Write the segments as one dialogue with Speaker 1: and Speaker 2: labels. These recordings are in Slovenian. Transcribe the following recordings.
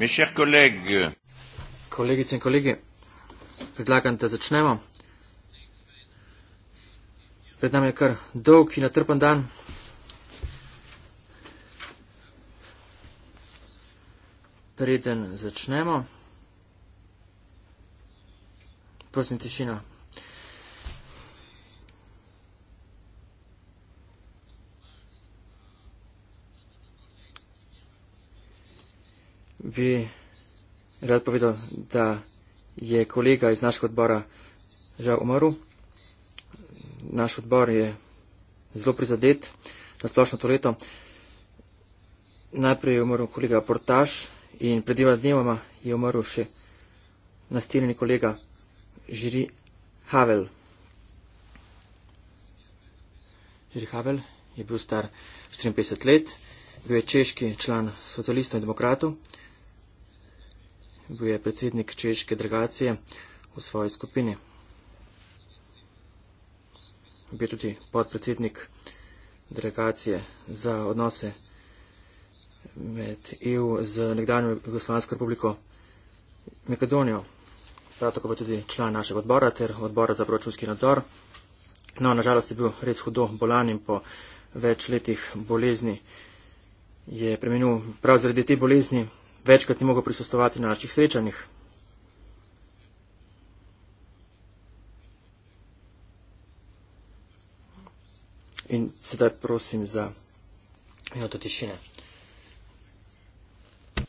Speaker 1: Mes chers collègues, Kolegice in kolegi, predlagam, da začnemo. Pred nami je kar dolg in natrpan dan. Preden začnemo, prosim tišina. bi rad povedal, da je kolega iz našega odbora žal umrl. Naš odbor je zelo prizadet na splošno to leto. Najprej je umrl kolega Portaž in pred dvema dnevoma je umrl še nastiljeni kolega Žiri Havel. Žiri Havel je bil star 54 let, bil je češki član socialistov in demokratov bil je predsednik češke delegacije v svoji skupini. Bi tudi podpredsednik delegacije za odnose med EU z nekdanjo Jugoslavijsko republiko Makedonijo. Prav tako pa tudi član našega odbora ter odbora za proračunski nadzor. No, nažalost je bil res hudo bolan in po več letih bolezni je premenil prav zaradi te bolezni večkrat ni mogel prisostovati na naših srečanjih. In sedaj prosim za minuto tišine.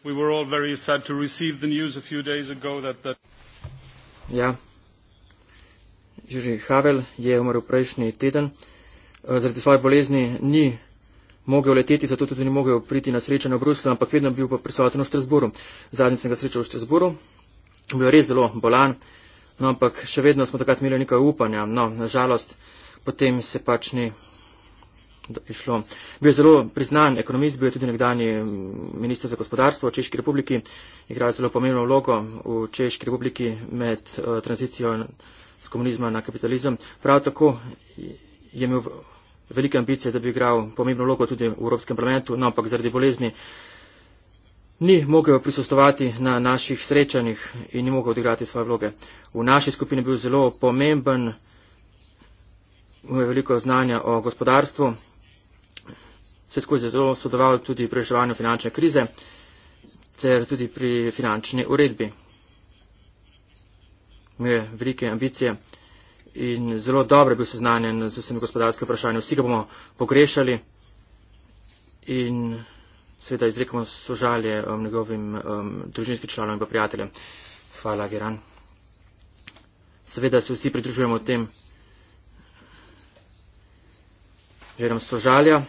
Speaker 2: We were all very sad to receive the news a few days ago that that
Speaker 1: Ja. Jurij Havel je umrl prejšnji teden. Eh, zaradi svoje bolezni ni mogel leteti, zato tudi ni mogel priti na srečanje v Bruslju, ampak vedno bil pa prisoten v Štrasburu. Zadnji sem ga srečal v Štrasburu, bil res zelo bolan, no, ampak še vedno smo takrat imeli nekaj upanja. No, nažalost, potem se pač ni išlo. Bil je zelo priznan ekonomist, bil je tudi nekdani mm, minister za gospodarstvo v Češki republiki, igral zelo pomembno vlogo v Češki republiki med uh, tranzicijo z komunizma na kapitalizem. Prav tako je imel. V, velike ambicije, da bi igral pomembno vlogo tudi v Evropskem parlamentu, no, ampak zaradi bolezni ni mogel prisostovati na naših srečanjih in ni mogel odigrati svoje vloge. V naši skupini je bil zelo pomemben, imel veliko znanja o gospodarstvu, se skozi zelo sodeloval tudi pri reševanju finančne krize ter tudi pri finančni uredbi. Imel je velike ambicije in zelo dobro je bil seznanjen z vsemi gospodarskimi vprašanji. Vsi ga bomo pogrešali in seveda izrekamo sožalje um, njegovim um, družinskim članom in prijateljem. Hvala, Geran. Seveda se vsi pridružujemo tem želim sožalja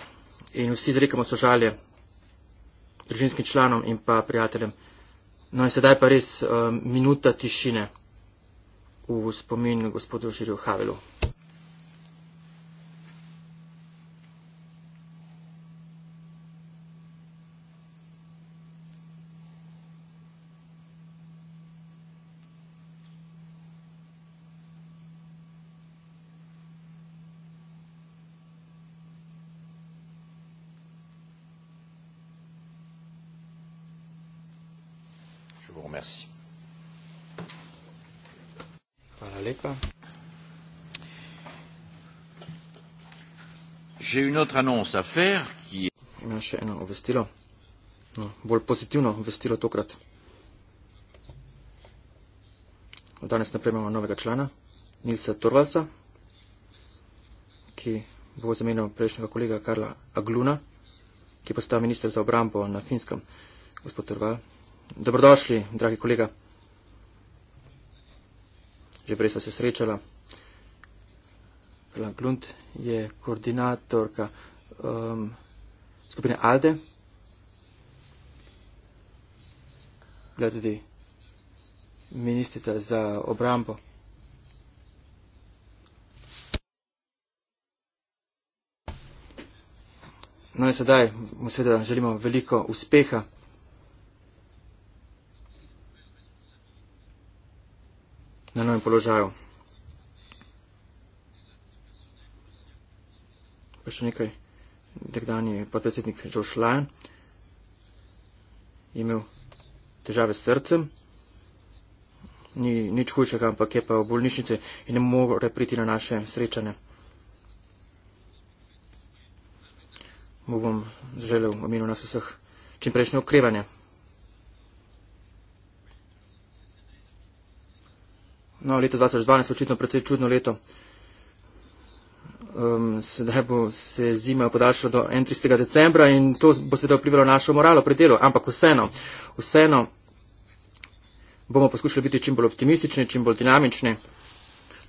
Speaker 1: in vsi izrekamo sožalje družinskim članom in pa prijateljem. No in sedaj pa res um, minuta tišine v spominu gospodu Žirju Havelu.
Speaker 2: J'ai une autre annonce à faire
Speaker 1: qui est. No, bolj pozitivno obvestilo tokrat. Danes naprej imamo novega člana, Nilsa Torvalca, ki bo zamenjal prejšnjega kolega Karla Agluna, ki postal minister za obrambo na Finskem. Gospod Torval, dobrodošli, dragi kolega. Že prej sva se srečala. Lang Lund je koordinatorka um, skupine ALDE. Bila je tudi ministrica za obrambo. No in sedaj mu seveda želimo veliko uspeha. na novem položaju. pa še nekaj, nekdani podpredsednik Još Lajn, imel težave s srcem, ni nič hujšega, ampak je pa v bolnišnici in ne more priti na naše srečanje. Mu bom želel v imenu nas vseh čimprejšnje okrevanje. No, leto 2012 je očitno precej čudno leto um, sedaj bo se zima podaljšala do 31. decembra in to bo seveda vplivalo našo moralo pri delu, ampak vseeno, vseeno bomo poskušali biti čim bolj optimistični, čim bolj dinamični.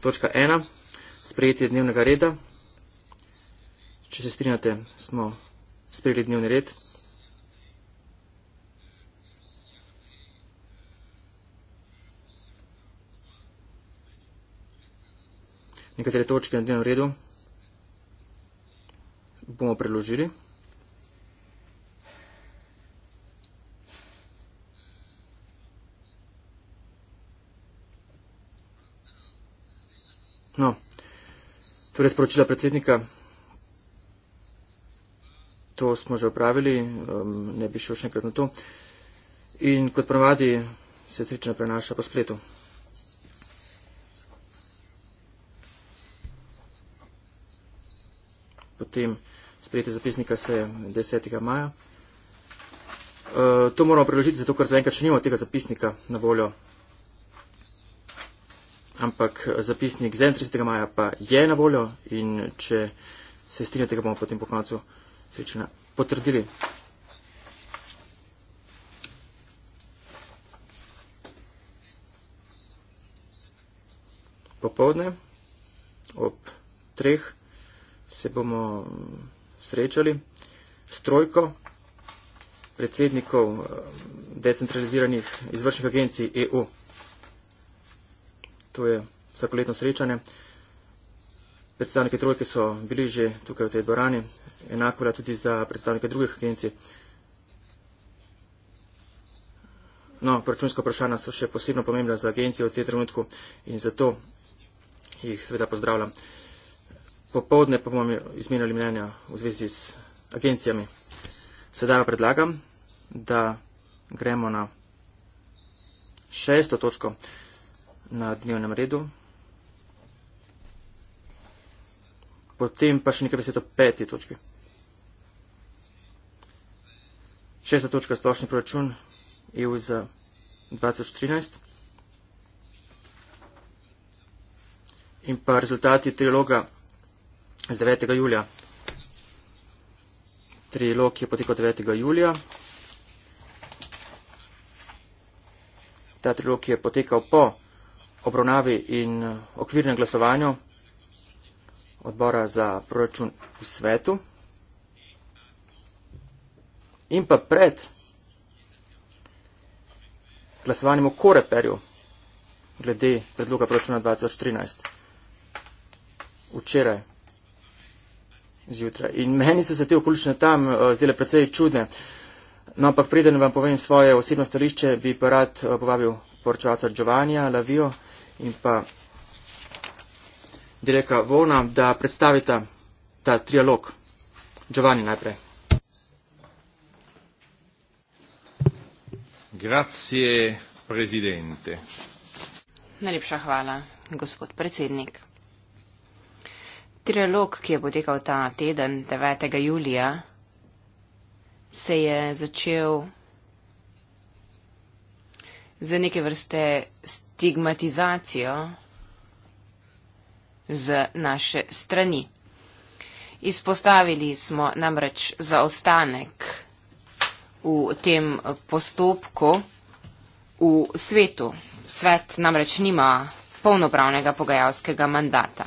Speaker 1: Točka ena, sprejetje dnevnega reda. Če se strinjate, smo sprejeli dnevni red. Nekatere točke na dnevnem redu bomo preložili.
Speaker 2: No, torej
Speaker 1: sporočila predsednika, to smo že opravili, um, ne bi šel še enkrat na to. In kot pravadi, se srečno prenaša po spletu. potem sprejeti zapisnika se 10. maja. E, to moramo preložiti, zato ker zaenkrat še nimamo tega zapisnika na voljo. Ampak zapisnik z 30. maja pa je na voljo in če se strinjate, ga bomo potem po koncu srečanja potrdili. Popovdne ob treh se bomo srečali s trojko predsednikov eh, decentraliziranih izvršnih agencij EU. To je vsakoletno srečanje. Predstavniki trojke so bili že tukaj v tej dvorani, enako je tudi za predstavnike drugih agencij. No, proračunska vprašanja so še posebno pomembna za agencije v tem trenutku in zato jih seveda pozdravljam popovdne pa bomo izmenjali mnenja v zvezi z agencijami. Sedaj pa predlagam, da gremo na šesto točko na dnevnem redu. Potem pa še nekaj besed o peti točki. Šesta točka splošni proračun EU za 2013. In pa rezultati triloga z 9. julija. Trilog je potekal 9. julija. Ta trilog je potekal po obravnavi in okvirnem glasovanju odbora za proračun v svetu. In pa pred glasovanjem v Koreperju glede predloga proračuna 2014. Včeraj zjutraj. In meni so se te okoliščine tam eh, zdele precej čudne. No, ampak preden vam povem svoje osebno stališče, bi pa rad eh, povabil poročevalca Giovanja Lavio in pa Direka Vona, da predstavita ta trialog. Giovanni najprej.
Speaker 2: Grazie, presidente.
Speaker 3: Najlepša hvala, gospod predsednik trilog, ki je potekal ta teden 9. julija, se je začel za neke vrste stigmatizacijo z naše strani. Izpostavili smo namreč zaostanek v tem postopku v svetu. Svet namreč nima polnopravnega pogajalskega mandata.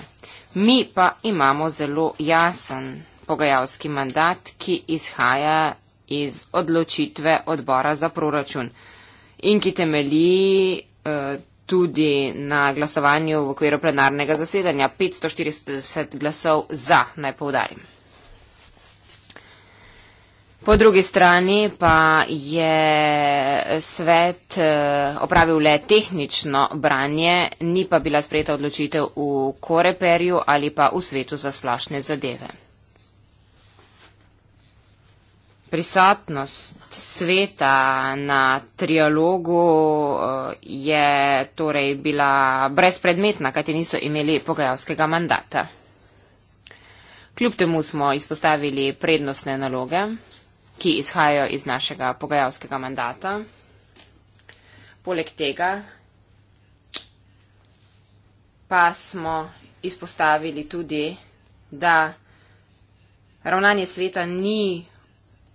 Speaker 3: Mi pa imamo zelo jasen pogajalski mandat, ki izhaja iz odločitve odbora za proračun in ki temelji eh, tudi na glasovanju v okviru plenarnega zasedanja 540 glasov za, naj povdarim. Po drugi strani pa je svet eh, opravil le tehnično branje, ni pa bila sprejeta odločitev v Koreperju ali pa v svetu za splašne zadeve. Prisotnost sveta na trialogu eh, je torej bila brezpredmetna, kajti niso imeli pogajalskega mandata. Kljub temu smo izpostavili prednostne naloge ki izhajajo iz našega pogajalskega mandata. Poleg tega pa smo izpostavili tudi, da ravnanje sveta ni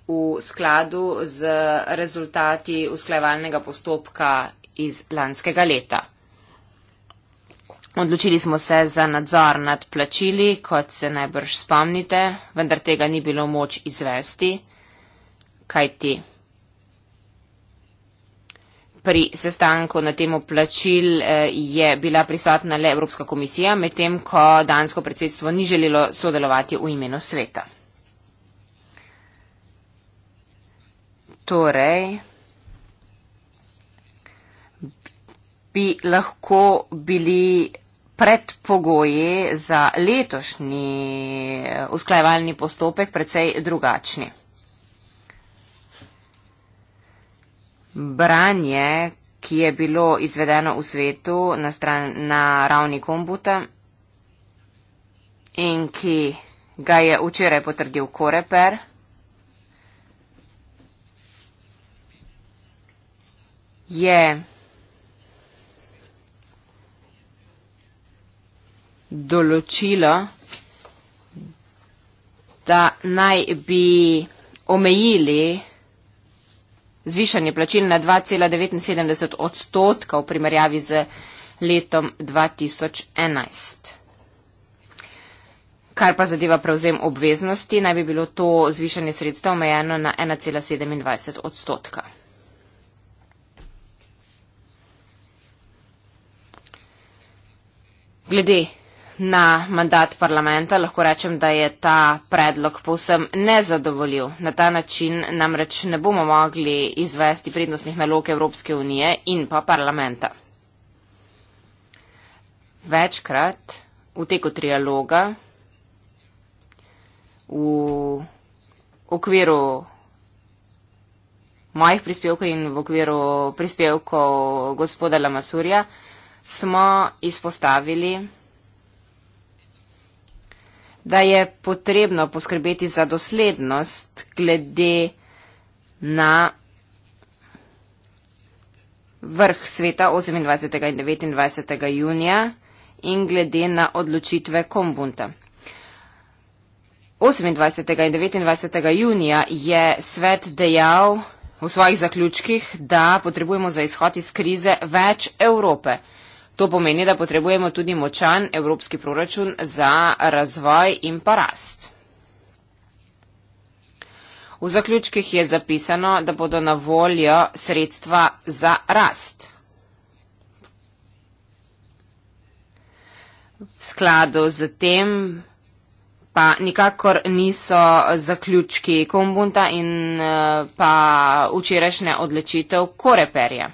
Speaker 3: v skladu z rezultati usklajevalnega postopka iz lanskega leta. Odločili smo se za nadzor nad plačili, kot se najbrž spomnite, vendar tega ni bilo moč izvesti kajti pri sestanku na temo plačil eh, je bila prisotna le Evropska komisija, medtem ko dansko predsedstvo ni želelo sodelovati v imenu sveta. Torej, bi lahko bili predpogoji za letošnji usklajevalni postopek precej drugačni. branje, ki je bilo izvedeno v svetu na, stran, na ravni kombuta in ki ga je včeraj potrdil Koreper. je določilo, da naj bi omejili zvišanje plačil na 2,79 odstotka v primerjavi z letom 2011. Kar pa zadeva prevzem obveznosti, naj bi bilo to zvišanje sredstva omejeno na 1,27 odstotka. Glede na mandat parlamenta, lahko rečem, da je ta predlog povsem nezadovoljiv. Na ta način namreč ne bomo mogli izvesti prednostnih nalog Evropske unije in pa parlamenta. Večkrat v teku trialoga v okviru mojih prispevkov in v okviru prispevkov gospoda Lamasurja smo izpostavili da je potrebno poskrbeti za doslednost glede na vrh sveta 28. in 29. junija in glede na odločitve kombunta. 28. in 29. junija je svet dejal v svojih zaključkih, da potrebujemo za izhod iz krize več Evrope. To pomeni, da potrebujemo tudi močan evropski proračun za razvoj in pa rast. V zaključkih je zapisano, da bodo na voljo sredstva za rast. V skladu z tem pa nikakor niso zaključki Kombunta in eh, pa včerajšnja odločitev Koreperja.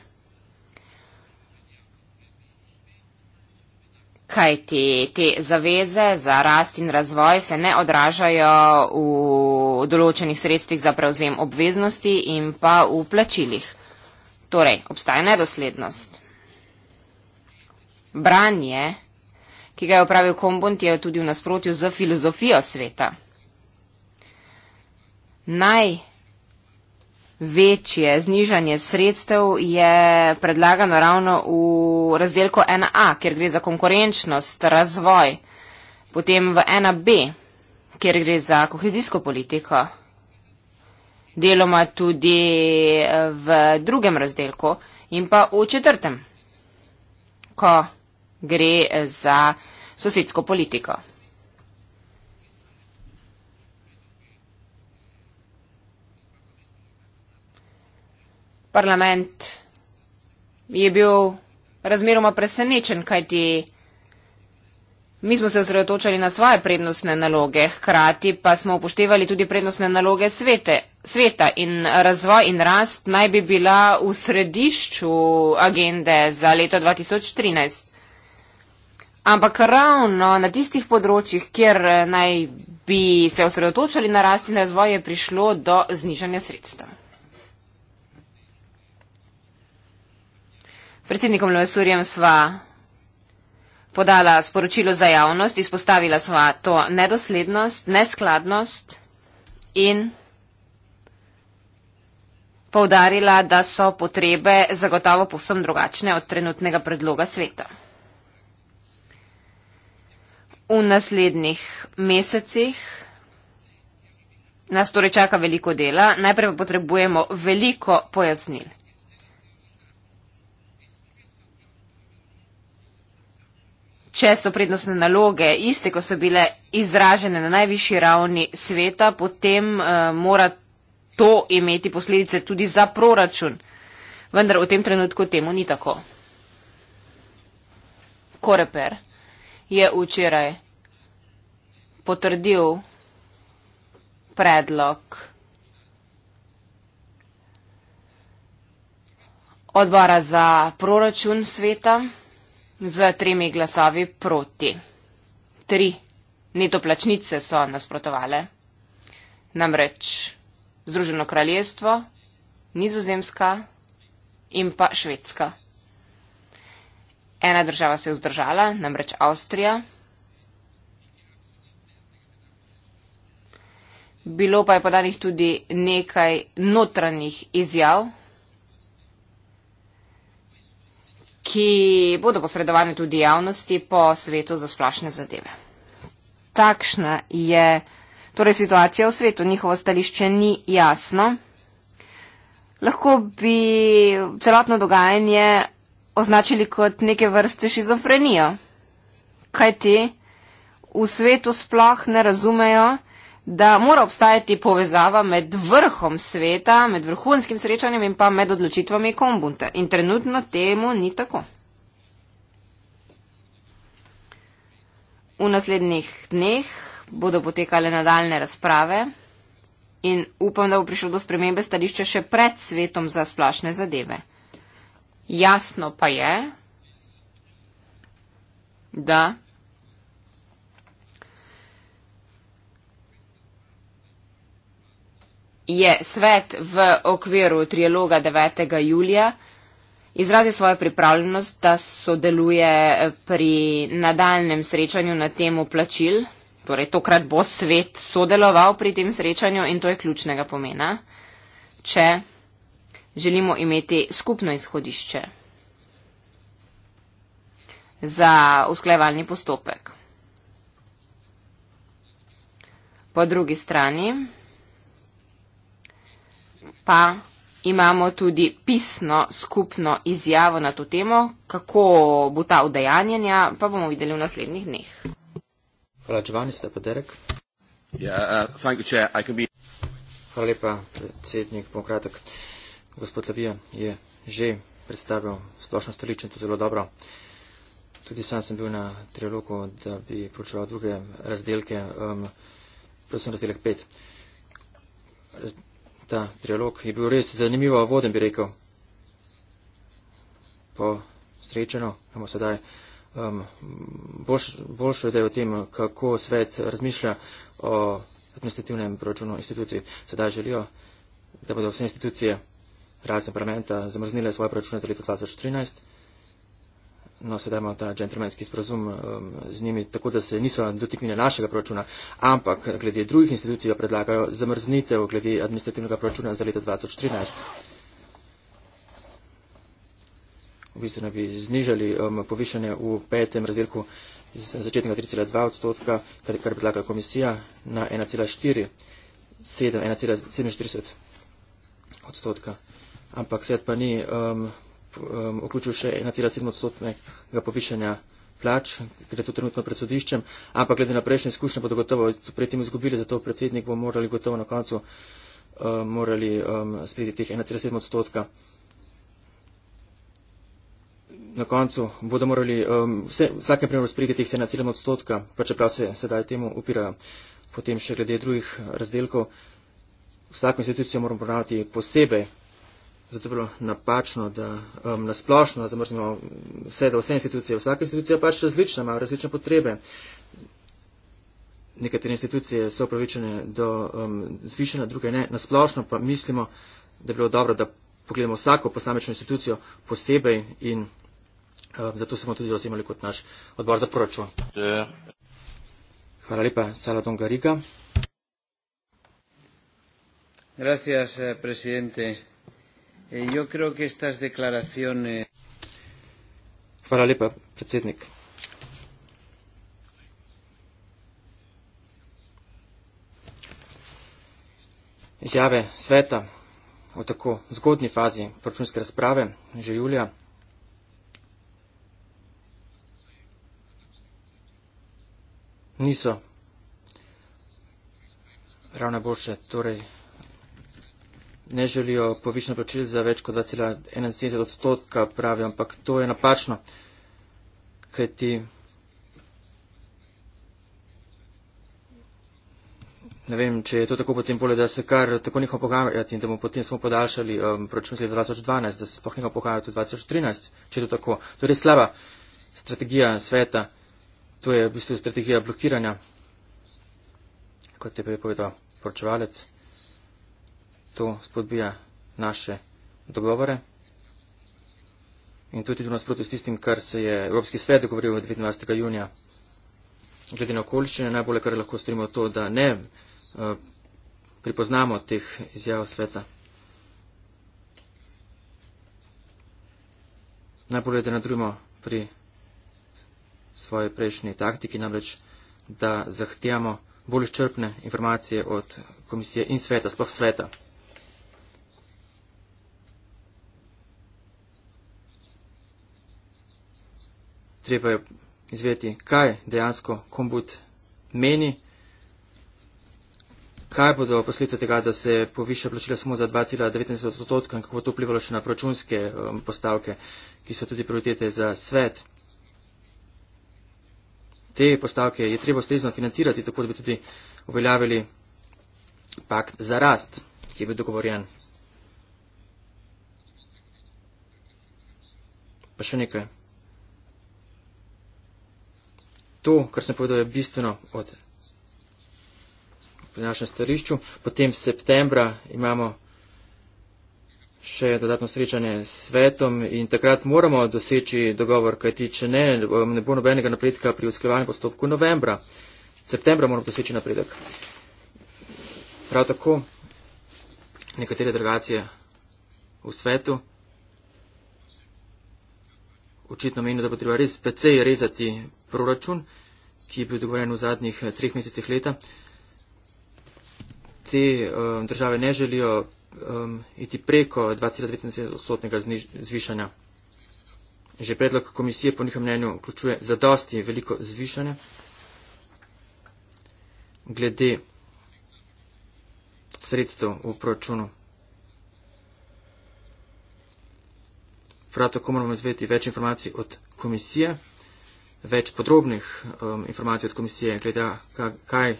Speaker 3: Kaj ti te zaveze za rast in razvoj se ne odražajo v določenih sredstvih za prevzem obveznosti in pa v plačilih. Torej, obstaja nedoslednost. Branje, ki ga je upravil Kombont, je tudi v nasprotju z filozofijo sveta. Naj večje znižanje sredstev je predlagano ravno v razdelku 1a, kjer gre za konkurenčnost, razvoj, potem v 1b, kjer gre za kohezijsko politiko, deloma tudi eh, v drugem razdelku in pa v četrtem, ko gre za sosedsko politiko. parlament je bil razmeroma presenečen, kajti mi smo se osredotočali na svoje prednostne naloge, hkrati pa smo upoštevali tudi prednostne naloge svete, sveta in razvoj in rast naj bi bila v središču agende za leto 2013. Ampak ravno na tistih področjih, kjer naj bi se osredotočali na rast in razvoj, je prišlo do znižanja sredstev. Predsednikom Lovesurjem sva podala sporočilo za javnost, izpostavila sva to nedoslednost, neskladnost in povdarila, da so potrebe zagotovo povsem drugačne od trenutnega predloga sveta. V naslednjih mesecih nas torej čaka veliko dela, najprej pa potrebujemo veliko pojasnil. če so prednostne naloge iste, ko so bile izražene na najvišji ravni sveta, potem uh, mora to imeti posledice tudi za proračun. Vendar v tem trenutku temu ni tako. Koreper je včeraj potrdil predlog odbora za proračun sveta z tremi glasovi proti. Tri neto plačnice so nasprotovale. Namreč Združeno kraljestvo, Nizozemska in pa Švedska. Ena država se je vzdržala, namreč Avstrija. Bilo pa je podanih tudi nekaj notranjih izjav. ki bodo posredovane tudi javnosti po svetu za splošne zadeve. Takšna je torej situacija v svetu, njihovo stališče ni jasno. Lahko bi celotno dogajanje označili kot neke vrste šizofrenijo, kajti v svetu sploh ne razumejo, da mora obstajati povezava med vrhom sveta, med vrhunskim srečanjem in pa med odločitvami kombunta. In trenutno temu ni tako. V naslednjih dneh bodo potekale nadaljne razprave in upam, da bo prišlo do spremembe stališča še pred svetom za splašne zadeve. Jasno pa je, da je svet v okviru trialoga 9. julija izrazil svojo pripravljenost, da sodeluje eh, pri nadaljnem srečanju na temu plačil. Torej, tokrat bo svet sodeloval pri tem srečanju in to je ključnega pomena, če želimo imeti skupno izhodišče za usklajevalni postopek. Po drugi strani pa imamo tudi pisno skupno izjavo na to temo, kako bo ta udejanjenja, pa bomo videli v naslednjih dneh.
Speaker 1: Hvala, Giovanni, ste pa Derek. Yeah, ja, uh, you, be... Hvala lepa, predsednik, bom kratek. Gospod Labija je že predstavil splošno stoličen, to zelo dobro. Tudi sam sem bil na trialogu, da bi pročeval druge razdelke, um, predvsem razdelek 5 ta dialog je bil res zanimivo voden, bi rekel. Po srečeno, imamo sedaj um, boljš, boljšo idejo o tem, kako svet razmišlja o administrativnem proračunu institucij. Sedaj želijo, da bodo vse institucije razen parlamenta zamrznile svoje proračune za leto 2013 no, sedaj imamo ta džentlmenski sporazum um, z njimi, tako da se niso dotiknili našega proračuna, ampak glede drugih institucij pa predlagajo zamrznitev glede administrativnega proračuna za leto 2013. V bistvu naj bi znižali um, povišanje v petem razdelku iz začetnega 3,2 odstotka, kar, kar predlaga komisija, na 1,47 odstotka. Ampak svet pa ni um, um, vključil še 1,7 odstotnega povišanja plač, ker je to trenutno pred sodiščem, ampak glede na prejšnje izkušnje bodo gotovo pred tem izgubili, zato predsednik bo morali gotovo na koncu um, morali um, sprejeti teh 1,7 odstotka. Na koncu bodo morali um, vse, vsake primer sprejeti teh 1,7 odstotka, pa čeprav se sedaj temu upirajo. Potem še glede drugih razdelkov. Vsako institucijo moramo ponavljati posebej Zato je bilo napačno, da um, nasplošno zamrznemo vse za vse institucije. Vsaka institucija pač različna, ima različne potrebe. Nekatere institucije so upravičene do um, zvišanja, druge ne. Nasplošno pa mislimo, da je bilo dobro, da pogledamo vsako posamečno institucijo posebej in um, zato smo tudi zauzemali kot naš odbor za proračun. Hvala lepa, Saladon Gariga.
Speaker 2: Gracias, eh,
Speaker 1: Jo eh, creo que estas declaraciones... Hvala lepa, predsednik. Izjave sveta v tako zgodni fazi proračunske razprave, že julija, niso ravno boljše. Torej, ne želijo povišeno plačil za več kot 2,71 odstotka, pravijo, ampak to je napačno, kajti ne vem, če je to tako potem bolje, da se kar tako njihovo pogajati in da bomo potem samo podaljšali um, proračun z leta 2012, da se sploh njihovo pogajati v 2013, če je to tako. To je res slaba strategija sveta, to je v bistvu strategija blokiranja, kot je prepovedal poročevalec to spodbija naše dogovore in tudi do nasprotju s tistim, kar se je Evropski svet dogovoril 29. junija. Glede na okoliščine, najbolje, kar lahko storimo, je to, da ne uh, pripoznamo teh izjav sveta. Najbolje, da nadrujimo pri svoji prejšnji taktiki, namreč, da zahtijamo bolj izčrpne informacije od komisije in sveta, sploh sveta. treba je izvedeti, kaj dejansko kombut meni, kaj bodo posledice tega, da se poviša plačila samo za 2,19 odstotka in kako bo to vplivalo še na proračunske um, postavke, ki so tudi prioritete za svet. Te postavke je treba ustrezno financirati, tako da bi tudi uveljavili pakt za rast, ki je bil dogovorjen. Pa še nekaj to, kar sem povedal, je bistveno od pri našem starišču. Potem septembra imamo še dodatno srečanje s svetom in takrat moramo doseči dogovor, kajti če ne, ne bo nobenega napredka pri usklevanju postopku novembra. Septembra moramo doseči napredek. Prav tako nekatere delegacije v svetu očitno meni, da bo treba res precej rezati proračun, ki je bil dogovoren v zadnjih eh, treh mesecih leta. Te um, države ne želijo um, iti preko 2,19 odstotnega zvišanja. Že predlog komisije po njihovem mnenju vključuje zadosti veliko zvišanja glede sredstev v proračunu. Prav tako moramo izvedeti več informacij od komisije, več podrobnih um, informacij od komisije, glede kaj, kaj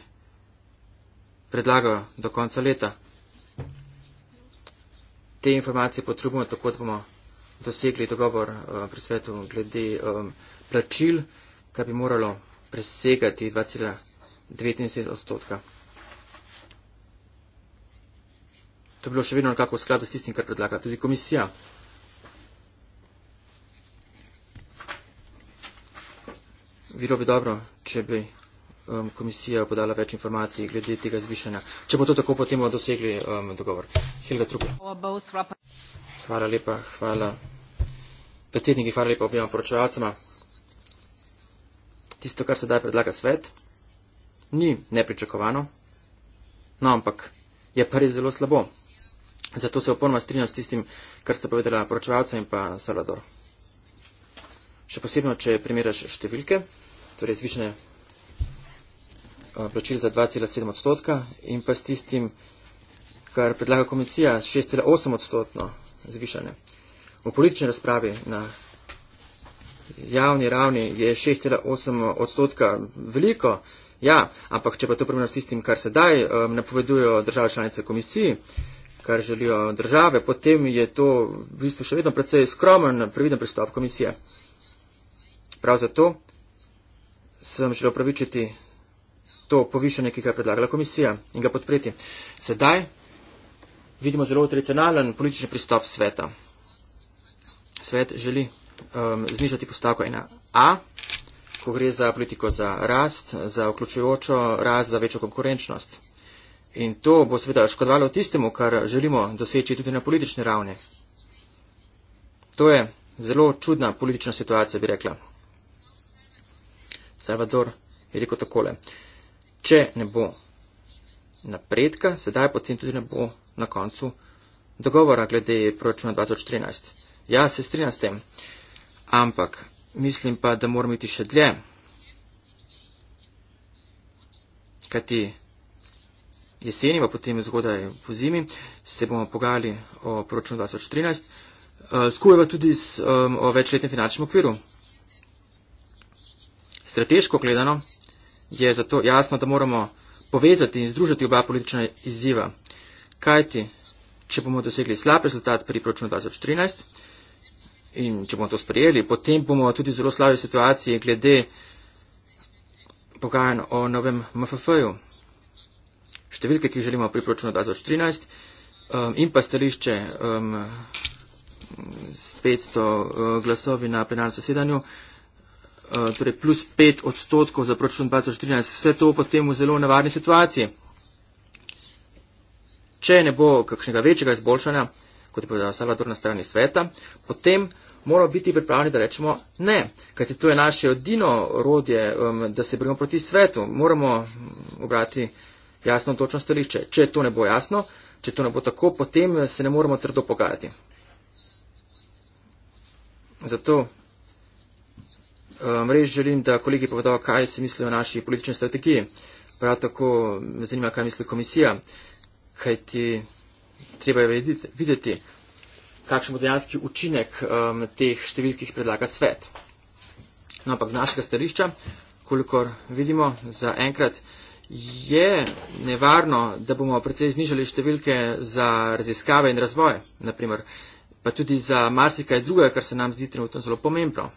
Speaker 1: predlagajo do konca leta. Te informacije potrebujemo, tako da bomo dosegli dogovor uh, pri svetu glede um, plačil, kar bi moralo presegati 2,79 odstotka. To bi bilo še vedno nekako v skladu s tistim, kar predlaga tudi komisija. bilo bi dobro, če bi um, komisija podala več informacij glede tega zvišanja. Če bo to tako, potem bomo dosegli um, dogovor. Hilda Trupe. Hvala lepa, hvala predsedniki, hvala lepa objema poročevalcema. Tisto, kar se daj predlaga svet, ni nepričakovano, no ampak je pa res zelo slabo. Zato se oponoma strinjam s tistim, kar ste povedala poročevalcem in pa Salvador še posebno, če primeraš številke, torej zvišene plačil za 2,7 odstotka in pa s tistim, kar predlaga komisija, 6,8 odstotno zvišanje. V politični razpravi na javni ravni je 6,8 odstotka veliko, ja, ampak če pa to primerjamo s tistim, kar sedaj um, napovedujo države članice komisiji, kar želijo države, potem je to v bistvu še vedno precej skromen, previden pristop komisije. Prav zato sem želel pravičiti to povišanje, ki ga je predlagala komisija in ga podpreti. Sedaj vidimo zelo tradicionalen politični pristop sveta. Svet želi um, znižati postavko 1a, ko gre za politiko za rast, za vključujočo rast, za večjo konkurenčnost. In to bo seveda škodovalo tistemu, kar želimo doseči tudi na politični ravni. To je zelo čudna politična situacija, bi rekla. Salvador je rekel takole. Če ne bo napredka, sedaj potem tudi ne bo na koncu dogovora glede proračuna 2013. Ja, se strinjam s tem, ampak mislim pa, da moramo iti še dlje. Kajti jeseni, pa potem zgodaj po zimi, se bomo pogajali o proračunu 2013, eh, skupaj pa tudi s, eh, o večletnem finančnem okviru 2014-2020 strateško gledano, je zato jasno, da moramo povezati in združiti oba politična izziva. Kajti, če bomo dosegli slab rezultat pri proračunu 2013 in če bomo to sprejeli, potem bomo tudi zelo slabi situaciji glede pogajanj o novem MFF-ju. Številke, ki jih želimo pri proračunu 2013 um, in pa stališče um, s 500 uh, glasovi na plenarnem zasedanju, Eh, torej plus 5 odstotkov za proračun 2013. Vse to potem v zelo nevarni situaciji. Če ne bo kakšnega večjega izboljšanja, kot je povedala Salvador na strani sveta, potem moramo biti pripravljeni, da rečemo ne, kajti to je naše odino rodje, da se brimo proti svetu. Moramo obrati mm, jasno in točno stališče. Če to ne bo jasno, če to ne bo tako, potem se ne moramo trdo pogajati. Zato Um, res želim, da kolegi povedo, kaj si mislijo o naši politični strategiji. Prav tako me zanima, kaj misli komisija, kaj ti treba je videti, kakšen bo dejanski učinek um, teh številk, ki jih predlaga svet. No, ampak z našega stališča, kolikor vidimo za enkrat, je nevarno, da bomo precej znižali številke za raziskave in razvoje, naprimer, pa tudi za marsikaj druga, kar se nam zdi trenutno zelo pomembno.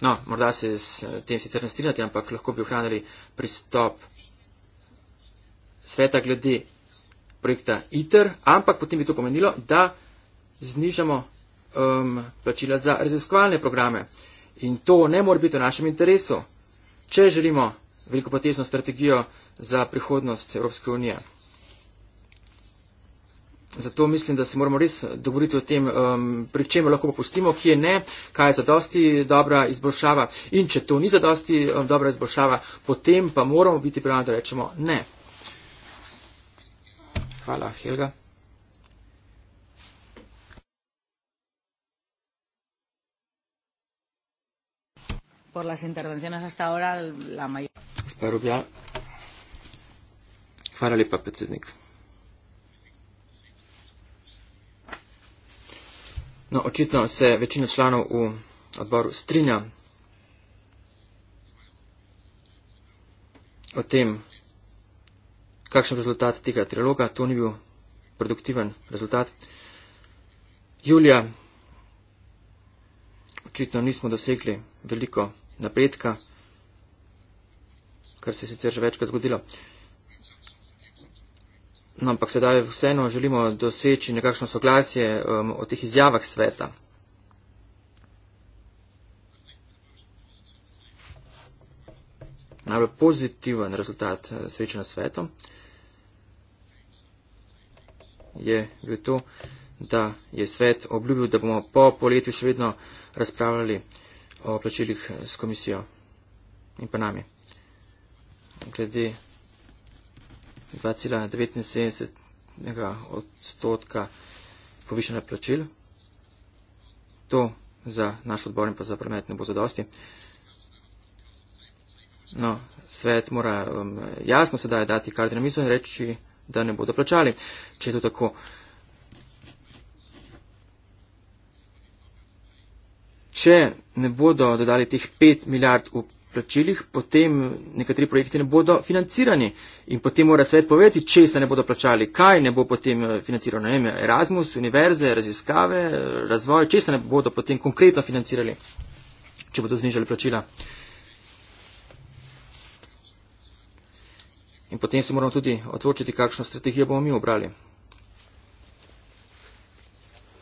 Speaker 1: No, morda se s eh, tem sicer ne strinjate, ampak lahko bi ohranili pristop sveta glede projekta ITER, ampak potem bi to pomenilo, da znižamo um, plačila za raziskovalne programe. In to ne more biti v našem interesu, če želimo velikopotezno strategijo za prihodnost Evropske unije. Zato mislim, da se moramo res dogovoriti o tem, um, pri čem lahko popustimo, kje ne, kaj je zadosti dobra izboljšava. In če to ni zadosti um, dobra izboljšava, potem pa moramo biti pripravljeni, da rečemo ne. Hvala, Helga. Hvala lepa, predsednik. No, očitno se večina članov v odboru strinja o tem, kakšen rezultat tega triloga. To ni bil produktiven rezultat. Julija, očitno nismo dosegli veliko napredka, kar se je sicer že večkrat zgodilo. No, ampak sedaj vseeno želimo doseči nekakšno soglasje um, o teh izjavah sveta. Najbolj pozitiven rezultat eh, srečanja sveta je bil to, da je svet obljubil, da bomo po poletju še vedno razpravljali o plačilih s komisijo in pa nami. Glede 2,79 odstotka povišanja plačil. To za naš odbor in pa za promet ne bo zadosti. No, svet mora um, jasno sedaj dati karti na mizo in reči, da ne bodo plačali, če je to tako. Če ne bodo dodali tih 5 milijard v plačilih, potem nekateri projekti ne bodo financirani in potem mora svet povedati, če se ne bodo plačali, kaj ne bo potem eh, financirano, ne vem, Erasmus, univerze, raziskave, razvoj, če se ne bodo potem konkretno financirali, če bodo znižali plačila. In potem se moramo tudi odločiti, kakšno strategijo bomo mi obrali.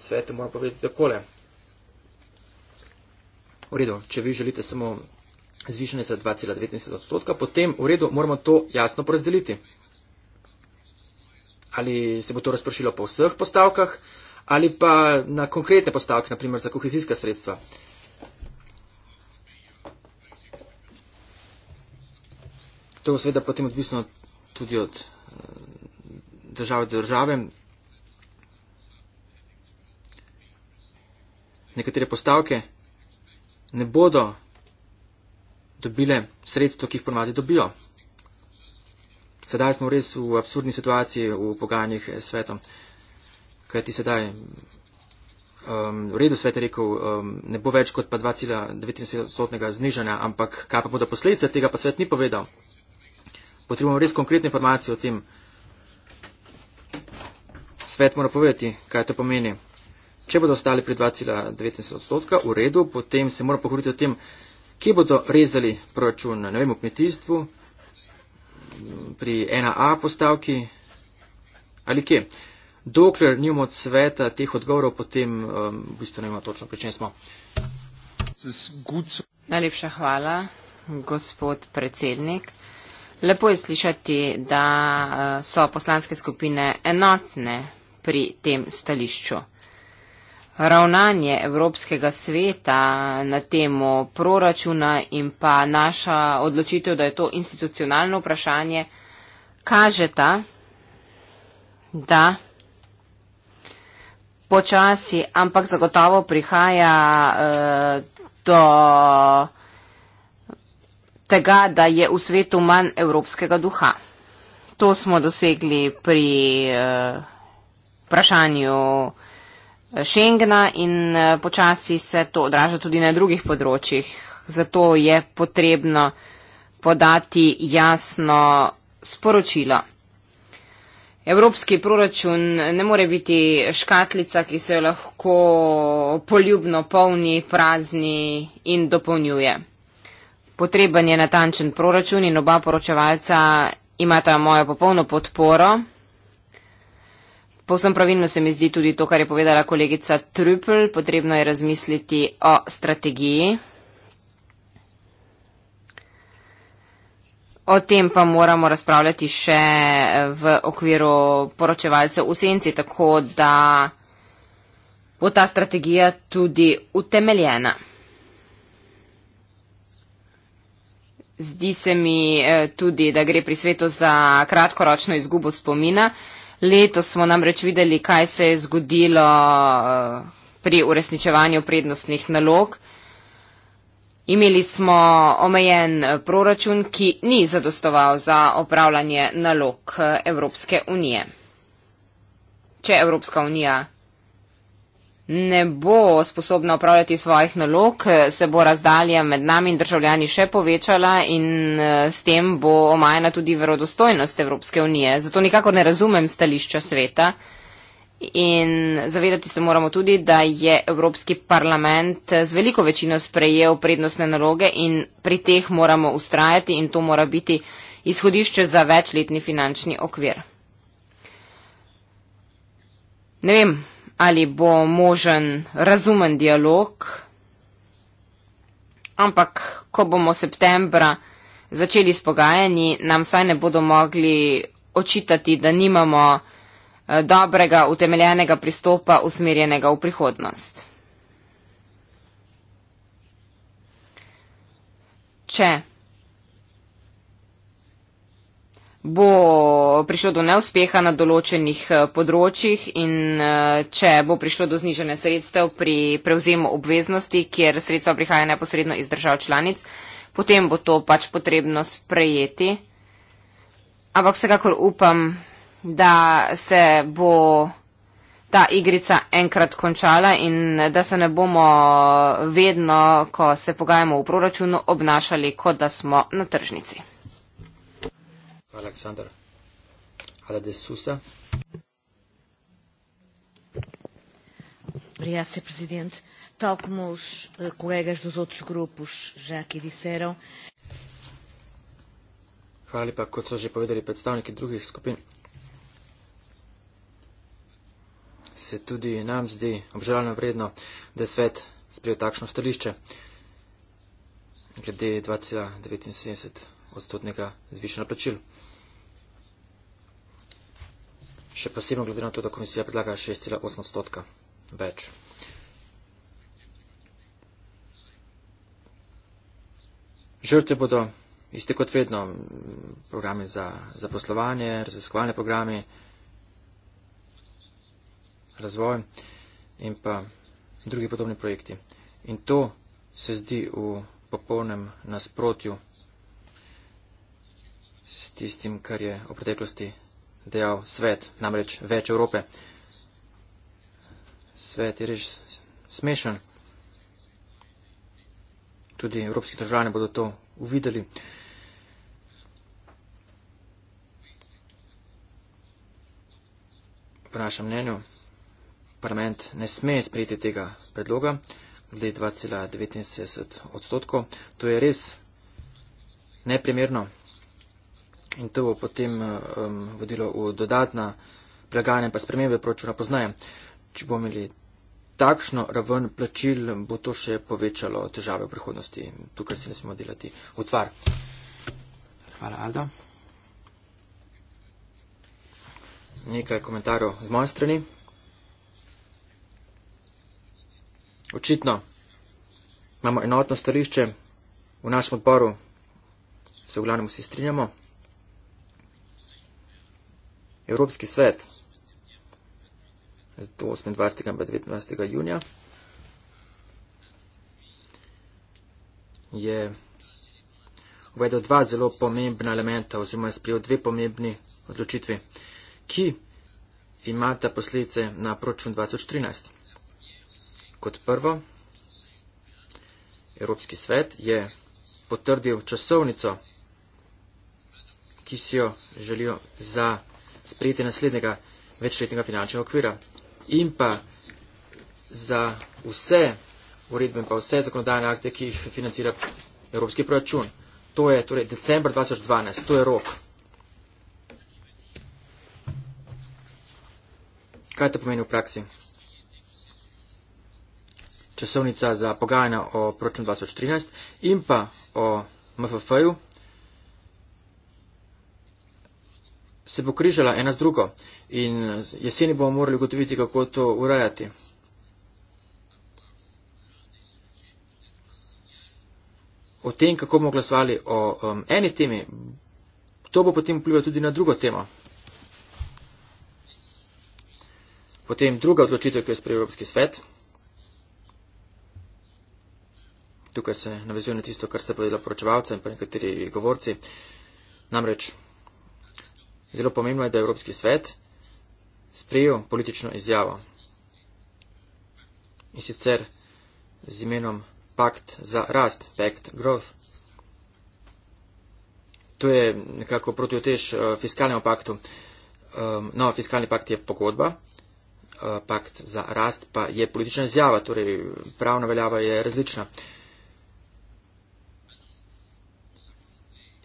Speaker 1: Svet mora povedati takole. V redu, če vi želite samo zvišanje za 2,19 odstotka, potem v redu moramo to jasno porazdeliti. Ali se bo to razpršilo po vseh postavkah ali pa na konkretne postavke, naprimer za kohezijska sredstva. To je seveda potem odvisno tudi od eh, države do države. Nekatere postavke ne bodo dobile sredstvo, ki jih ponavadi dobijo. Sedaj smo res v absurdni situaciji v pogajanjih s svetom, kajti sedaj um, v redu svet je rekel, um, ne bo več kot pa 2,9-stotnega znižanja, ampak kaj pa bodo posledice, tega pa svet ni povedal. Potrebujemo res konkretne informacije o tem. Svet mora povedati, kaj to pomeni. Če bodo ostali pri 2,9 odstotka, v redu, potem se mora pogovoriti o tem, Kje bodo rezali proračun? Ne vem, v kmetijstvu, pri 1A postavki ali kje. Dokler nimamo od sveta teh odgovorov, potem um, v bistvu ne vemo točno, pri čem smo.
Speaker 3: Najlepša hvala, gospod predsednik. Lepo je slišati, da uh, so poslanske skupine enotne pri tem stališču ravnanje Evropskega sveta na temo proračuna in pa naša odločitev, da je to institucionalno vprašanje, kažeta, da počasi, ampak zagotovo prihaja eh, do tega, da je v svetu manj evropskega duha. To smo dosegli pri eh, vprašanju Schengena in eh, počasi se to odraža tudi na drugih področjih. Zato je potrebno podati jasno sporočilo. Evropski proračun ne more biti škatlica, ki se jo lahko poljubno polni, prazni in dopolnjuje. Potreben je natančen proračun in oba poročevalca imata mojo popolno podporo. Povsem pravilno se mi zdi tudi to, kar je povedala kolegica Trüppel, potrebno je razmisliti o strategiji. O tem pa moramo razpravljati še eh, v okviru poročevalcev v senci, tako da bo ta strategija tudi utemeljena. Zdi se mi eh, tudi, da gre pri svetu za kratkoročno izgubo spomina. Letos smo namreč videli, kaj se je zgodilo eh, pri uresničevanju prednostnih nalog. Imeli smo omejen eh, proračun, ki ni zadostoval za opravljanje nalog eh, Evropske unije. Če Evropska unija ne bo sposobna upravljati svojih nalog, se bo razdalja med nami in državljani še povečala in eh, s tem bo omajena tudi verodostojnost Evropske unije. Zato nikako ne razumem stališča sveta. In zavedati se moramo tudi, da je Evropski parlament eh, z veliko večino sprejel prednostne naloge in pri teh moramo ustrajati in to mora biti izhodišče za večletni finančni okvir. Ne vem, ali bo možen razumen dialog. Ampak, ko bomo septembra začeli s pogajanji, nam saj ne bodo mogli očitati, da nimamo eh, dobrega, utemeljenega pristopa usmerjenega v prihodnost. Če bo prišlo do neuspeha na določenih eh, področjih in eh, če bo prišlo do znižene sredstev pri prevzemu obveznosti, kjer sredstva prihaja neposredno iz držav članic, potem bo to pač potrebno sprejeti. Ampak vsekakor upam, da se bo ta igrica enkrat končala in da se ne bomo vedno, ko se pogajamo v proračunu, obnašali, kot da smo na tržnici.
Speaker 1: Aleksandar Hala de Sousa.
Speaker 3: Obrigada, Sr. Presidente. Tal como os uh, colegas dos outros grupos já aqui disseram...
Speaker 1: Hvala lepa, kot so že povedali predstavniki drugih skupin. Se tudi nam zdi obžalno vredno, da je svet sprejel takšno stališče glede 2,79 odstotnega zvišena plačila še posebno glede na to, da komisija predlaga 6,8 odstotka več. Žrtve bodo iste kot vedno, programe za zaposlovanje, raziskovalne programe, razvoj in pa drugi podobni projekti. In to se zdi v popolnem nasprotju s tistim, kar je v preteklosti dejal svet, namreč več Evrope. Svet je res smešen. Tudi evropski državljani bodo to uvideli. Po našem mnenju, parlament ne sme sprejeti tega predloga, glede 2,79 odstotkov. To je res neprimerno in to bo potem um, vodilo v dodatna preganja, pa spremembe proračuna poznaje. Če bomo imeli takšno raven plačil, bo to še povečalo težave v prihodnosti. Tukaj se ne smemo delati utvar. Hvala, Alda. Nekaj komentarjev z moje strani. Očitno imamo enotno stališče v našem odboru, se v glavnem vsi strinjamo. Evropski svet, zdaj 28. in 29. junija, je uvedel dva zelo pomembna elementa oziroma je sprijel dve pomembni odločitvi, ki imata posledice na proračun 2013. Kot prvo, Evropski svet je potrdil časovnico, ki si jo želijo za sprejetje naslednjega večletnega finančnega okvira in pa za vse uredbe in pa vse zakonodajne akte, ki jih financira Evropski proračun. To je torej decembr 2012, to je rok. Kaj to pomeni v praksi? Časovnica za pogajanja o proračun 2013 in pa o MFF-ju, se bo križala ena z drugo in jeseni bomo morali ugotoviti, kako to urajati. O tem, kako bomo glasovali o um, eni temi, to bo potem vplivalo tudi na drugo temo. Potem druga odločitev, ki jo je sprejel Evropski svet. Tukaj se navezuje na tisto, kar ste povedali poročevalcem in pa nekateri govorci. Namreč Zelo pomembno je, da je Evropski svet sprejel politično izjavo in sicer z imenom Pakt za rast, Pact Growth. To je nekako protiotež eh, fiskalnemu paktu. Ehm, no, fiskalni pakt je pogodba, eh, pakt za rast pa je politična izjava, torej pravna veljava je različna.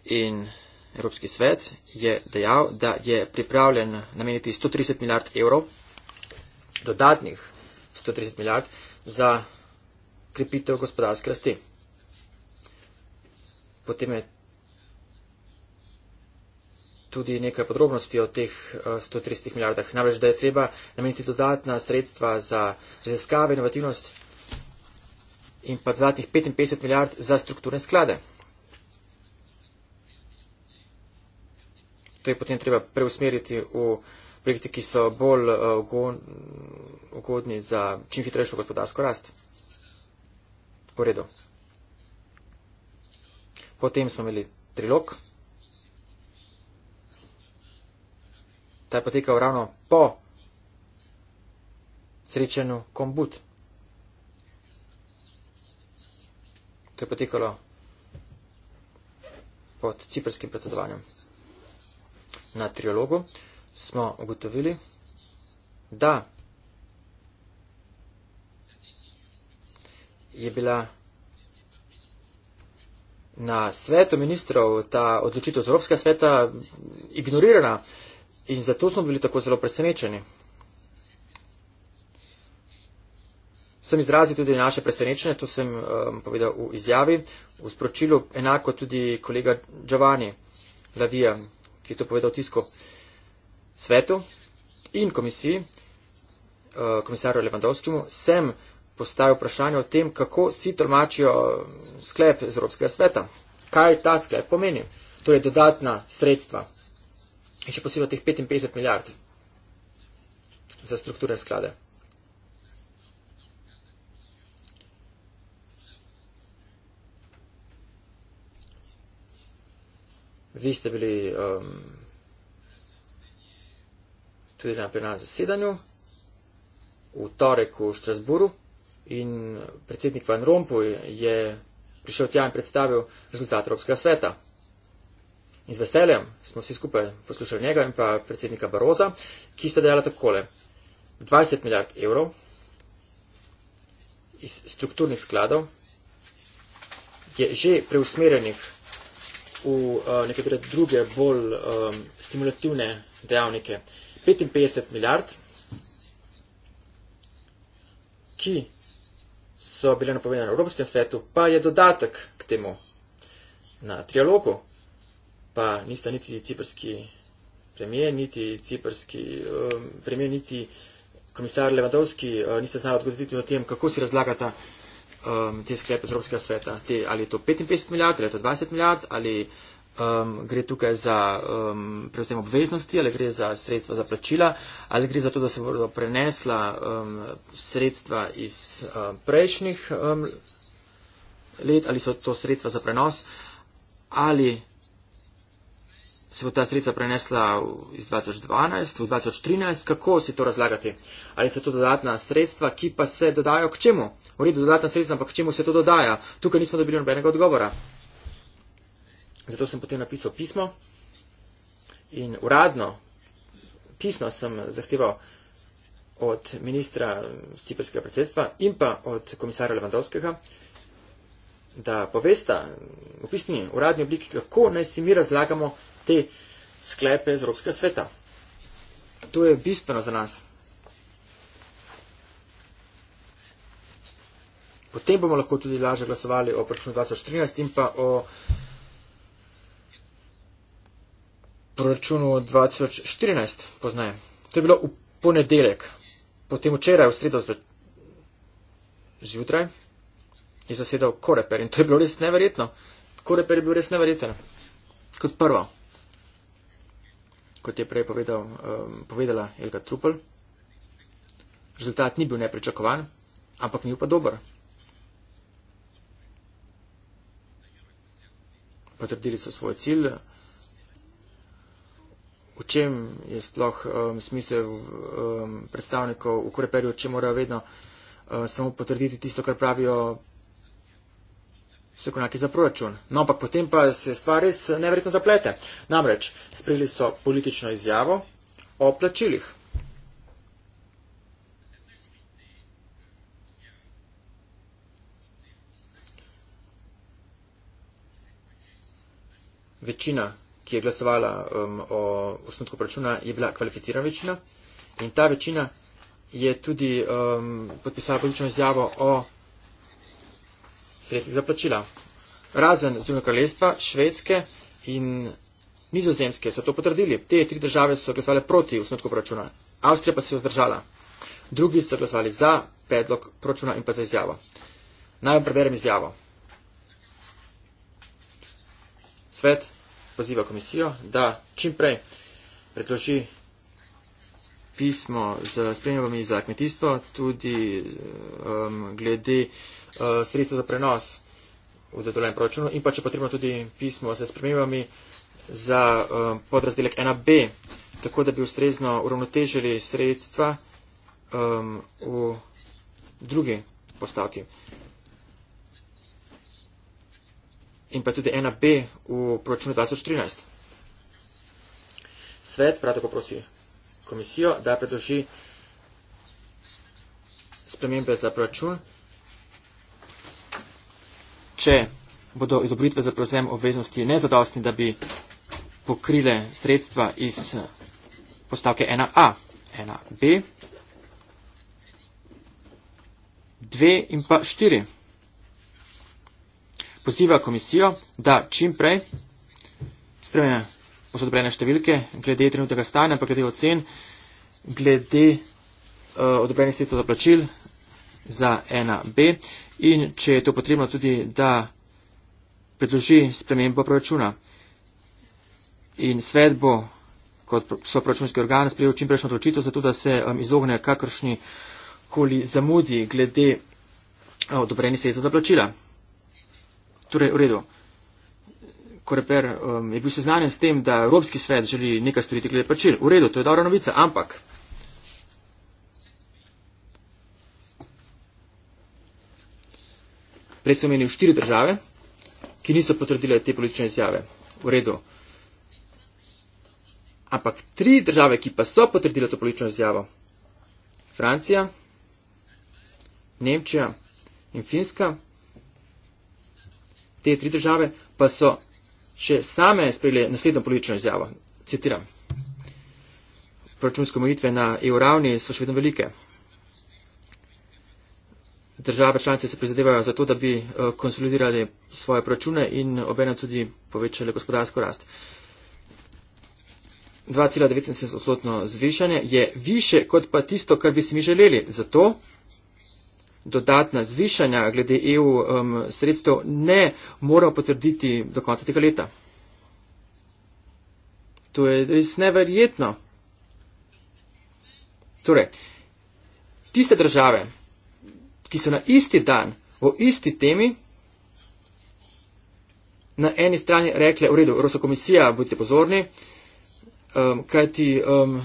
Speaker 1: In Evropski svet je dejal, da je pripravljen nameniti 130 milijard evrov, dodatnih 130 milijard, za krepitev gospodarske rasti. Potem je tudi nekaj podrobnosti o teh 130 eh, milijardah. Namreč, da je treba nameniti dodatna sredstva za raziskave, inovativnost in pa dodatnih 55 milijard za strukturne sklade. to je potem treba preusmeriti v projekte, ki so bolj eh, ugodni za čim hitrejšo gospodarsko rast. V redu. Potem smo imeli trilog. Ta je potekal ravno po srečanju kombut. To je potekalo pod ciprskim predsedovanjem na trilogu, smo ugotovili, da je bila na svetu ministrov ta odločitev z Evropskega sveta ignorirana in zato smo bili tako zelo presenečeni. Sem izrazil tudi naše presenečenje, to sem um, povedal v izjavi, v sporočilu enako tudi kolega Giovanni Lavija ki je to povedal tisko svetu in komisiji, eh, komisarju Levandovskemu, sem postavil vprašanje o tem, kako si tolmačijo mm, sklep iz Evropskega sveta. Kaj ta sklep pomeni? Torej dodatna sredstva in še posebej teh 55 milijard za strukturne sklade. vi ste bili um, tudi na plenarnem zasedanju v torek v Štrasburu in predsednik Van Rompuy je prišel tja in predstavil rezultat Evropskega sveta. In z veseljem smo vsi skupaj poslušali njega in pa predsednika Baroza, ki sta dejala takole. 20 milijard evrov iz strukturnih skladov je že preusmerjenih v eh, nekatere druge bolj um, stimulativne dejavnike. 55 milijard, ki so bile napovedane v Evropskem svetu, pa je dodatek k temu na trialogu, pa nista niti ciprski premije, niti ciprski um, eh, premije, niti komisar Levandovski, uh, nista znala odgovoriti o tem, kako si razlagata uh, um, te sklepe Evropskega sveta. Te, ali je to 55 milijard, ali je to 20 milijard, ali um, gre tukaj za um, prevzem obveznosti, ali gre za sredstva za plačila, ali gre za to, da se bodo prenesla um, sredstva iz um, prejšnjih um, let, ali so to sredstva za prenos, ali se bo ta sredstva prenesla iz 2012 v 2013. Kako si to razlagati? Ali so to dodatna sredstva, ki pa se dodajo k čemu? V redu, dodatna sredstva, ampak k čemu se to dodaja? Tukaj nismo dobili nobenega odgovora. Zato sem potem napisal pismo in uradno, pisno sem zahteval od ministra ciperskega predsedstva in pa od komisarja Levandovskega, da povesta v pisni uradni obliki, kako naj si mi razlagamo te sklepe iz Evropskega sveta. To je bistveno za nas. Potem bomo lahko tudi lažje glasovali o proračunu 2013 in pa o proračunu 2014, poznajem. To je bilo v ponedeljek, potem včeraj, v sredo zjutraj, je zasedal Koreper in to je bilo res neverjetno. Koreper je bil res neverjeten, kot prvo kot je prej povedal, um, povedala Elga Trupel. Rezultat ni bil nepričakovan, ampak ni pa dober. Potrdili so svoj cilj. V čem je sploh um, smisel um, predstavnikov v Koreperju, če morajo vedno uh, samo potrditi tisto, kar pravijo strokovnjaki za proračun. No, ampak potem pa se stvar res neverjetno zaplete. Namreč, sprejeli so politično izjavo o plačilih. Večina, ki je glasovala um, o osnutku proračuna, je bila kvalificirana večina in ta večina je tudi um, podpisala politično izjavo o sredstvih za plačila. Razen Združenega kraljestva, Švedske in Nizozemske so to potrdili. Te tri države so glasovali proti usnotku proračuna. Avstrija pa se je vzdržala. Drugi so glasovali za predlog proračuna in pa za izjavo. Naj vam preberem izjavo. Svet poziva komisijo, da čimprej predloži pismo z spremembami za kmetijstvo, tudi um, glede uh, sredstva za prenos v dodoljen proračun in pa če potrebno tudi pismo z spremembami za um, podrazdelek 1b, tako da bi ustrezno uravnotežili sredstva um, v drugi postavki. In pa tudi 1b v proračunu 2013. Svet prav tako prosi komisijo, da predloži spremembe za proračun. Če bodo odobritve za prevzem obveznosti nezadostni, da bi pokrile sredstva iz eh, postavke 1a, 1b, 2 in pa 4. Poziva komisijo, da čim prej spremembe posodobljene številke, glede trenutnega stanja, pa glede ocen, glede uh, odobrenih sredstev za plačil za 1B in če je to potrebno tudi, da predloži spremembo proračuna. In svet bo, kot so proračunski organ, sprejel čim prejšnjo odločitev, zato da se um, izogne kakršni koli zamudi glede eh, odobrenih sredstev za plačila. Torej, v redu. Koreper um, je bil seznanjen s tem, da Evropski svet želi nekaj storiti glede plačil. V redu, to je dobra novica, ampak. Prej sem menil štiri države, ki niso potrdile te politične izjave. V redu. Ampak tri države, ki pa so potrdile to politično izjavo. Francija, Nemčija in Finska. Te tri države pa so še same sprejeli naslednjo politično izjavo. Citiram. Proračunske omejitve na EU ravni so še vedno velike. Države članice se prizadevajo za to, da bi eh, konsolidirali svoje proračune in obenem tudi povečali gospodarsko rast. 2,79 odstotno zvišanje je više kot pa tisto, kar bi si mi želeli. Zato dodatna zvišanja glede EU um, sredstev ne mora potrditi do konca tega leta. To je res neverjetno. Torej, tiste države, ki so na isti dan, o isti temi, na eni strani rekle, v redu, Evropska komisija, bodite pozorni, um, kajti um,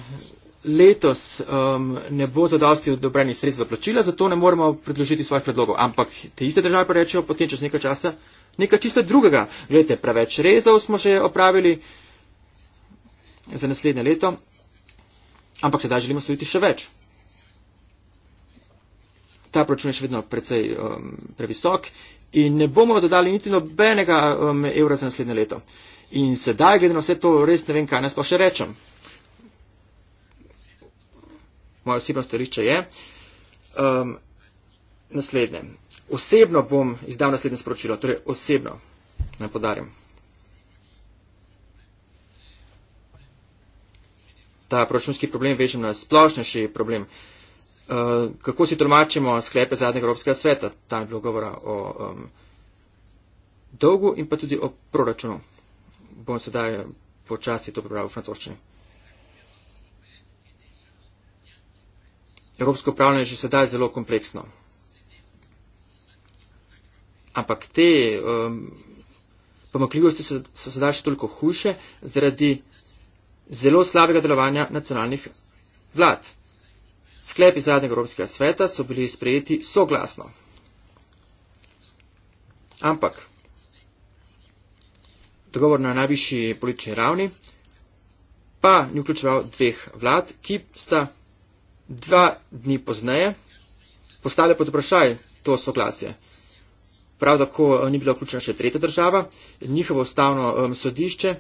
Speaker 1: letos um, ne bo zadosti odobrenih sredstev za plačila, zato ne moremo predložiti svojih predlogov. Ampak te iste države pa rečejo potem čez nekaj časa nekaj čisto drugega. Glejte, preveč rezov smo že opravili za naslednje leto, ampak sedaj želimo storiti še več. Ta proračun je še vedno precej um, previsok in ne bomo dodali niti nobenega um, evra za naslednje leto. In sedaj, glede na vse to, res ne vem, kaj nas pa še rečem moja osebna stališča je um, naslednje. Osebno bom izdal naslednje sporočilo, torej osebno, ne podarim. Ta proračunski problem vežem na splošnejši problem. Uh, kako si tolmačimo sklepe zadnjega Evropskega sveta? Tam je bilo govora o um, dolgu in pa tudi o proračunu. Bom sedaj počasi to prebral v francoščini. evropsko upravljanje že sedaj zelo kompleksno. Ampak te um, pomakljivosti so, so sedaj še toliko hujše zaradi zelo slabega delovanja nacionalnih vlad. Sklepi zadnjega Evropskega sveta so bili sprejeti soglasno. Ampak dogovor na najvišji politični ravni pa ni vključeval dveh vlad, ki sta dva dni pozneje postale pod vprašaj to soglasje. Prav tako eh, ni bila vključena še tretja država. Njihovo ustavno um, sodišče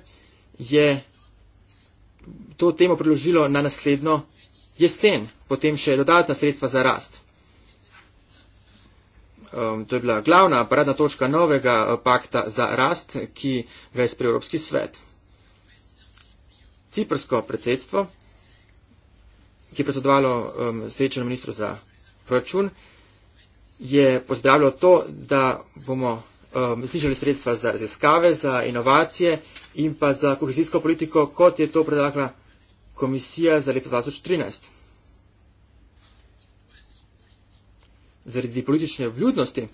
Speaker 1: je to temo priložilo na naslednjo jesen, potem še dodatna sredstva za rast. Um, to je bila glavna paradna točka novega eh, pakta za rast, ki ga je sprejel Evropski svet. Ciprsko predsedstvo ki je predsedovalo um, srečanju ministru za proračun, je pozdravljalo to, da bomo um, znižali sredstva za raziskave, za inovacije in pa za kohezijsko politiko, kot je to predlagala komisija za leto 2013. Zaradi politične vljudnosti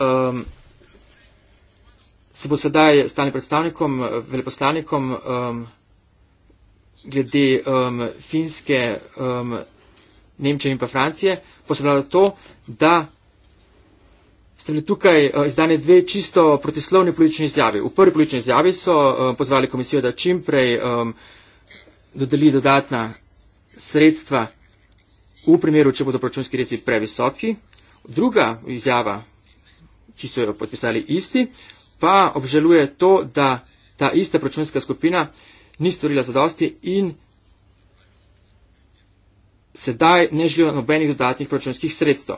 Speaker 1: um, se bo sedaj stalnim predstavnikom, veleposlanikom um, glede um, Finske, um, Nemčije in pa Francije posebljalo to, da ste bili tukaj uh, izdane dve čisto protislovni politični izjavi. V prvi politični izjavi so uh, pozvali komisijo, da čimprej um, dodeli dodatna sredstva v primeru, če bodo proračunski resi previsoki. Druga izjava, ki so jo podpisali isti, pa obžaluje to, da ta ista proračunska skupina ni storila zadosti in sedaj ne želijo nobenih dodatnih proračunskih sredstev.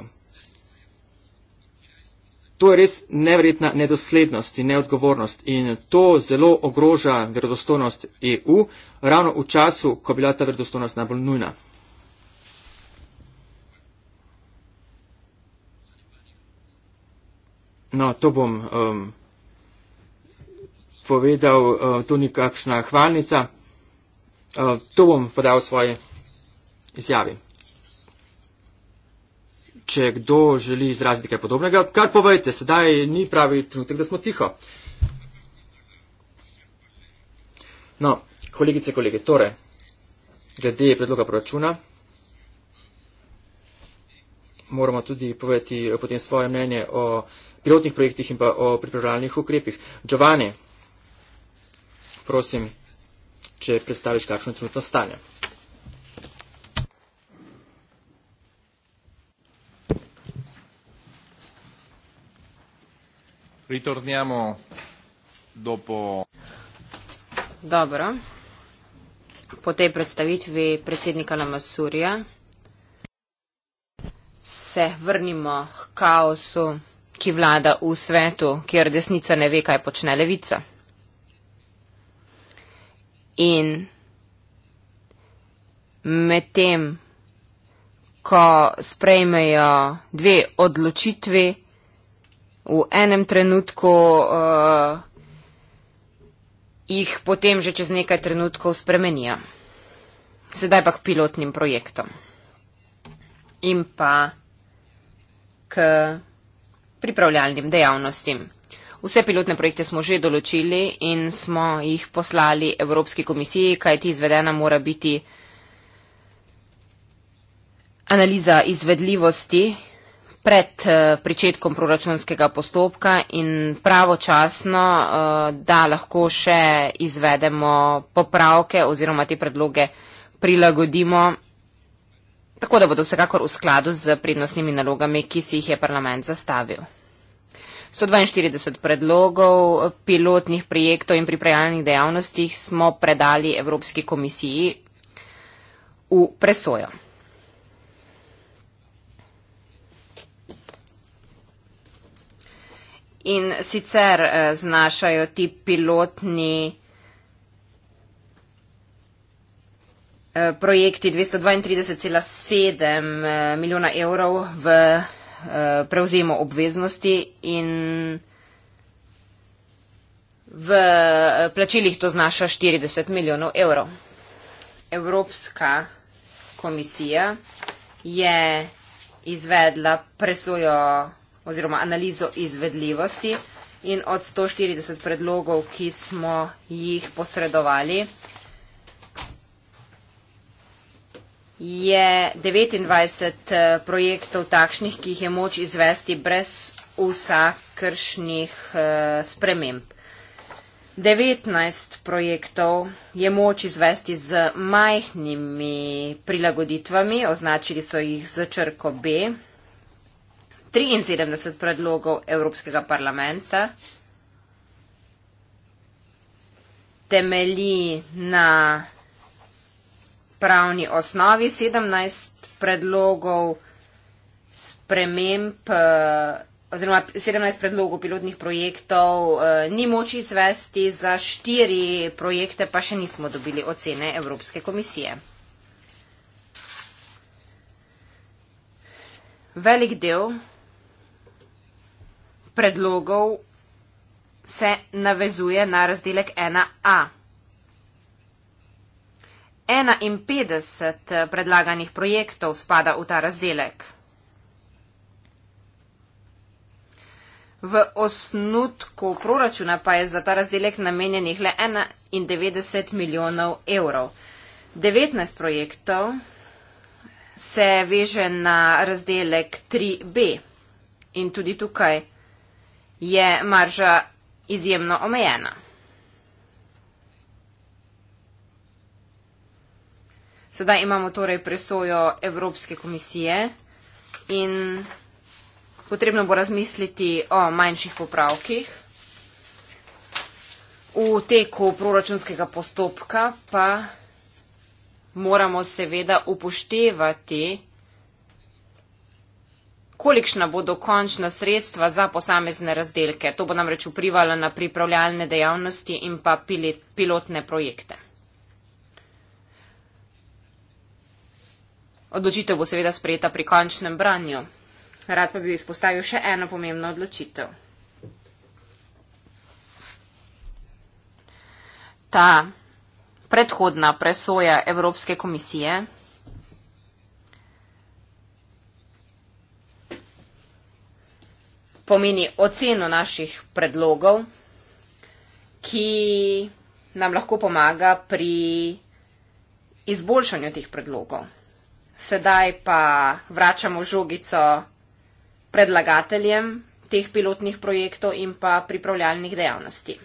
Speaker 1: To je res nevredna nedoslednost in neodgovornost in to zelo ogroža verodostojnost EU, ravno v času, ko je bila ta verodostojnost najbolj nujna. No, to bom um, povedal, eh, to ni kakšna hvalnica. Eh, to bom podal v svoji izjavi. Če kdo želi izraziti kaj podobnega, kar povejte, sedaj ni pravi trenutek, da smo tiho. No, kolegice, kolege, torej, glede predloga proračuna, moramo tudi povedati potem svoje mnenje o pilotnih projektih in pa o pripravljalnih ukrepih. Giovanni prosim, če predstaviš, kakšno je trenutno stanje. Ritorniamo dopo.
Speaker 3: Dobro. Po tej predstavitvi predsednika Namasurja se vrnimo k kaosu, ki vlada v svetu, kjer desnica ne ve, kaj počne levica. In medtem, ko sprejmejo dve odločitvi v enem trenutku, uh, jih potem že čez nekaj trenutkov spremenijo. Sedaj pa k pilotnim projektom. In pa k pripravljalnim dejavnostim. Vse pilotne projekte smo že določili in smo jih poslali Evropski komisiji, kaj ti izvedena mora biti analiza izvedljivosti pred eh, pričetkom proračunskega postopka in pravočasno, eh, da lahko še izvedemo popravke oziroma te predloge prilagodimo, tako da bodo vsekakor v skladu z prednostnimi nalogami, ki si jih je parlament zastavil. 142 predlogov pilotnih projektov in pripravljalnih dejavnosti smo predali Evropski komisiji v presojo. In sicer eh, znašajo ti pilotni eh, projekti 232,7 eh, milijona evrov v Eh, prevzemu obveznosti in v plačilih to znaša 40 milijonov evrov. Evropska komisija je izvedla presojo oziroma analizo izvedljivosti in od 140 predlogov, ki smo jih posredovali, je 29 eh, projektov takšnih, ki jih je moč izvesti brez vsakršnih eh, sprememb. 19 projektov je moč izvesti z majhnimi prilagoditvami, označili so jih z črko B. 73 predlogov Evropskega parlamenta temelji na pravni osnovi, 17 predlogov sprememb eh, oziroma 17 predlogov pilotnih projektov eh, ni moči izvesti, za štiri projekte pa še nismo dobili ocene Evropske komisije. Velik del predlogov se navezuje na razdelek 1a. 51 eh, predlaganih projektov spada v ta razdelek. V osnutku proračuna pa je za ta razdelek namenjenih le 91 milijonov evrov. 19 projektov se veže na razdelek 3B in tudi tukaj je marža izjemno omejena. Sedaj imamo torej presojo Evropske komisije in potrebno bo razmisliti o manjših popravkih. V teku proračunskega postopka pa moramo seveda upoštevati, kolikšna bodo končna sredstva za posamezne razdelke. To bo namreč vplivalo na pripravljalne dejavnosti in pa pilotne projekte. Odločitev bo seveda sprejeta pri končnem branju. Rad pa bi izpostavil še eno pomembno odločitev. Ta predhodna presoja Evropske komisije pomeni oceno naših predlogov, ki nam lahko pomaga pri izboljšanju teh predlogov sedaj pa vračamo žogico predlagateljem teh pilotnih projektov in pa pripravljalnih dejavnosti.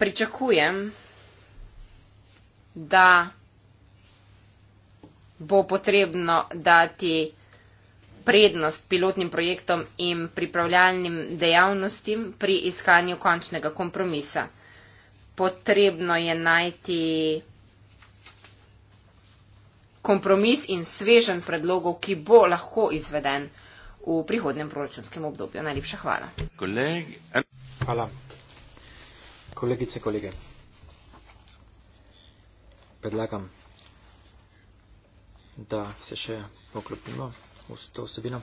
Speaker 3: Pričakujem, da bo potrebno dati prednost pilotnim projektom in pripravljalnim dejavnostim pri iskanju končnega kompromisa potrebno je najti kompromis in svežen predlogov, ki bo lahko izveden v prihodnem proračunskem obdobju. Najlepša hvala.
Speaker 1: Kolegi, en... Hvala. Kolegice, kolege. Predlagam, da se še poklopimo v to osebino.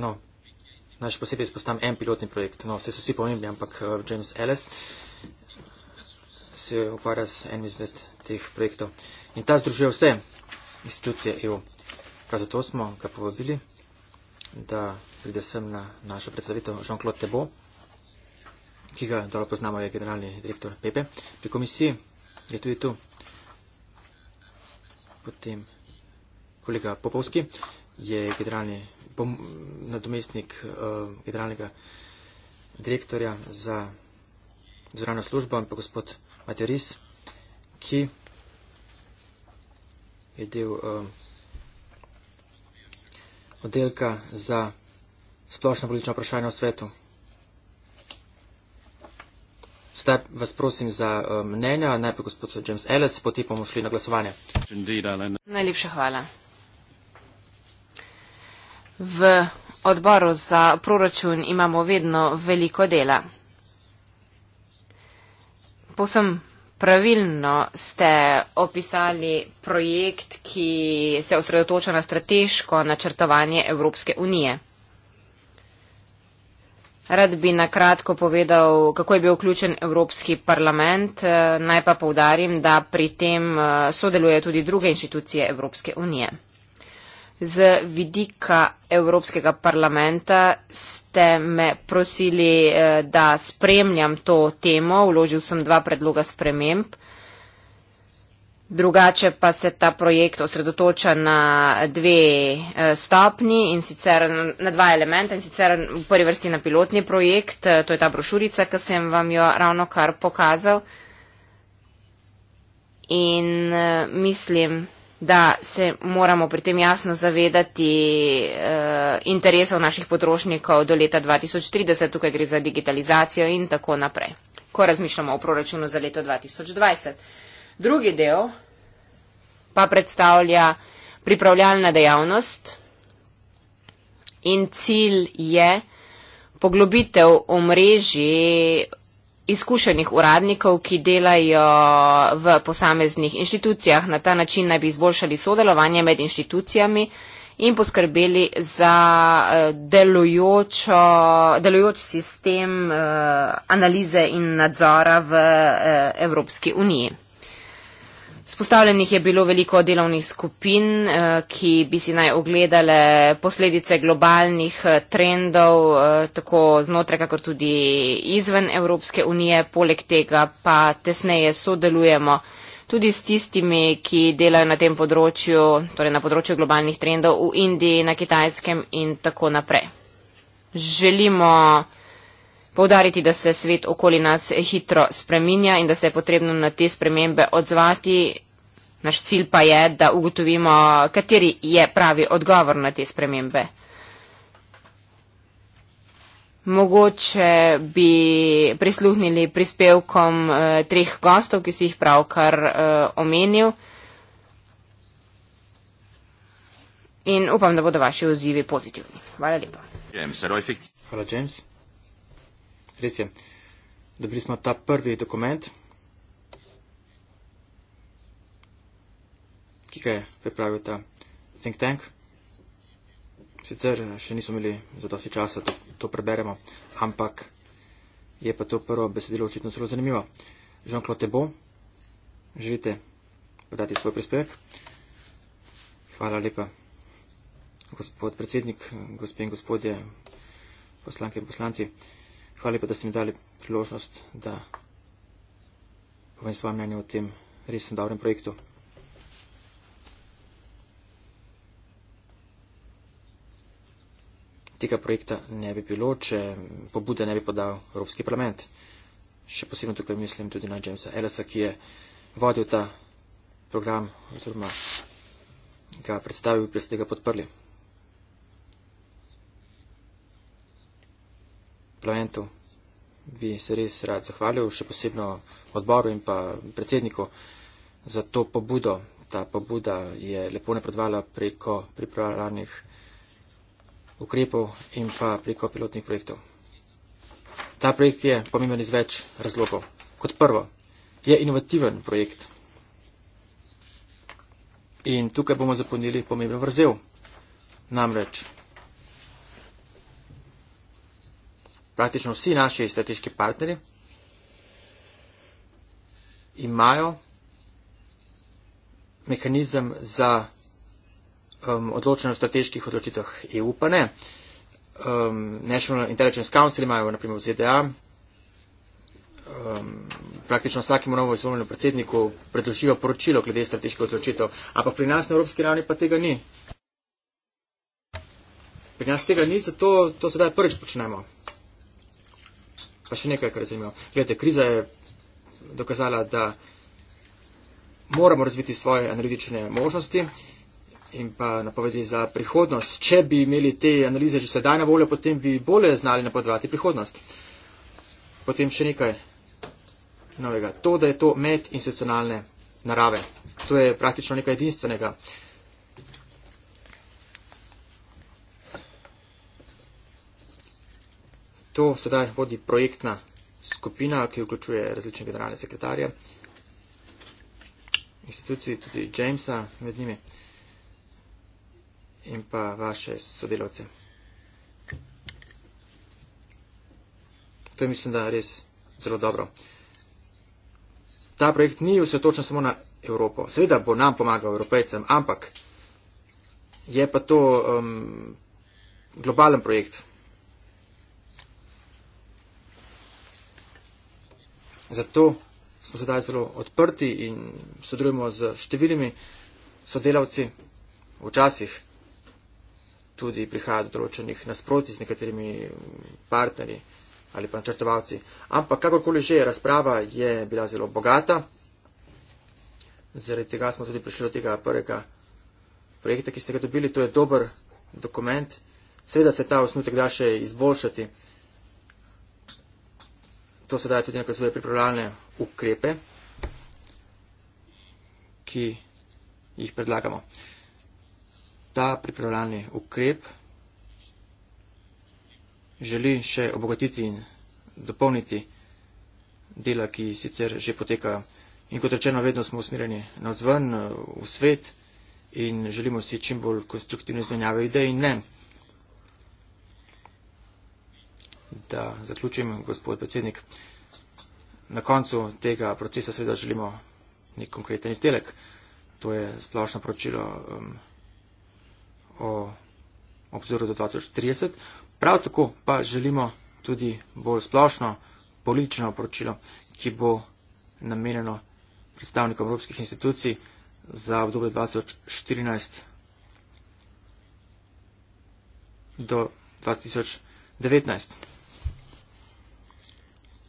Speaker 1: No, Naš posebej izpostavim en pilotni projekt. No, vse so vsi pomembni, ampak eh, James Ellis se ukvarja z enim izmed teh projektov. In ta združuje vse institucije EU. Prav zato smo ga povabili, da pride sem na našo predstavitev Jean-Claude Tebo, ki ga dobro poznamo, je generalni direktor Pepe. Pri komisiji je tudi tu potem kolega Popovski, je generalni nadomestnik uh, generalnega direktorja za zvrano službo, ampak gospod Materis, ki je del uh, oddelka za splošno politično vprašanje v svetu. Sedaj vas prosim za eh, mnenja, najprej gospod James Ellis, potem bomo šli na glasovanje.
Speaker 3: Najlepša hvala. V odboru za proračun imamo vedno veliko dela. Posem pravilno ste opisali projekt, ki se osredotoča na strateško načrtovanje Evropske unije. Rad bi na kratko povedal, kako je bil vključen Evropski parlament, naj pa povdarim, da pri tem eh, sodelujejo tudi druge inštitucije Evropske unije z vidika Evropskega parlamenta ste me prosili, eh, da spremljam to temo. Vložil sem dva predloga sprememb. Drugače pa se ta projekt osredotoča na dve eh, stopni in sicer na dva elementa in sicer v prvi vrsti na pilotni projekt. Eh, to je ta brošurica, ki sem vam jo ravno kar pokazal. In mislim, da se moramo pri tem jasno zavedati eh, interesov naših potrošnikov do leta 2030, tukaj gre za digitalizacijo in tako naprej, ko razmišljamo o proračunu za leto 2020. Drugi del pa predstavlja pripravljalna dejavnost in cilj je poglobitev omrežji izkušenih uradnikov, ki delajo v posameznih inštitucijah. Na ta način naj bi izboljšali sodelovanje med inštitucijami in poskrbeli za eh, delujočo, delujoč sistem eh, analize in nadzora v eh, Evropski uniji. Spostavljenih je bilo veliko delovnih skupin, eh, ki bi si naj ogledale posledice globalnih eh, trendov, eh, tako znotraj, kakor tudi izven Evropske unije. Poleg tega pa tesneje sodelujemo tudi s tistimi, ki delajo na tem področju, torej na področju globalnih trendov v Indiji, na kitajskem in tako naprej. Želimo Poudariti, da se svet okoli nas hitro spreminja in da se je potrebno na te spremembe odzvati. Naš cilj pa je, da ugotovimo, kateri je pravi odgovor na te spremembe. Mogoče bi prisluhnili prispevkom eh, treh gostov, ki si jih pravkar eh, omenil. In upam, da bodo vaši odzivi pozitivni. Hvala lepa.
Speaker 1: James, Hvala, James. Res je. Dobili smo ta prvi dokument, ki ga je pripravil ta think tank. Sicer še nismo imeli za dosti časa, da to preberemo, ampak je pa to prvo besedilo očitno zelo zanimivo. Jean-Claude Tebo, želite podati svoj prispevek? Hvala lepa, gospod predsednik, gospe in gospodje, poslanke in poslanci. Hvala lepa, da ste mi dali priložnost, da povem svoje mnenje o tem resnem dobrem projektu. Tega projekta ne bi bilo, če pobude ne bi podal Evropski parlament. Še posebno tukaj mislim tudi na Jamesa Ellisa, ki je vodil ta program oziroma ga predstavil, ki ste ga podprli. plenitu bi se res rad zahvalil, še posebno odboru in pa predsedniku za to pobudo. Ta pobuda je lepo napredvala preko pripravljalnih ukrepov in pa preko pilotnih projektov. Ta projekt je pomemben iz več razlogov. Kot prvo, je inovativen projekt. In tukaj bomo zapolnili pomemben vrzel. Namreč praktično vsi naši strateški partneri imajo mehanizem za um, odločanje o strateških odločitvah EU, pa ne. Um, National Intelligence Council imajo naprimer v ZDA. Um, praktično vsakemu novo izvoljenemu predsedniku predložijo poročilo glede strateških odločitev, ampak pri nas na evropski ravni pa tega ni. Pri nas tega ni, zato to sedaj prvič počnemo pa še nekaj, kar je zanimivo. Gledajte, kriza je dokazala, da moramo razviti svoje analitične možnosti in pa napovedi za prihodnost. Če bi imeli te analize že sedaj na voljo, potem bi bolje znali napovedovati prihodnost. Potem še nekaj novega. To, da je to med institucionalne narave. To je praktično nekaj edinstvenega. Uh, To sedaj vodi projektna skupina, ki vključuje različne generalne sekretarje, institucije, tudi Jamesa med njimi in pa vaše sodelavce. To je, mislim, da res zelo dobro. Ta projekt ni usvetočen samo na Evropo. Seveda bo nam pomagal evropejcem, ampak je pa to um, globalen projekt. Zato smo sedaj zelo odprti in sodelujemo z številnimi sodelavci. Včasih tudi prihaja do določenih nasproti z nekaterimi partnerji ali pa načrtovalci. Ampak kakorkoli že, razprava je bila zelo bogata. Zaradi tega smo tudi prišli do tega prvega projekta, ki ste ga dobili. To je dober dokument. Seveda se ta osnutek da še izboljšati zato sedaj tudi nekaj svoje pripravljalne ukrepe, ki jih predlagamo. Ta pripravljalni ukrep želi še obogatiti in dopolniti dela, ki sicer že poteka. In kot rečeno, vedno smo usmerjeni nazven, v svet in želimo si čim bolj konstruktivne izmenjave idej in ne da zaključim, gospod predsednik. Na koncu tega procesa seveda želimo nek konkreten izdelek. To je splošno poročilo um, o obzoru do 2030. Prav tako pa želimo tudi bolj splošno politično poročilo, ki bo namenjeno predstavnikom evropskih institucij za obdobje 2014 do 2019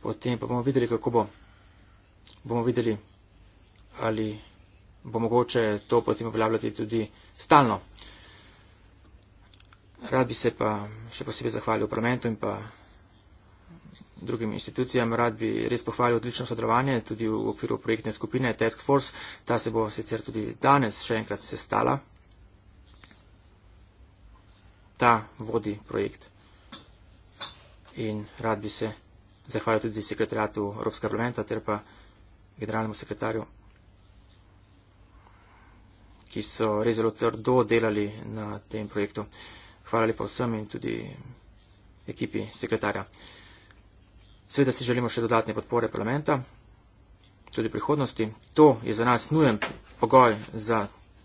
Speaker 1: potem pa bomo videli, kako bo. Bomo videli, ali bo mogoče to potem uveljavljati tudi stalno. Rad bi se pa še posebej zahvalil parlamentu in pa drugim institucijam. Rad bi res pohvalil odlično sodelovanje tudi v okviru projektne skupine Task Force. Ta se bo sicer tudi danes še enkrat sestala. Ta vodi projekt. In rad bi se zahvalil tudi sekretarjatu Evropskega parlamenta ter pa generalnemu sekretarju, ki so res zelo trdo delali na tem projektu. Hvala lepa vsem in tudi ekipi sekretarja. Seveda si želimo še dodatne podpore parlamenta, tudi prihodnosti. To je za nas nujen pogoj za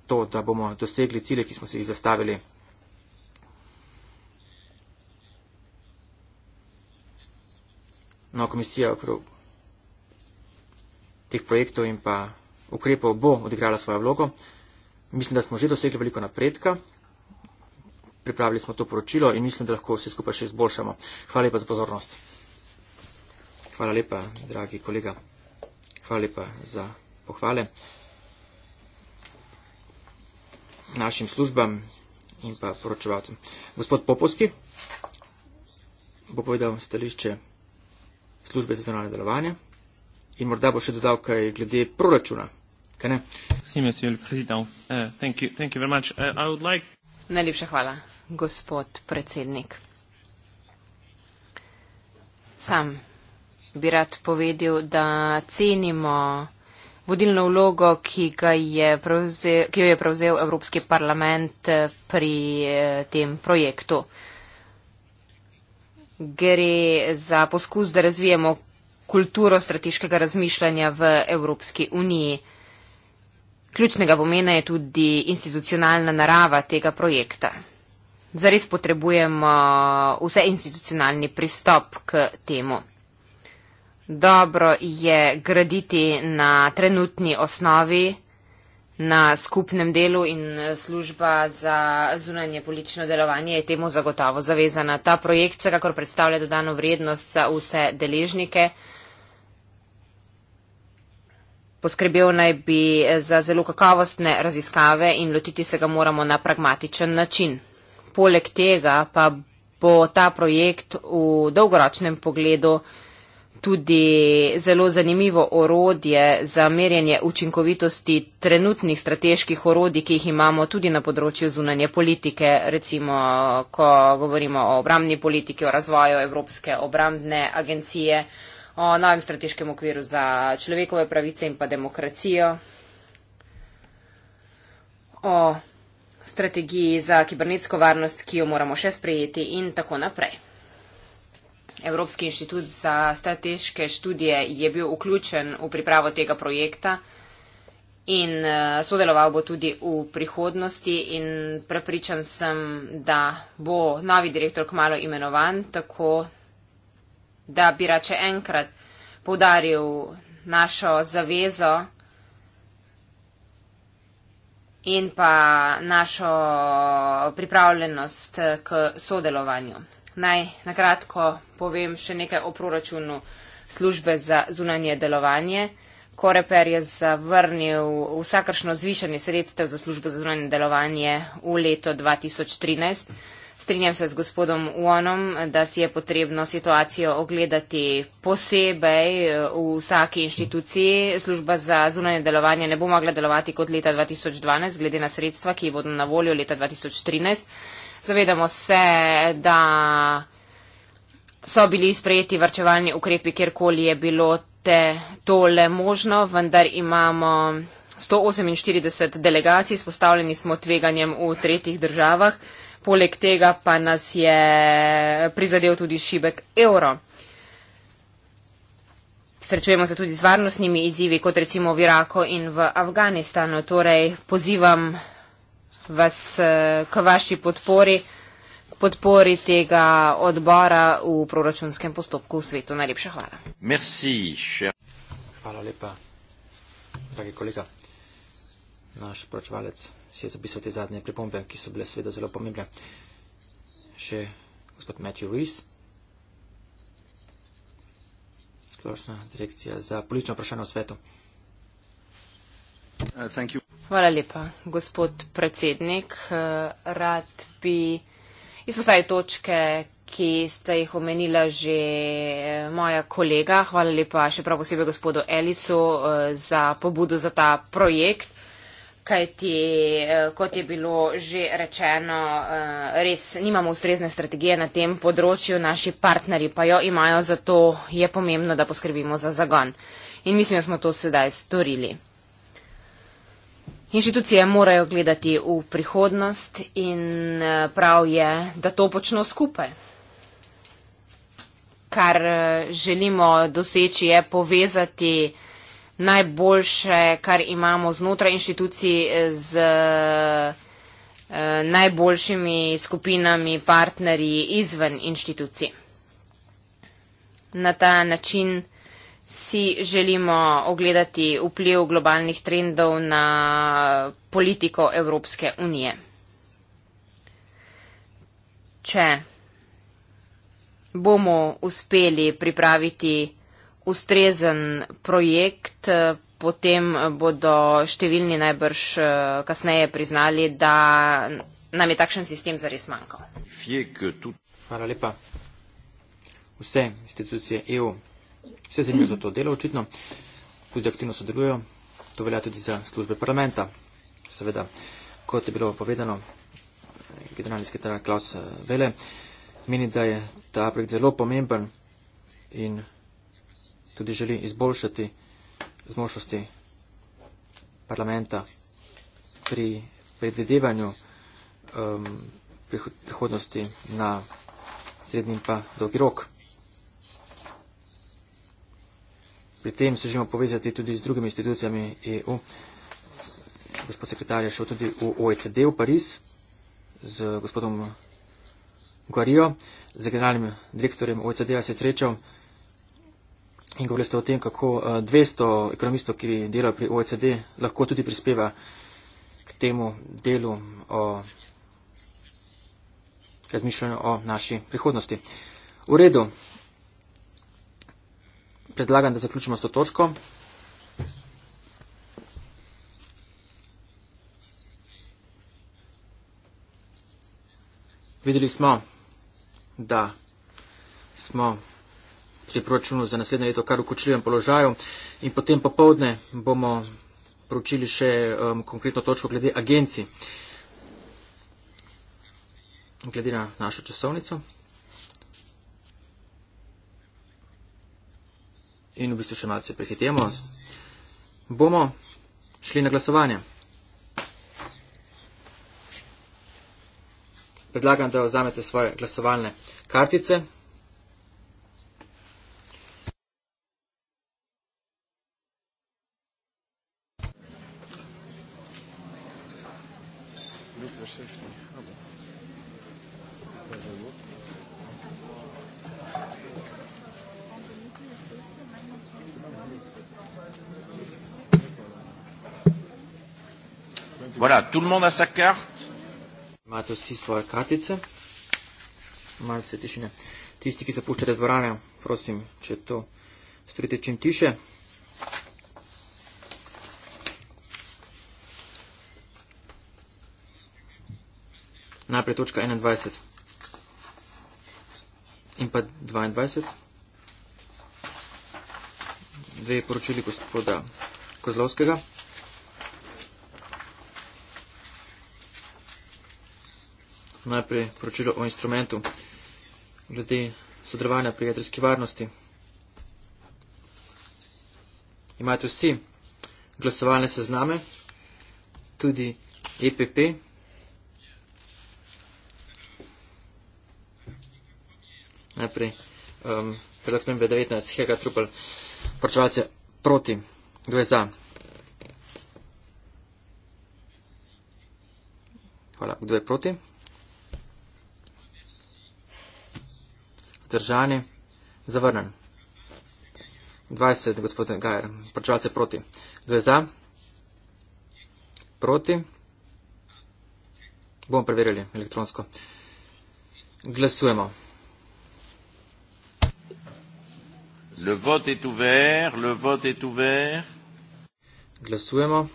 Speaker 1: to, da bomo dosegli cilje, ki smo si jih zastavili. na no, komisijo okrog teh projektov in pa ukrepov bo odigrala svojo vlogo. Mislim, da smo že dosegli veliko napredka. Pripravili smo to poročilo in mislim, da lahko vse skupaj še izboljšamo. Hvala lepa za pozornost. Hvala lepa, dragi kolega. Hvala lepa za pohvale našim službam in pa poročevalcem. Gospod Popovski bo povedal stališče službe za zunanje delovanje. In morda bo še dodal kaj glede proračuna. Uh, uh,
Speaker 3: Najlepša hvala, gospod predsednik. Sam bi rad povedal, da cenimo vodilno vlogo, ki, je prevzel, ki jo je prevzel Evropski parlament pri eh, tem projektu gre za poskus, da razvijemo kulturo strateškega razmišljanja v Evropski uniji. Ključnega pomena je tudi institucionalna narava tega projekta. Zares potrebujemo vse institucionalni pristop k temu. Dobro je graditi na trenutni osnovi, na skupnem delu in služba za zunanje politično delovanje je temu zagotovo zavezana. Ta projekt vsekakor predstavlja dodano vrednost za vse deležnike. Poskrbel naj bi za zelo kakovostne raziskave in lotiti se ga moramo na pragmatičen način. Poleg tega pa bo ta projekt v dolgoročnem pogledu tudi zelo zanimivo orodje za merjenje učinkovitosti trenutnih strateških orodij, ki jih imamo tudi na področju zunanje politike, recimo, ko govorimo o obramni politiki, o razvoju Evropske obramne agencije, o novem strateškem okviru za človekove pravice in pa demokracijo, o strategiji za kibernetsko varnost, ki jo moramo še sprejeti in tako naprej. Evropski inštitut za strateške študije je bil vključen v pripravo tega projekta in eh, sodeloval bo tudi v prihodnosti in prepričan sem, da bo novi direktor kmalo imenovan, tako da bi rače enkrat povdaril našo zavezo in pa našo pripravljenost k sodelovanju naj na kratko povem še nekaj o proračunu službe za zunanje delovanje. Koreper je zavrnil vsakršno zvišanje sredstev za službo za zunanje delovanje v leto 2013. Strinjam se z gospodom Uonom, da si je potrebno situacijo ogledati posebej v vsaki inštituciji. Služba za zunanje delovanje ne bo mogla delovati kot leta 2012, glede na sredstva, ki bodo na voljo leta 2013. Zavedamo se, da so bili sprejeti varčevalni ukrepi, kjerkoli je bilo te tole možno, vendar imamo 148 delegacij, spostavljeni smo tveganjem v tretjih državah, poleg tega pa nas je prizadel tudi šibek evro. Srečujemo se tudi z varnostnimi izzivi, kot recimo v Iraku in v Afganistanu. Torej, pozivam vas eh, k vaši podpori, podpori tega odbora v proračunskem postopku v svetu. Najlepša hvala. Merci,
Speaker 1: hvala lepa, dragi kolega. Naš pročevalec si je zapisal te zadnje pripombe, ki so bile seveda zelo pomembne. Še gospod Matthew Rees, Splošna direkcija za politično vprašanje v svetu.
Speaker 3: Hvala lepa, gospod predsednik. Rad bi izpostavil točke, ki ste jih omenila že eh, moja kolega. Hvala lepa še prav posebej gospodu Elisu eh, za pobudo za ta projekt. Kajti, eh, kot je bilo že rečeno, res nimamo ustrezne strategije na tem področju, naši partnerji pa jo imajo, zato je pomembno, da poskrbimo za zagon. In mislim, da smo to sedaj storili. Inštitucije morajo gledati v prihodnost in eh, prav je, da to počno skupaj. Kar eh, želimo doseči je povezati najboljše, kar imamo znotraj inštitucij eh, z najboljšimi skupinami, partnerji izven inštitucij. Na ta način si želimo ogledati vpliv globalnih trendov na politiko Evropske unije. Če bomo uspeli pripraviti ustrezen projekt, potem bodo številni najbrž eh, kasneje priznali, da nam je takšen sistem zares manjkal.
Speaker 1: Hvala lepa. Vse institucije EU Vse z njim za to delo očitno, tudi aktivno sodelujo, to velja tudi za službe parlamenta. Seveda, kot je bilo povedano, generalni sekretar Klaus eh, Vele meni, da je ta projekt zelo pomemben in tudi želi izboljšati zmožnosti parlamenta pri predvidevanju um, prihodnosti na srednji in pa dolgi rok. Pri tem se želimo povezati tudi z drugimi institucijami EU. Gospod sekretar je šel tudi v OECD v Pariz z gospodom Guarijo, z generalnim direktorjem OECD-a se je srečal in govorili ste o tem, kako 200 eh, ekonomistov, ki delajo pri OECD, lahko tudi prispeva k temu delu o razmišljanju o naši prihodnosti. V redu predlagam, da zaključimo s to točko. Videli smo, da smo pri proračunu za naslednje leto kar v kočljivem položaju in potem popovdne bomo pročili še um, konkretno točko glede agencij. Glede na našo časovnico. in v bistvu še malce prehitemo, bomo šli na glasovanje. Predlagam, da vzamete svoje glasovalne kartice. tout le monde a sa carte. Imate vsi svoje kartice. Malce tišine. Tisti, ki se puščate dvorane, prosim, če to storite čim tiše. Najprej točka 21. In pa 22. Dve poročili gospoda Kozlovskega. najprej poročilo o instrumentu glede sodelovanja pri jedrski varnosti. Imate vsi glasovalne sezname, tudi EPP. Najprej um, predlog spremembe 19, Hega Trupel, poročevalce proti, kdo je za. Hvala, kdo je proti? vzdržani, zavrnen. 20, gospod Gajer, pričevalce je proti. Kdo je za? Proti. Bomo preverili elektronsko. Glasujemo. Le vote
Speaker 2: est ouvert, le
Speaker 1: vote est ouvert. Glasujemo.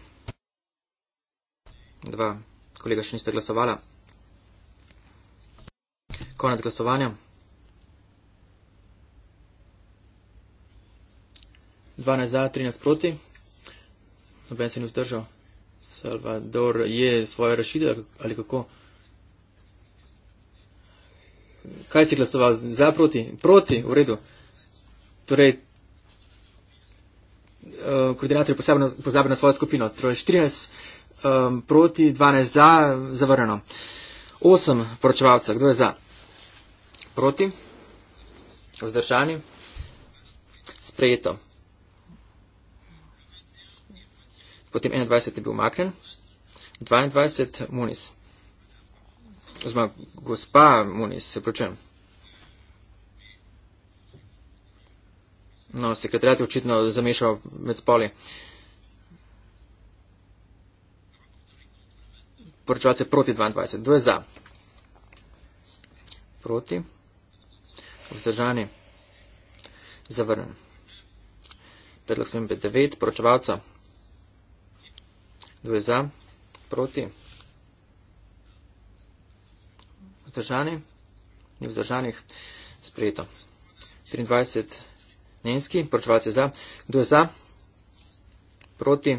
Speaker 1: Dva, kolega še niste glasovala. Konec glasovanja. 12 za, 13 proti. Noben se ni vzdržal. Salvador je svoje rešitev ali kako? Kaj si glasoval? Za, proti? Proti, v redu. Torej, eh, koordinator je pozabil na svojo skupino. Torej, 14 um, proti, 12 za, zavrnjeno. 8 poročevalca, kdo je za? Proti, vzdržani, sprejeto. potem 21 je bil umaknen, 22 Munis. Oziroma, gospa Munis, se pročem. No, sekretariat je očitno zamešal med spoli. Poročevalce je proti 22. Kdo je za? Proti. Vzdržani. Zavrnen. Predlog smem 9. Poročevalca. 2 za, proti, vzdržani, ni vzdržanih, sprejeto. 23 nemski, poročevalce za, 2 za, proti,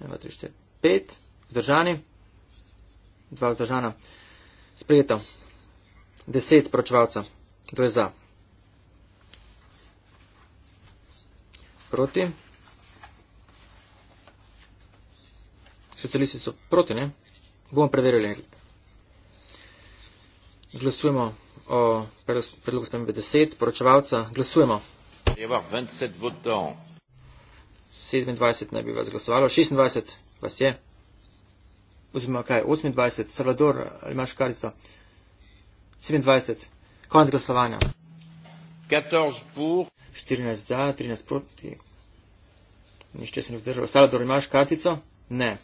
Speaker 1: 1, 2, 3, 4, 5, vzdržani, 2 vzdržana, sprejeto. 10 poročevalca, 2 za, proti, Socialisti so proti, ne? Bomo preverili. Glasujemo o predlogu spremembe 10, poročevalca. Glasujemo. 27 naj bi vas glasovalo, 26 vas je. Oziroma kaj, 28, Salvador, ali imaš karico? 27, konec glasovanja. 14 za, 13 proti. Nišče se ne vzdržal. Salvador, imaš kartico? Ne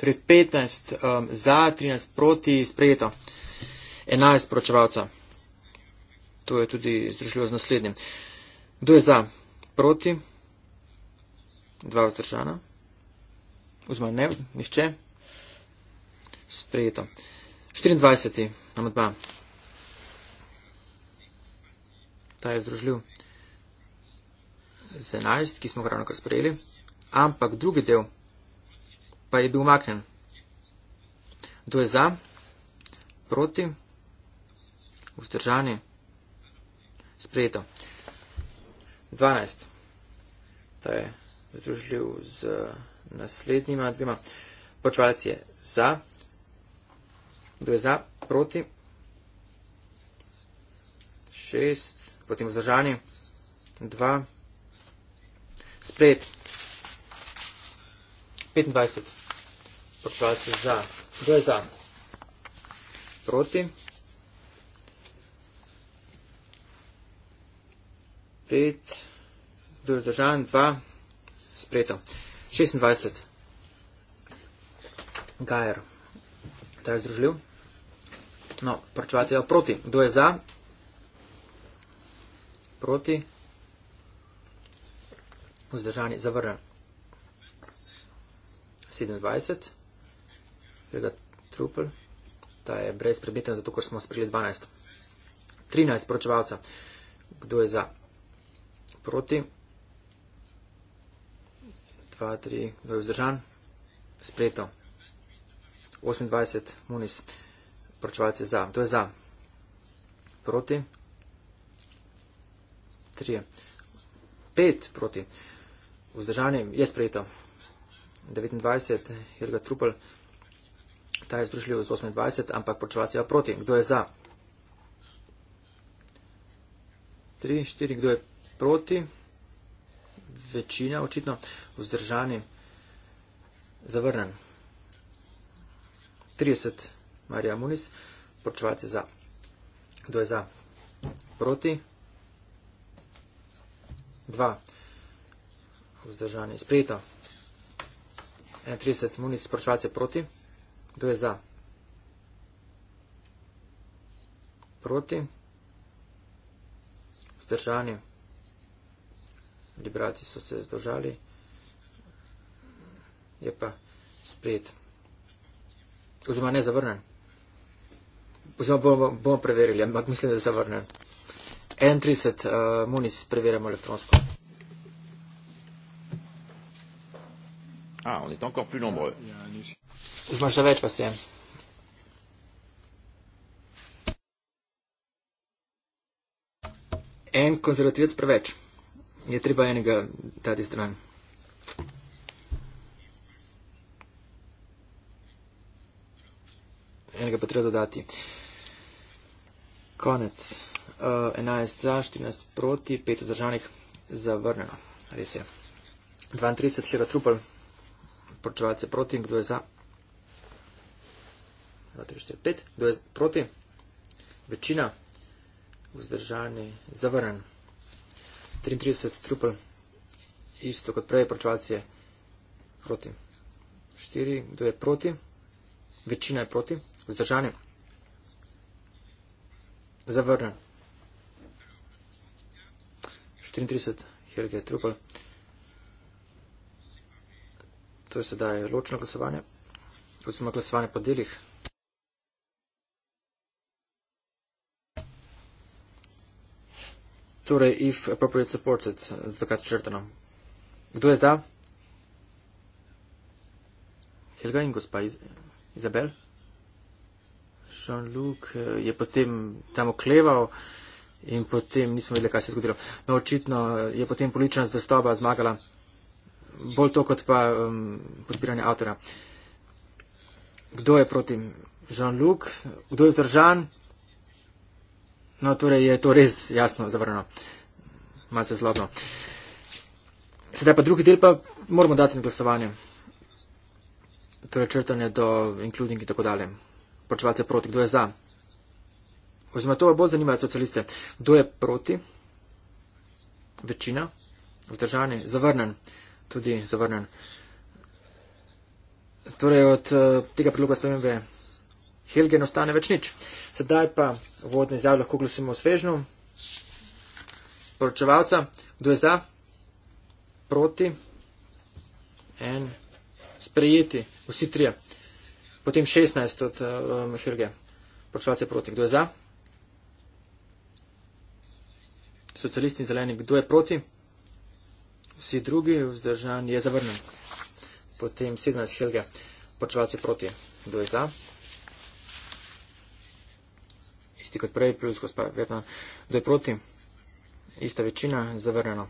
Speaker 1: torej 15 um, za, 13 proti, sprejeto 11 poročevalca. To je tudi združljivo z naslednjim. Kdo je za, proti, dva vzdržana, oziroma ne, nihče, sprejeto. 24. amadba. Ta je združljiv z 11, ki smo ga ravno kar sprejeli, ampak drugi del pa je bil umaknen. Kdo je za, proti, vzdržani, sprejeto. 12. To je združljiv z naslednjima dvema. Počvalec je za, kdo je za, proti, 6, potem vzdržani, 2, sprejet. 25. Poslovalci za. Kdo je za? Proti. 5. Kdo je zdržan? 2. Spreto. 26. Gajer. Ta je združljiv. No, poročevalci je proti. Kdo je za? Proti. Vzdržani zavrnjen. 27 tega trupel. Ta je brezpredmeten, zato ker smo sprejeli 12. 13 poročevalca. Kdo je za? Proti. 2, 3. Kdo je vzdržan? Spreto. 28. Munis. Poročevalc je za. Kdo je za? Proti. 3. 5 proti. Vzdržanje je sprejeto. 29. Jelga Trupel ta je združljiv z 28, ampak počevati je proti. Kdo je za? 3, 4, kdo je proti? Večina, očitno, vzdržani, zavrnen. 30, Marija Munis, počevati je za. Kdo je za? Proti? 2, vzdržani, sprejeto. 31, Munis, počevati je proti. Kdo je za? Proti? Vzdržanje? Liberalci so se zdržali. Je pa sprejet. Oziroma ne zavrnen. Oziroma bomo, bomo preverili, ampak mislim, da je zavrnen. 31 uh, munic preverjamo elektronsko. Ah, on est encore plus nombreux. Yeah. Imaš še več pa sem. En konzervativec preveč. Je treba enega dati stran. Enega pa treba dodati. Konec. Uh, eh, 11 za, 14 proti, 5 zdržanih zavrnjeno. Res je. 32 hero trupel, poročevalce proti, kdo je za? 2, 3, 4, 5, kdo je proti? Večina, vzdržani, zavrnen. 33, trupel, isto kot prej, pročevalci je proti. 4, kdo je proti? Večina je proti, vzdržani. Zavrnen. 34, Helge je trupel. To je sedaj ločno glasovanje. Tudi smo glasovanje po delih. torej if appropriate supported, dokrat črtano. Kdo je za? Helga in gospa Izabel? Jean-Luc eh, je potem tam okleval in potem nismo vedeli, kaj se je zgodilo. No, očitno eh, je potem politična zvestoba zmagala bolj to, kot pa um, podpiranje avtora. Kdo je proti? Jean-Luc? Kdo je zdržan? No, torej je to res jasno zavrno, malce zlobno. Sedaj pa drugi del pa moramo dati na glasovanje. Torej črtanje do including in tako dalje. Počevalce proti, kdo je za? Oziroma to je bolj zanimajo socialiste. Kdo je proti? Večina. Vdržani. Zavrnen. Tudi zavrnen. Torej od eh, tega priloga spremembe. Helge ne ostane več nič. Sedaj pa vodne izjave lahko glasimo v svežnju. Poročevalca, kdo je za, proti, en, sprejeti, vsi trije. Potem 16 od um, Helge. Poročevalce proti, kdo je za? Socialisti in zeleni, kdo je proti? Vsi drugi, vzdržan, je zavrnjen. Potem 17 Helge. Poročevalce proti, kdo je za? isti kot prej, plus gospa Vjetna, da je proti, ista večina, zavrnjeno.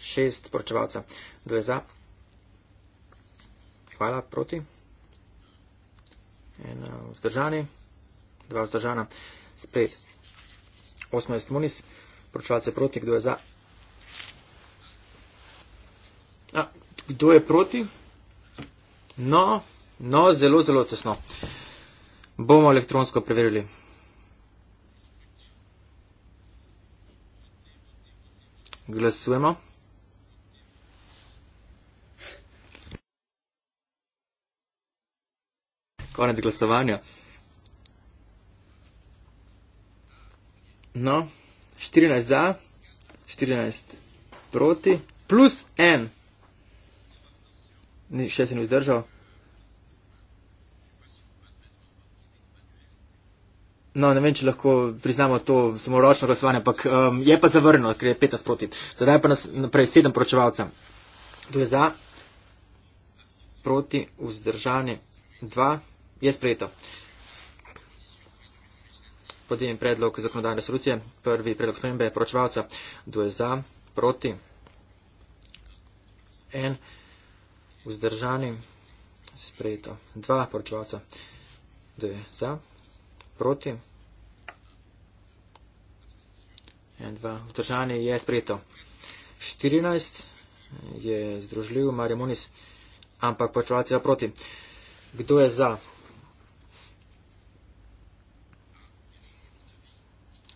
Speaker 1: Šest poročevalca, kdo je za? Hvala, proti. En vzdržani, dva vzdržana, sprejet. Osmajst munis, poročevalce proti, kdo je za? A, kdo je proti? No, no, zelo, zelo tesno. Bomo elektronsko preverili. Glasujemo. Konec glasovanja. No, 14 za, 14 proti, plus en. Ni, še se ni vzdržal. No, ne vem, če lahko priznamo to samoročno glasovanje, ampak um, je pa zavrnilo, ker je peta sproti. Zdaj pa nas naprej sedem poročevalcev. Kdo je za? Proti, vzdržani, dva. Je sprejeto. Potem predlog zakonodajne resolucije. Prvi predlog spremembe je poročevalca. Kdo je za? Proti. En. Vzdržani, sprejeto. Dva poročevalca. Kdo je za? Proti proti. 1, 2, vzdržanje je sprejeto. 14 je združljiv, Marja Munis, ampak počvalci je proti. Kdo je za?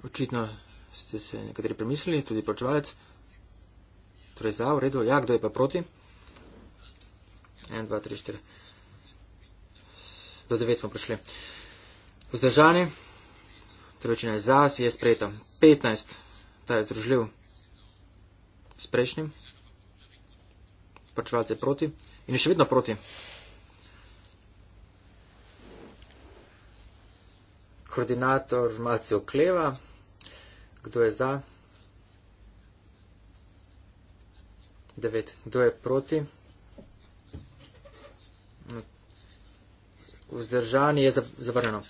Speaker 1: Očitno ste se nekateri premislili, tudi počvalec. Torej za, v redu, ja, kdo je pa proti? 1, 2, 3, 4. Do 9 smo prišli vzdržani, trojčina je zas, je sprejeta 15, ta je združljiv s prejšnjim, pačvalce je proti in je še vedno proti. Koordinator malce okleva, kdo je za? 9. Kdo je proti? Vzdržanje je zavrnjeno.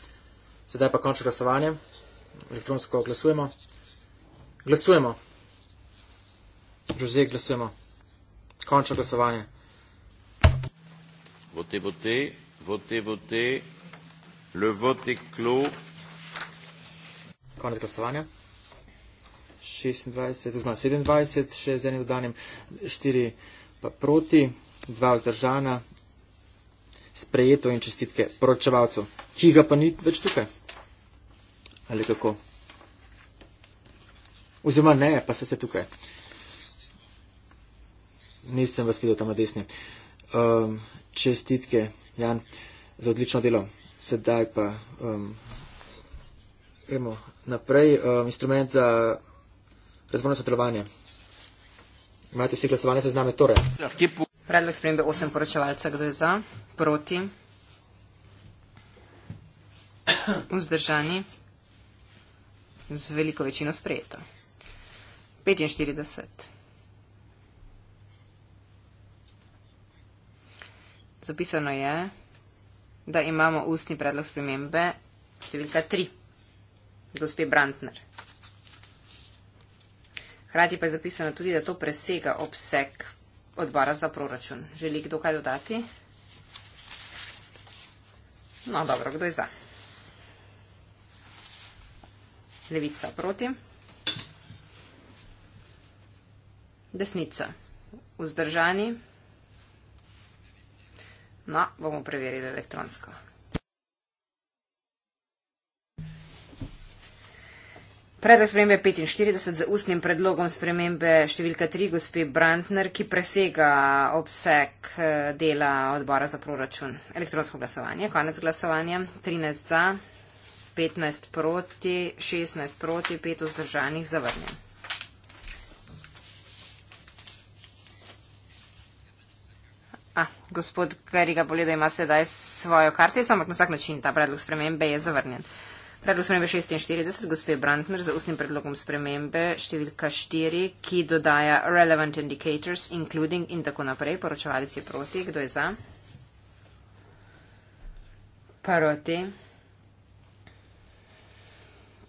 Speaker 1: Sedaj pa končno glasovanje. Elektronsko glasujemo. Glasujemo. Jose, glasujemo. Končno glasovanje.
Speaker 2: Votez, votez, votez, votez. Le vote est
Speaker 1: clos. Konec glasovanja. 26, oziroma 27, še z enim dodanim, 4 pa proti, 2 vzdržana sprejeto in čestitke poročevalcu, ki ga pa ni več tukaj. Ali kako? Oziroma ne, pa se se tukaj. Nisem vas videl tam na desni. Um, čestitke, Jan, za odlično delo. Sedaj pa um, gremo naprej. Um, instrument za razvojno sodelovanje. Imate vsi glasovanje se z nami torej.
Speaker 3: Ja, Predlog spremembe 8 poročevalca, kdo je za, proti, vzdržani, z veliko večino sprejeto. 45. Zapisano je, da imamo ustni predlog spremembe številka 3, gospe Brantner. Hrati pa je zapisano tudi, da to presega obseg odbora za proračun. Želi kdo kaj dodati? No, dobro, kdo je za? Levica proti. Desnica. Vzdržani. No, bomo preverili elektronsko. Predlog spremembe 45 z ustnim predlogom spremembe številka 3 gospe Brantner, ki presega obseg eh, dela odbora za proračun. Elektronsko glasovanje, konec glasovanja, 13 za, 15 proti, 16 proti, 5 vzdržanih zavrnjen. A, gospod Kariga Poleda ima sedaj svojo kartico, ampak na vsak način ta predlog spremembe je zavrnjen. Predlog spremembe 46, gospe Brantner, za ustnim predlogom spremembe številka 4, ki dodaja relevant indicators, including in tako naprej, poročevalci proti, kdo je za? Proti.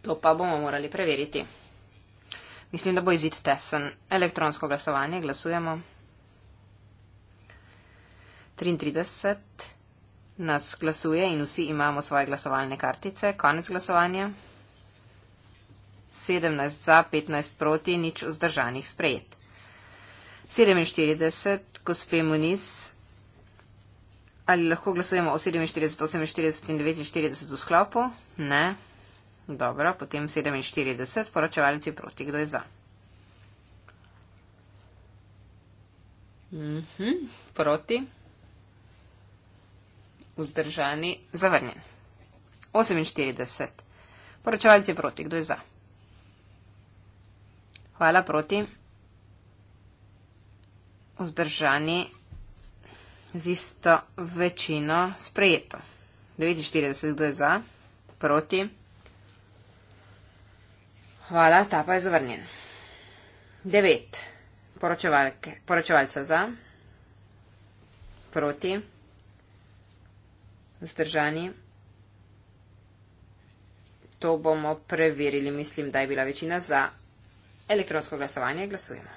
Speaker 3: To pa bomo morali preveriti. Mislim, da bo izid tesen. Elektronsko glasovanje, glasujemo. 33 nas glasuje in vsi imamo svoje glasovalne kartice. Konec glasovanja. 17 za, 15 proti, nič vzdržanih sprejet. 47, gospe Muniz, ali lahko glasujemo o 47, 48 in 49 v sklopu? Ne. Dobro, potem 47, poročevalci proti, kdo je za? Mhm, proti vzdržani, zavrnjen. 48. Poročevalci proti, kdo je za? Hvala proti. Vzdržani z isto večino sprejeto. 49, kdo je za? Proti. Hvala, ta pa je zavrnjen. 9. Poročevalke. Poročevalca za? Proti vzdržani. To bomo preverili. Mislim, da je bila večina za elektronsko glasovanje. Glasujemo.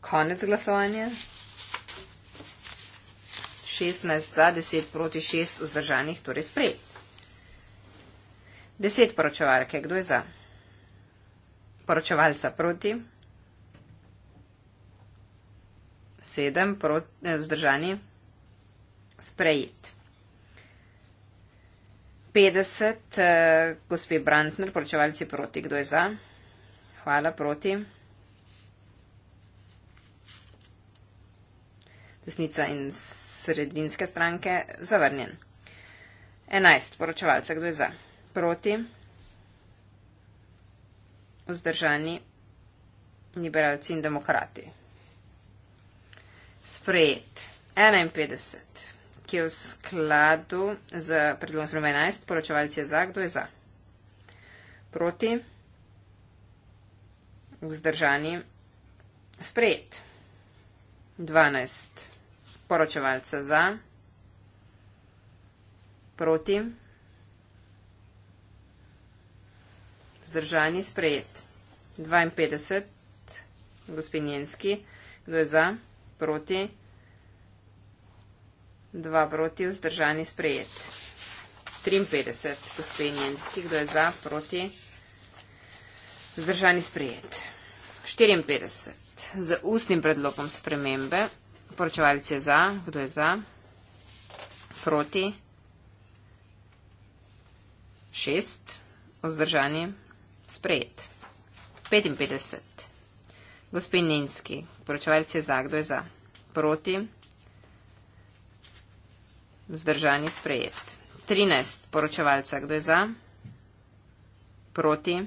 Speaker 3: Konec glasovanja. 16 za, 10 proti 6 vzdržanih, torej sprejet. 10 poročevalke, kdo je za? Poročevalca proti. sedem eh, vzdržani, sprejet. 50 eh, gospe Brantner, poročevalci proti, kdo je za? Hvala proti. Desnica in sredinske stranke, zavrnjen. 11 poročevalce, kdo je za? Proti. Vzdržani liberalci in demokrati sprejet 51, ki je v skladu z predlogom 11, poročevalci je za, kdo je za. Proti, vzdržani, sprejet 12, poročevalce za, proti, vzdržani, sprejet 52, gospod Njenski, kdo je za proti, 2 proti, vzdržani sprejet. 53, gospe Njenski, kdo je za, proti, vzdržani sprejet. 54, z ustnim predlogom spremembe, poročevalec je za, kdo je za, proti, 6, vzdržani sprejet. 55. Gospod Ninski, poročevalec je za, kdo je za. Proti. Vzdržani sprejet. 13 poročevalca, kdo je za. Proti.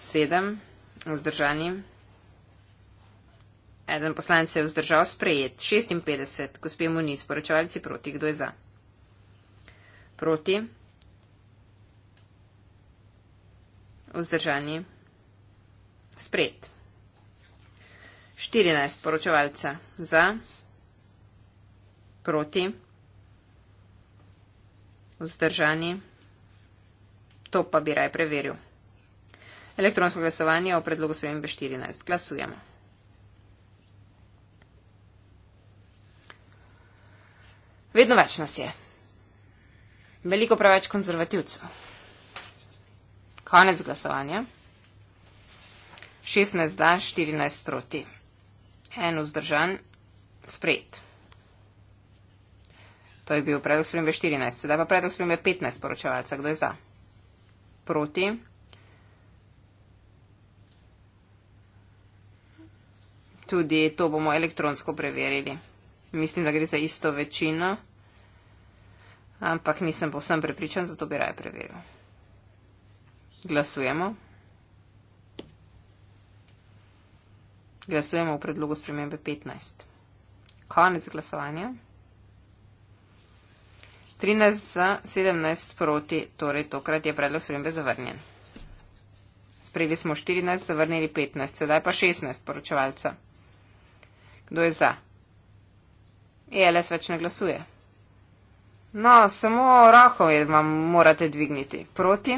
Speaker 3: 7 vzdržani. Eden poslanec je vzdržal sprejet. 56, gospod Muniz, poročevalci proti, kdo je za. Proti. vzdržani, spred. 14 poročevalca za, proti, vzdržani, to pa bi raj preveril. Elektronsko glasovanje o predlogu spremembe 14. Glasujemo. Vedno več nas je. Veliko preveč konzervativcev. Konec glasovanja. 16 da, 14 proti. En vzdržan, sprejet. To je bil predlog spremembe 14, sedaj pa predlog spremembe 15 poročevalca. Kdo je za? Proti. Tudi to bomo elektronsko preverili. Mislim, da gre za isto večino, ampak nisem povsem prepričan, zato bi raje preveril. Glasujemo. Glasujemo v predlogu spremembe 15. Konec glasovanja. 13 za 17 proti, torej tokrat je predlog spremembe zavrnjen. Sprejeli smo 14, zavrnili 15, sedaj pa 16 poročevalca. Kdo je za? ELS več ne glasuje. No, samo roko vam morate dvigniti. Proti?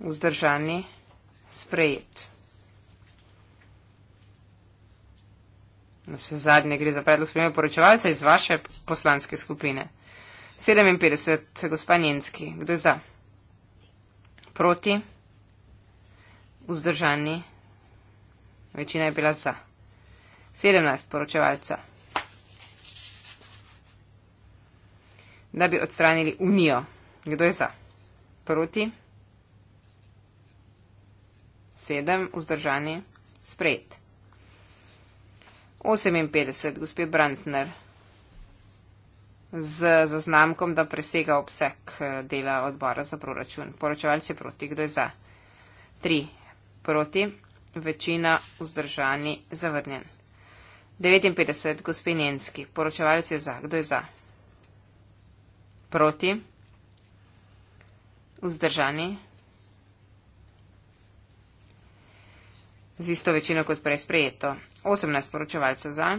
Speaker 3: vzdržani, sprejet. Na vse zadnje gre za predlog spremembe poročevalca iz vaše poslanske skupine. 57, gospa Njenski, kdo je za? Proti? Vzdržani? Večina je bila za. 17 poročevalca. Da bi odstranili unijo. Kdo je za? Proti? sedem, vzdržani, sprejet. 58, gospod Brantner, z zaznamkom, da presega obseg eh, dela odbora za proračun. Poročevalci proti, kdo je za? 3 proti, večina vzdržani, zavrnjen. 59, gospod Njenski, poročevalci je za, kdo je za? Proti, vzdržani, z isto večino kot prej sprejeto. 18 poročevalcev za,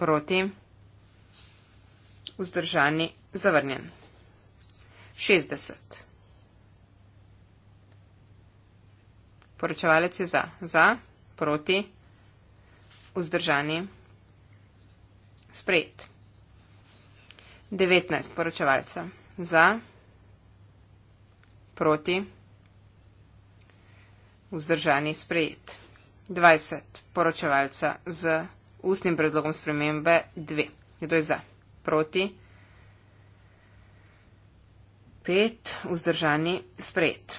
Speaker 3: proti, vzdržani, zavrnjen. 60. Poročevalec je za, za, proti, vzdržani, sprejet. 19 poročevalcev za, proti, vzdržani vzdržani sprejet. 20. Poročevalca z ustnim predlogom spremembe 2. Kdo je za? Proti? 5. Vzdržani sprejet.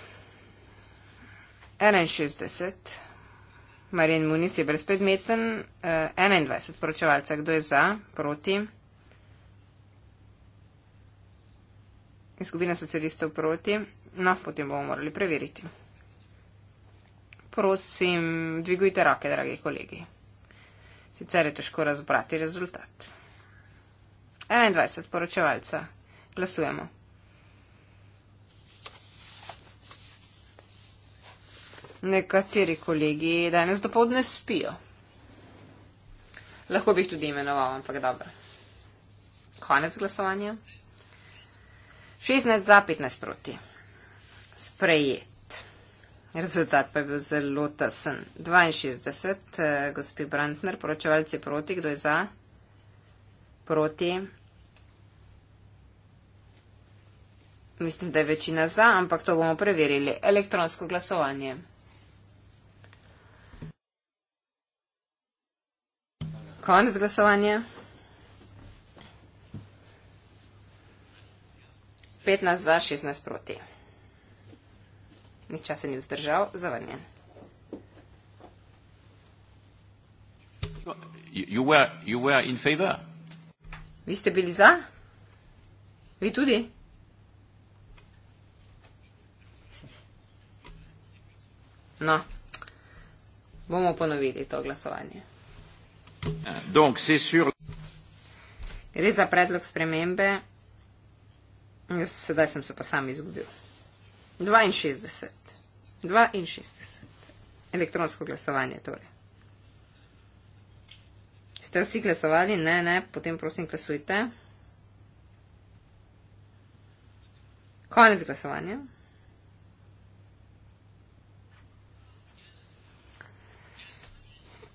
Speaker 3: 61. Marjen Munis je brezpredmeten. 21. Eh, Poročevalca. Kdo je za? Proti? Skupina socialistov proti. No, potem bomo morali preveriti prosim, dvigujte roke, dragi kolegi. Sicer je težko razbrati rezultat. 21 poročevalca. Glasujemo. Nekateri kolegi danes dopoledne spijo. Lahko bi jih tudi imenoval, ampak dobro. Konec glasovanja. 16 za 15 proti. Sprejet. Rezultat pa je bil zelo tesen. 62, eh, gospi Brantner, poročevalci proti, kdo je za? Proti. Mislim, da je večina za, ampak to bomo preverili. Elektronsko glasovanje. Konec glasovanja. 15 za, 16 proti. Nihče se ni vzdržal, zavrnjen.
Speaker 2: You were, you were in favor.
Speaker 3: Vi ste bili za? Vi tudi? No, bomo ponovili to glasovanje.
Speaker 1: Uh, donc, sur...
Speaker 3: Gre za predlog spremembe. Sedaj sem se pa sam izgubil. 62. 62. Elektronsko glasovanje torej. Ste vsi glasovali? Ne, ne, potem prosim glasujte. Konec glasovanja.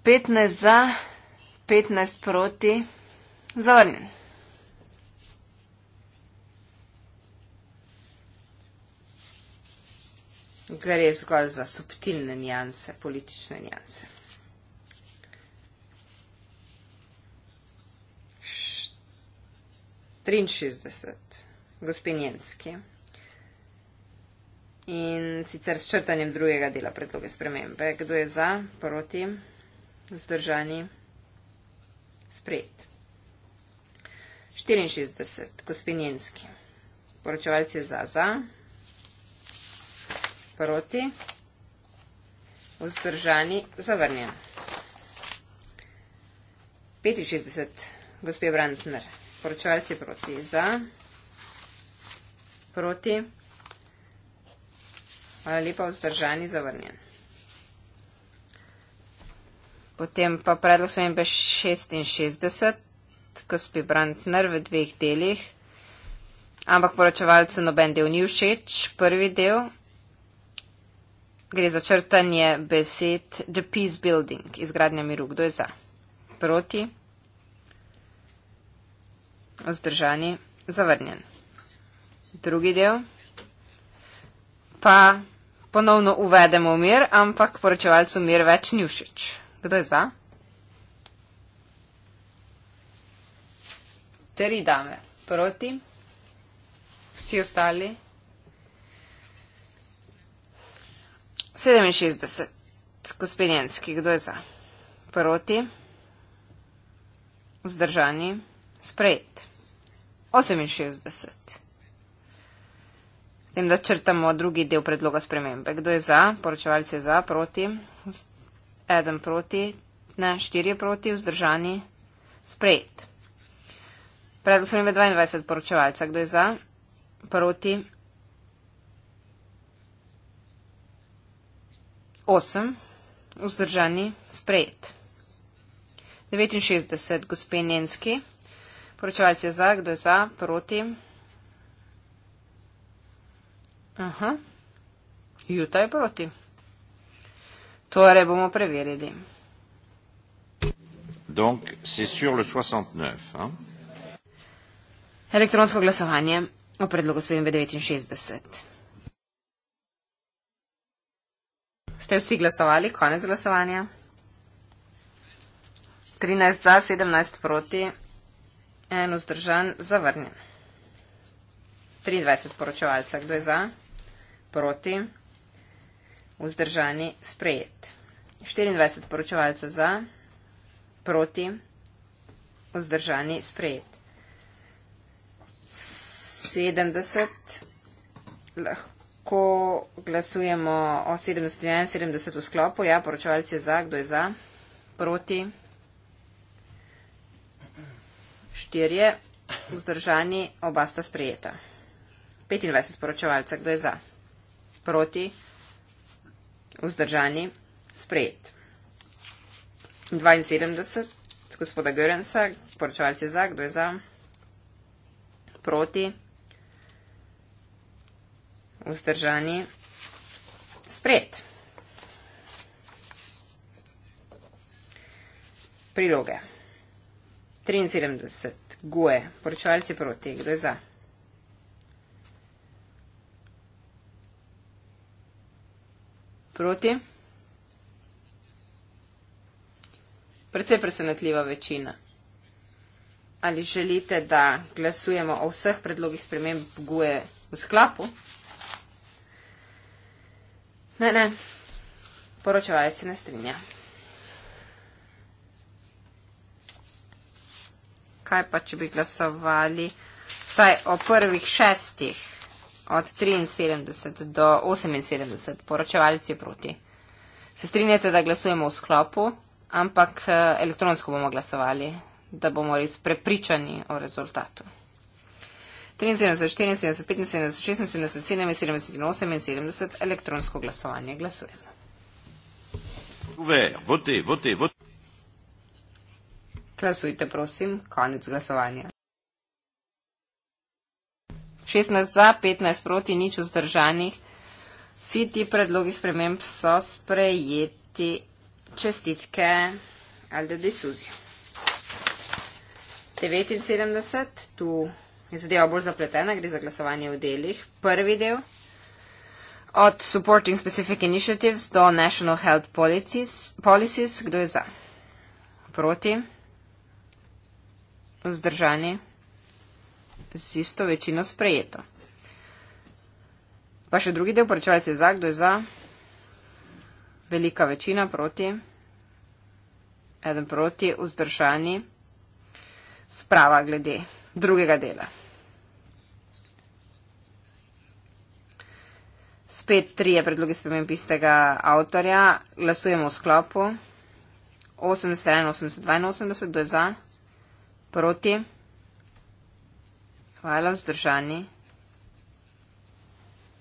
Speaker 3: Petnajst za, petnajst proti, zavrnjen. gre zgolj za subtilne njanse, politične njanse. Š 63. Gospinjenski. In sicer s črtanjem drugega dela predloge spremembe. Kdo je za, proti, vzdržani, sprejet. 64. Gospinjenski. Poročevalci za, za, proti, vzdržani, zavrnjen. 65, gospe Brantner, poročevalci proti, za, proti, hvala lepa, vzdržani, zavrnjen. Potem pa predlog sem imel 66, gospe Brantner, v dveh delih, ampak poročevalcu noben del ni všeč, prvi del, Gre za črtanje besed The Peace Building, izgradnja miru. Kdo je za? Proti? Zdržani? Zavrnjen. Drugi del. Pa ponovno uvedemo mir, ampak poročevalcu mir več ni všeč. Kdo je za? Tri dame. Proti? Vsi ostali? 67. Gospodinski, kdo je za? Proti. Vzdržani. Sprejet. 68. S tem, da črtamo drugi del predloga spremembe. Kdo je za? Poročevalce je za, proti. Eden proti. Ne, štiri je proti. Vzdržani. Sprejet. Predlog spremembe 22. Poročevalca, kdo je za? Proti. 8, vzdržani, sprejet. 69, gospe Nenski, poročevalc je za, kdo je za, proti. Aha, Juta je proti. Torej bomo preverili.
Speaker 1: Donc, c'est sur le 69. Hein?
Speaker 3: Elektronsko glasovanje o predlogu spremembe 69. ste vsi glasovali, konec glasovanja. 13 za, 17 proti, en vzdržan, zavrnjen. 23 poročevalca, kdo je za, proti, vzdržani, sprejet. 24 poročevalca za, proti, vzdržani, sprejet. 70 lahko ko glasujemo o 71 v sklopu. Ja, poročevalc je za, kdo je za, proti, štirje, vzdržani, oba sta sprejeta. 25 poročevalca, kdo je za, proti, vzdržani, sprejet. 72, gospoda Görensa, poročevalc je za, kdo je za, proti, vzdržani spred. Priloge. 73. Guje. Poročevalci proti. Kdo je za? Proti. Predvsej presenetljiva večina. Ali želite, da glasujemo o vseh predlogih spremembe guje v sklapu? Ne, ne, poročevalec se ne strinja. Kaj pa, če bi glasovali vsaj o prvih šestih od 73 do 78, poročevalec je proti. Se strinjate, da glasujemo v sklopu, ampak eh, elektronsko bomo glasovali, da bomo res prepričani o rezultatu. 73, 74, 75, 76, 77, 78 elektronsko glasovanje. Glasujemo. Vote, vote, vote. Glasujte, prosim, konec glasovanja. 16 za, 15 proti, nič vzdržanih. Vsi ti predlogi sprememb so sprejeti. Čestitke, Alde Disuzi. 79, tu je zadeva bolj zapletena, gre za glasovanje v delih. Prvi del, od Supporting Specific Initiatives do National Health Policies, policies kdo je za? Proti? Vzdržani? Z isto večino sprejeto. Pa še drugi del, poročevalec je za, kdo je za? Velika večina proti? Eden proti, vzdržani? Sprava glede drugega dela. Spet tri je predlogi spremem pistega avtorja. Glasujemo v sklopu. 81, 82, kdo je za? Proti? Hvala, vzdržani.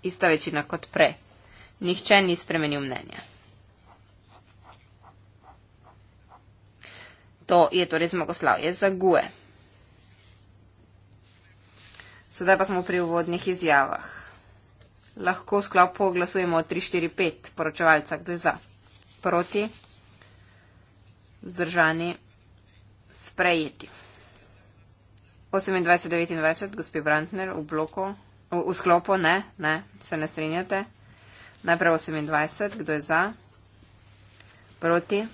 Speaker 3: Ista večina kot prej. Nihče ni spremenil mnenja. To je torej zmagoslavje za GUE. Sedaj pa smo pri uvodnih izjavah lahko sklopu glasujemo 3, 4, 5 poročevalca, kdo je za. Proti, vzdržani, sprejeti. 28, 29, gospi Brantner, v bloku, v, v sklopu, ne, ne, se ne strinjate. Najprej 28, kdo je za. Proti,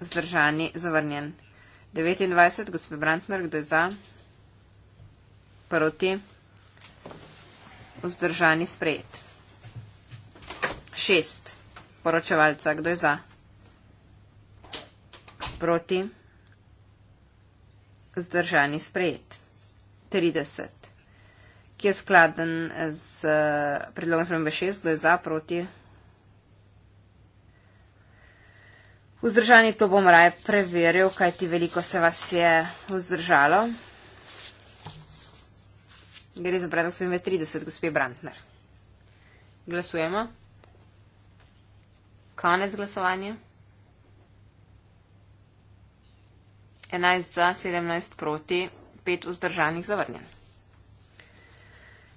Speaker 3: vzdržani, zavrnjen. 29, gospi Brantner, kdo je za. Proti vzdržani sprejet. Šest. Poročevalca, kdo je za? Proti. Vzdržani sprejet. 30. Ki je skladen z eh, predlogom spremembe 6, kdo je za, proti. Vzdržani to bom raje preveril, kajti veliko se vas je vzdržalo. Gre za predlog spremembe 30, gospe Brantner. Glasujemo. Konec glasovanja. 11 za, 17 proti, 5 vzdržanih zavrnjen.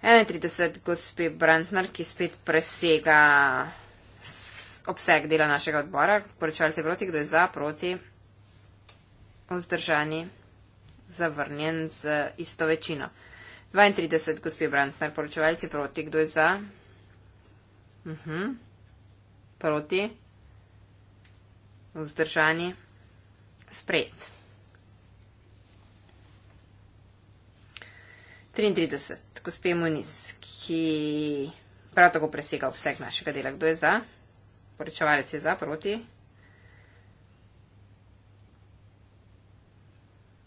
Speaker 3: 31, gospe Brantner, ki spet presega obseg dela našega odbora. Poročali se proti, kdo je za, proti, vzdržani, zavrnjen z isto večino. 32, gospod Brantner, poročevalci proti, kdo je za? Uh mhm. -huh. Proti. Vzdržani. Sprejet. 33, gospod Muniz, ki prav tako presega obseg našega dela, kdo je za? Poročevalec je za, proti.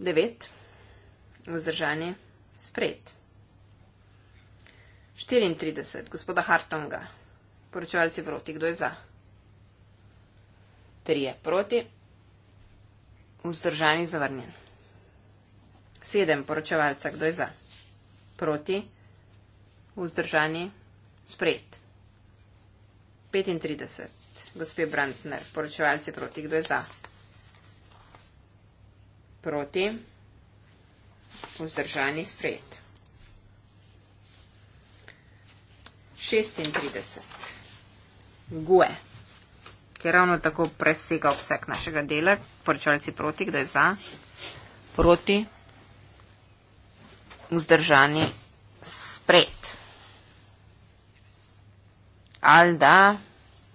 Speaker 3: 9, vzdržani. Sprejet. 34. Gospoda Hartonga. Poročevalci proti. Kdo je za? 3. Proti. Vzdržani zavrnjen. 7. Poročevalca. Kdo je za? Proti. Vzdržani. Sprejet. 35. Gospod Brantner. Poročevalci proti. Kdo je za? Proti vzdržani sprejet. 36. Gue, ki ravno tako presega obseg našega dela, poročalci proti, kdo je za, proti, vzdržani sprejet. Ali da,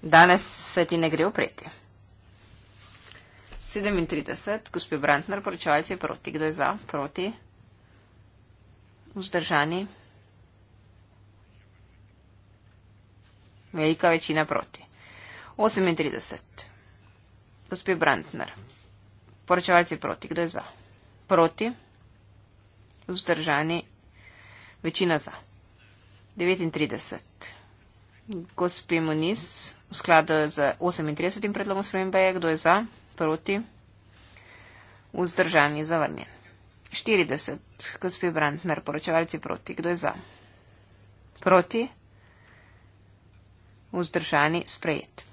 Speaker 3: danes se ti ne gre opreti. 37. Gospod Brantner, poročalci proti, kdo je za, proti vzdržani. Velika večina proti. 38. Gospod Brantner. Poročevalci proti. Kdo je za? Proti. Vzdržani. Večina za. 39. Gospod Moniz. V skladu z 38. predlogom spremembe je. Kdo je za? Proti. Vzdržani. Zavrnjen. 40, gospod Brantner, poročevalci proti. Kdo je za? Proti? Vzdržani, sprejet.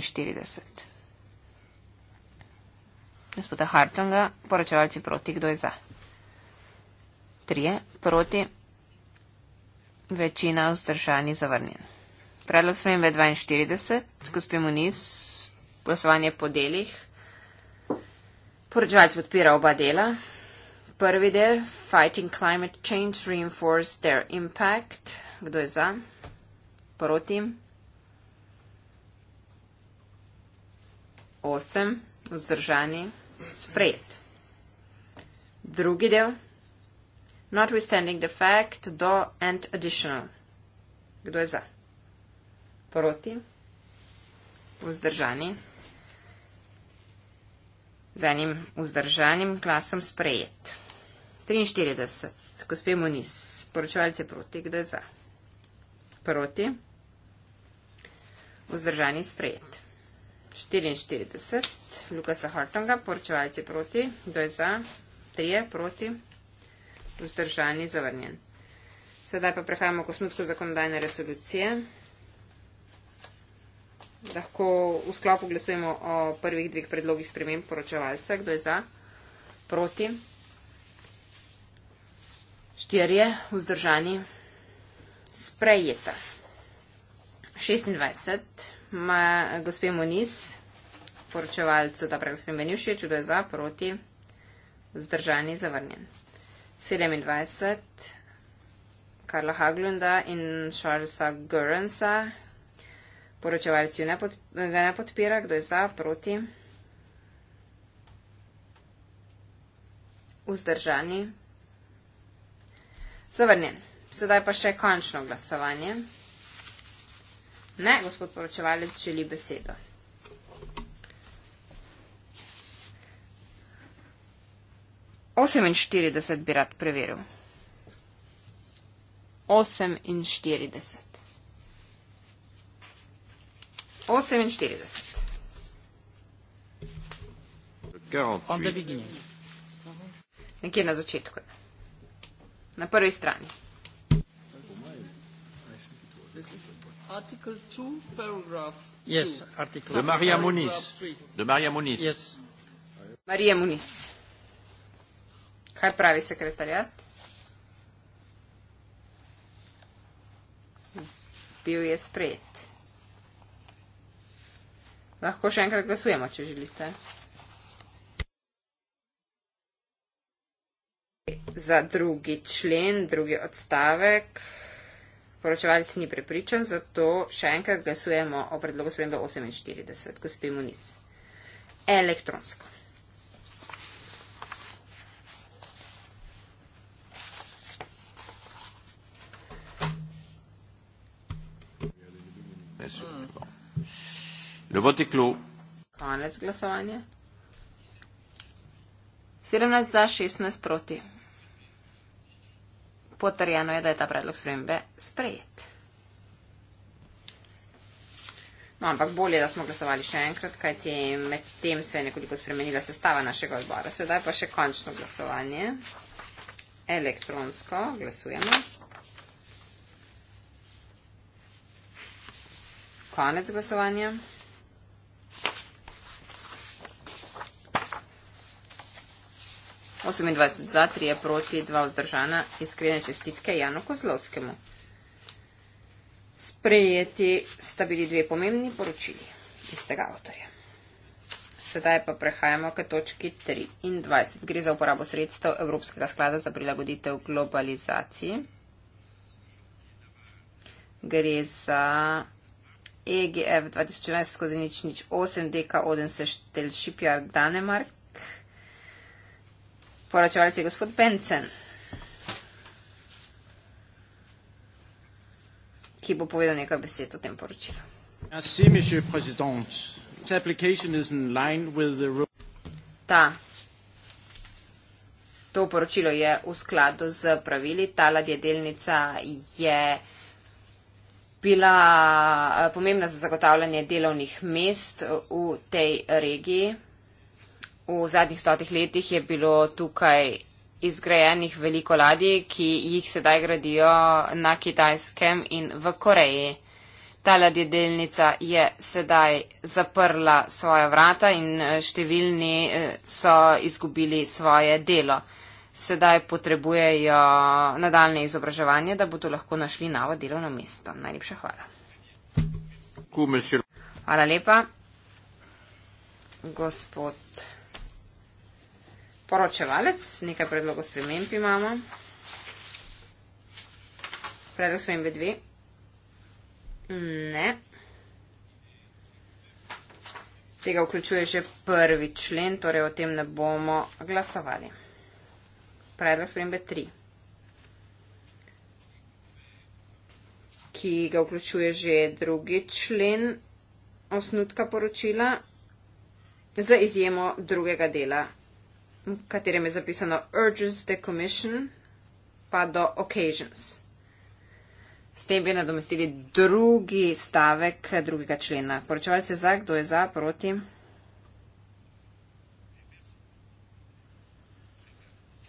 Speaker 3: 41. Gospoda Hartunga, poročevalci proti. Kdo je za? 3. Proti? Večina vzdržani, zavrnjen. Predlog smem v 42, gospod Muniz, glasovanje po delih. Poročevalci podpira oba dela. Prvi del, Fighting Climate Change Reinforce Their Impact. Kdo je za? Proti. Osem, vzdržani, sprejet. Drugi del, Notwithstanding the Fact, Do and Additional. Kdo je za? Proti. Vzdržani z enim vzdržanim glasom sprejet. 43. Gospe Moniz, poročevalce je proti, kdo je za? Proti. Vzdržani sprejet. 44. Lukasa Hartonga, poročevalce je proti, kdo je za? Trije proti. Vzdržani zavrnjen. Sedaj pa prehajamo k osnutku zakonodajne resolucije lahko v sklopu glasujemo o prvih dveh predlogih sprememb poročevalca. Kdo je za? Proti? Štirje vzdržani. Sprejeta. 26. Ma gospe Moniz, poročevalcu, da prej gospe Benjušič, kdo je za? Proti? Vzdržani, zavrnjen. 27. Karla Haglunda in Charlesa Gurensa, Poročevalci ne pod, ga ne podpira, kdo je za, proti. Vzdržani. Zavrnjen. Sedaj pa še končno glasovanje. Ne, gospod poročevalec želi besedo. Oseminštirideset bi rad preveril. Oseminštirideset. 48. Nekje na začetku. Na prvi strani. Article 2, paragraph 2.
Speaker 1: Yes, article 2. De Maria Muniz. De Maria Muniz. Yes.
Speaker 3: Maria Muniz. Kaj pravi sekretarjat? Bil je sprejet. Lahko še enkrat glasujemo, če želite. Za drugi člen, drugi odstavek, poročevalec ni prepričan, zato še enkrat glasujemo o predlogu spremembe 48. Gospod Muniz. Elektronsko.
Speaker 1: Roboti klu.
Speaker 3: Konec glasovanja. 17 za 16 proti. Potrjeno je, da je ta predlog spremembe sprejet. No, ampak bolje, da smo glasovali še enkrat, kajti med tem se je nekoliko spremenila sestava našega odbora. Sedaj pa še končno glasovanje. Elektronsko glasujemo. Konec glasovanja. 28 za, 3 je proti, 2 vzdržana. Iskrene čestitke Janu Kozlovskemu. Sprejeti sta bili dve pomembni poročili iz tega avtorja. Sedaj pa prehajamo k točki 23. Gre za uporabo sredstev Evropskega sklada za prilagoditev globalizaciji. Gre za EGF 2011 skozi nič nič 8 DK Odense Shipyard Danemark poročevalci gospod Bencen, ki bo povedal nekaj besed o tem poročilu. Ta, to poročilo je v skladu z pravili, ta ladjedelnica je bila eh, pomembna za zagotavljanje delovnih mest v tej regiji. V zadnjih stotih letih je bilo tukaj izgrajenih veliko ladij, ki jih sedaj gradijo na Kitajskem in v Koreji. Ta ladjedelnica je sedaj zaprla svoja vrata in eh, številni eh, so izgubili svoje delo. Sedaj potrebujejo nadaljne izobraževanje, da bodo lahko našli novo delovno mesto. Najlepša hvala. Hvala lepa. Gospod poročevalec, nekaj predlogov sprememb imamo. Predlog spremembe dve. Ne. Tega vključuje že prvi člen, torej o tem ne bomo glasovali. Predlog spremembe tri. Ki ga vključuje že drugi člen osnutka poročila. Za izjemo drugega dela v katerem je zapisano urges the commission pa do occasions. S tem bi nadomestili drugi stavek drugega člena. Poročevalce je za, kdo je za, proti.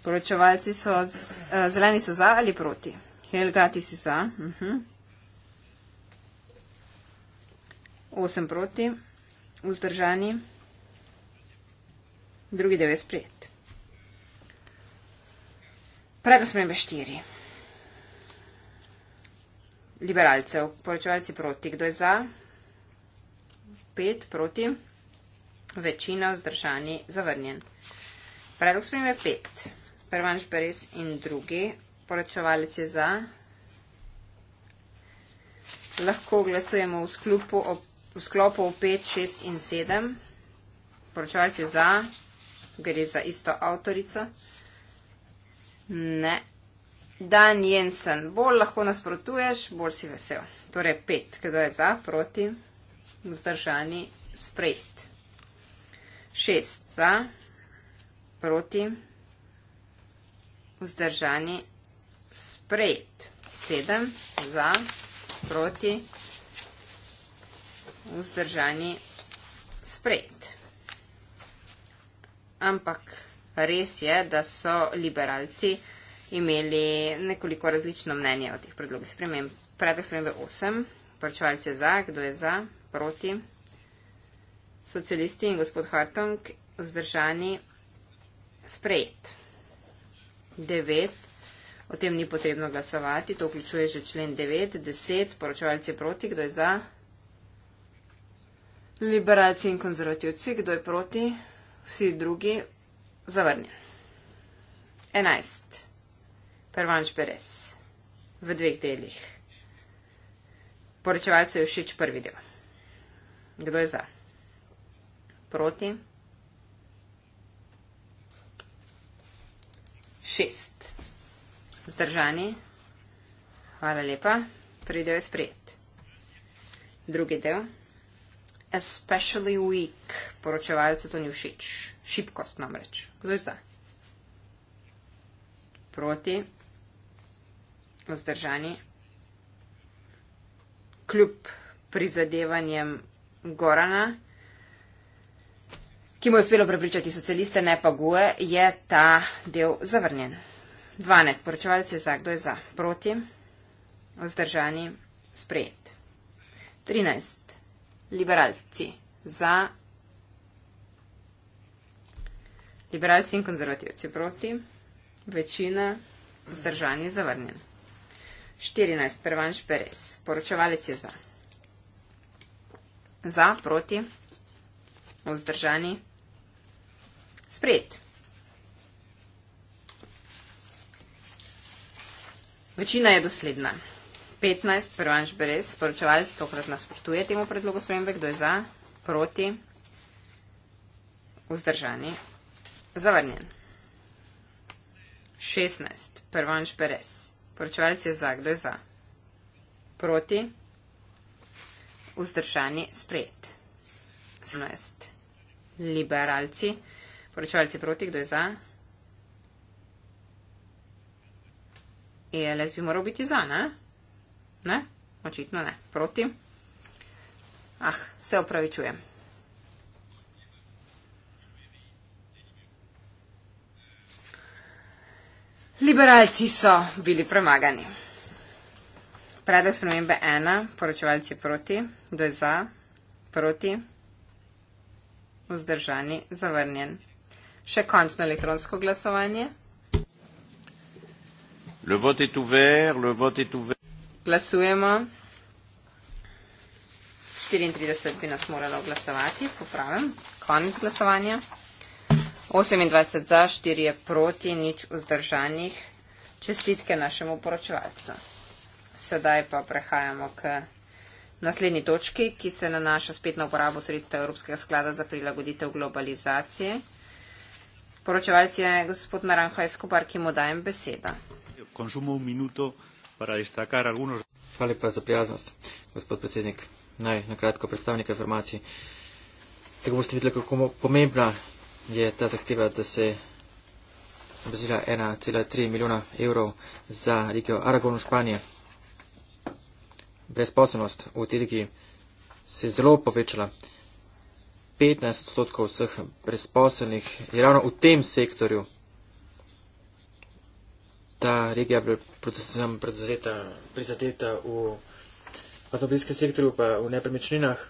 Speaker 3: Poročevalci so, z, uh, zeleni so za ali proti? Helga, ti si za. Uh mhm. -huh. Osem proti, vzdržani drugi del je sprejet. Predlog spremembe štiri. Liberalcev, poročevalci proti, kdo je za? Pet proti, večina vzdržani, zavrnjen. Predlog spremembe pet. Prvanš Beres in drugi, poročevalec je za. Lahko glasujemo v, sklupu, v sklopu 5, 6 in 7. Poročevalci za, gre za isto avtorico. Ne. Dan Jensen, bolj lahko nasprotuješ, bolj si vesel. Torej pet, kdo je za, proti, vzdržani, sprejet. Šest za, proti, vzdržani, sprejet. Sedem za, proti, vzdržani, sprejet ampak res je, da so liberalci imeli nekoliko različno mnenje o teh predlogih sprememb. Predlog sprememb je 8, poročevalce za, kdo je za, proti, socialisti in gospod Hartung, vzdržani, sprejet. 9. O tem ni potrebno glasovati, to vključuje že člen 9, 10, poročevalce proti, kdo je za. Liberalci in konzervativci, kdo je proti? vsi drugi zavrnjen. Enajst. Pervanč Perez. V dveh delih. Poročevalcu je všeč prvi del. Kdo je za? Proti. Šest. Zdržani. Hvala lepa. Prvi del je sprejet. Drugi del especially weak, poročevalce to ni všeč, šibkost namreč. Kdo je za? Proti, vzdržani, kljub prizadevanjem Gorana, ki mu je uspelo prepričati socialiste, ne pa Gue, je ta del zavrnjen. 12. Poročevalec je za. Kdo je za? Proti. Vzdržani. Sprejet. 13 liberalci za liberalci in konzervativci, prosti, večina zdržani zavrnjen. 14. Prevanš Perez, poročevalec je za. Za, proti, vzdržani, sprejet. Večina je dosledna. 15, prvanš brez, sporočevalec stokrat nasprotuje temu predlogu spremembe, kdo je za, proti, vzdržani, zavrnjen. 16, prvanš brez, sporočevalec je za, kdo je za, proti, vzdržani, sprejet. 17, liberalci, sporočevalec je proti, kdo je za, ELS bi moral biti za, ne? Ne? Očitno ne. Proti. Ah, se opravičujem. Liberalci so bili premagani. Predlog spremembe ena, poročevalci proti, dve za, proti, vzdržani, zavrnjen. Še končno elektronsko glasovanje. Le vote est ouvert, le vote est ouvert. Glasujemo. 34 bi nas moralo glasovati, popravim. Konec glasovanja. 28 za, 4 je proti, nič vzdržanih. Čestitke našemu poročevalcu. Sedaj pa prehajamo k naslednji točki, ki se nanaša spet na uporabo sredstev Evropskega sklada za prilagoditev globalizacije. Poročevalci je gospod Naranjo Eskobar, ki mu dajem besedo. Končujemo minuto
Speaker 1: para destacar algunos. Hvala lepa za prijaznost, gospod predsednik. Naj na kratko predstavim nekaj informacij. Tako boste videli, kako pomembna je ta zahteva, da se obzira 1,3 milijona evrov za regijo Aragon v Španiji. Brezposobnost v tej regiji se je zelo povečala. 15 odstotkov vseh brezposobnih je ravno v tem sektorju ta regija predvsem predvzeta, prizadeta v avtomobilskem sektorju, pa v nepremičninah.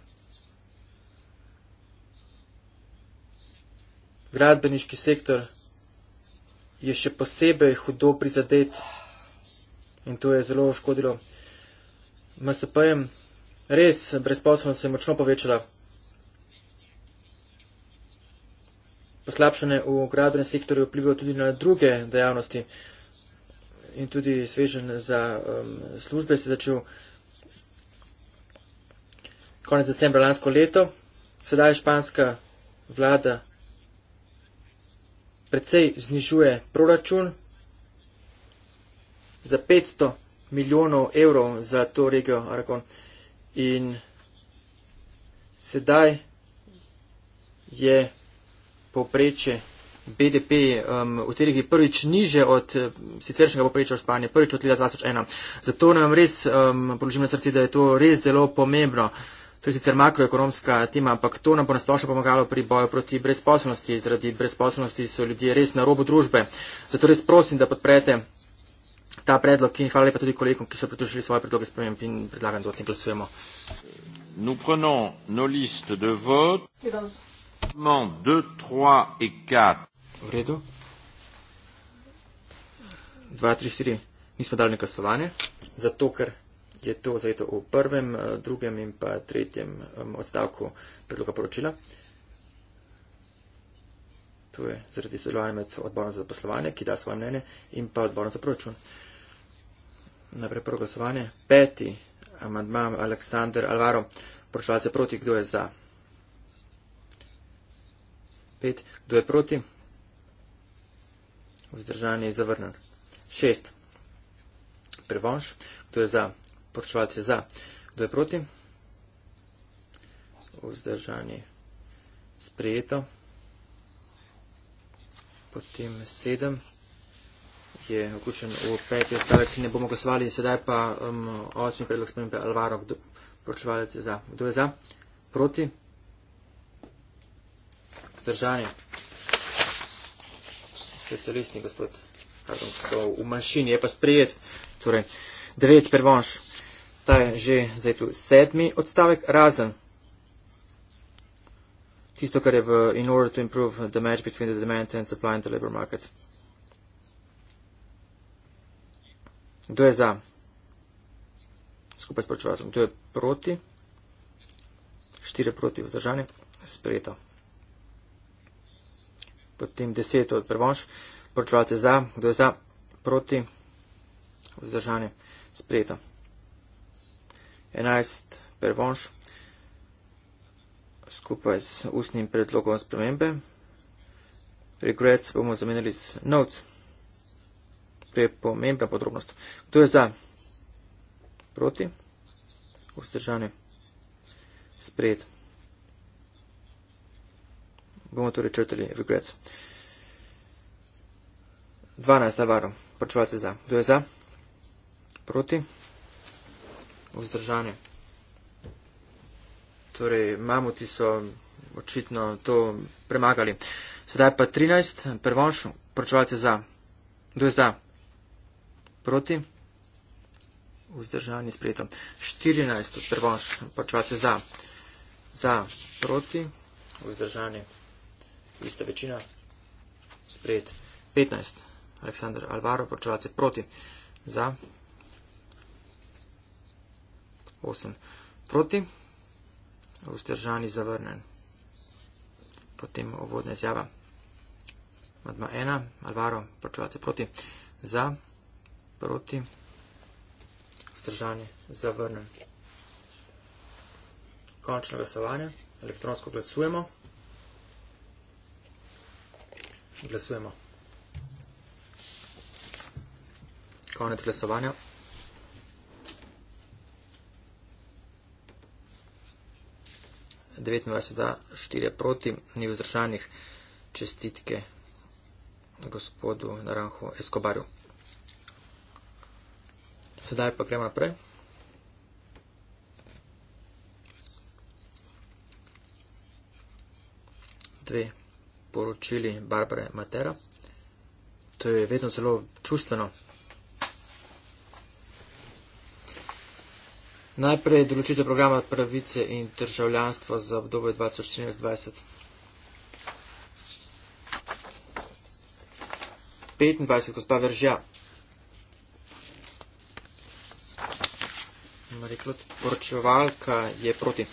Speaker 1: Gradbeniški sektor je še posebej hudo prizadet in to je zelo škodilo. MSP-jem res brezposobnost se je močno povečala. Poslabšanje v gradbenem sektorju vpliva tudi na druge dejavnosti in tudi svežen za um, službe, se začel konec decembra lansko leto. Sedaj španska vlada predvsej znižuje proračun za 500 milijonov evrov za to regijo Aragon. In sedaj je povpreče BDP um, v tej regiji prvič niže od eh, siceršnjega poprečja v Španiji, prvič od leta 2001. Zato nam res um, položim na srce, da je to res zelo pomembno. To je sicer makroekonomska tema, ampak to nam bo nasplošno pomagalo pri boju proti brezposobnosti. Zaradi brezposobnosti so ljudje res na robu družbe. Zato res prosim, da podprete ta predlog in hvala lepa tudi kolegom, ki so pridružili svoje predloge sprememb in predlagam, da o tem glasujemo. Nous prenons nos listes de vote. 2, 3 et 4. V redu. 2, 3, 4. Nismo dali nekasovanje, zato ker je to zajeto v prvem, eh, drugem in pa tretjem odstavku predloga poročila. To je zaradi sodelovanja med odborom za poslovanje, ki da svoje mnenje, in pa odborom za proračun. Najprej prvo glasovanje. Peti amandma Aleksandr Alvaro. Poročevalce proti, kdo je za? Pet. Kdo je proti? vzdržan je zavrnen. Šest. Prevonš, kdo je za, poročevalce za, kdo je proti, vzdržan je sprejeto. Potem sedem je vključen v peti odstavek, ne bomo glasovali, sedaj pa um, osmi predlog spremembe Alvaro, kdo, poročevalce za, kdo je za, proti, vzdržan je specialist in gospod Adamsko v manjšini je pa sprejet. Torej, devet prvonš, ta je že zdaj tu sedmi odstavek razen. Tisto, kar je v in order to improve the match between the demand and supply in the labor market. Kdo je za? Skupaj s počvasom. Kdo je proti? Štiri proti vzdržanje. Sprejeto potem deset od prvonš, poročevalce za, kdo je za, proti, vzdržanje, sprejeto. Enajst prvonš, skupaj z ustnim predlogom spremembe. Regrets bomo zamenjali z notes. Prepomembna podrobnost. Kdo je za? Proti. Vzdržanje. Sprejeti bomo torej črtali regrets. 12. Alvaro, počuvaj se za. Kdo je za? Proti? Vzdržanje. Torej, mamuti so očitno to premagali. Sedaj pa 13. Prvonš, počuvaj se za. Kdo je za? Proti? Vzdržanje sprejeto. 14. Prvonš, počuvaj se za. Za, proti, vzdržanje ista večina. Sprejet 15. Aleksandar Alvaro, poročevalce proti. Za 8. Proti. Vzdržani zavrnen. Potem ovodna izjava. Madma 1. Alvaro, poročevalce proti. Za. Proti. Vzdržani zavrnen. Končno glasovanje. Elektronsko glasujemo. Glasujemo. Konec glasovanja. da, 4 proti, ni vzdržanih čestitke gospodu Naranhu Eskobarju. Sedaj pa gremo naprej. Dve poročili Barbare Matera. To je vedno zelo čustveno. Najprej določitev programa pravice in državljanstva za obdobje 2014-2020. Gospa Veržja. Marikla, poročevalka je proti.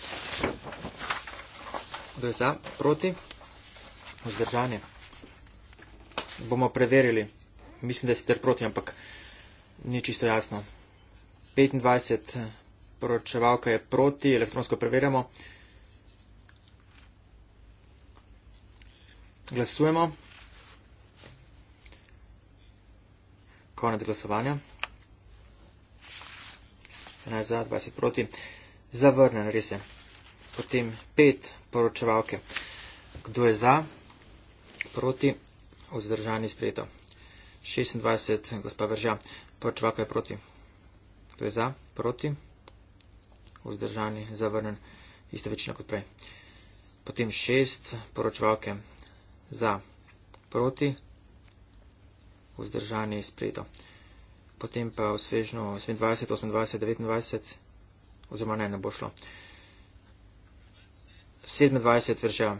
Speaker 1: Kdo je za? Proti vzdržanje. Bomo preverili. Mislim, da je sicer proti, ampak ni čisto jasno. 25 eh, poročevalka je proti, elektronsko preverjamo. Glasujemo. Konec glasovanja. Za 20 proti. Zavrnen, res je. Potem 5 poročevalke. Kdo je za? proti, vzdržani sprejeto. 26, gospa Vrža, počvaka je proti. To je za, proti, vzdržani, zavrnen, ista večina kot prej. Potem 6, poročvalke, za, proti, vzdržani, sprejeto. Potem pa v svežnu 27, 28, 29, oziroma ne, ne bo šlo. 27, Vrža,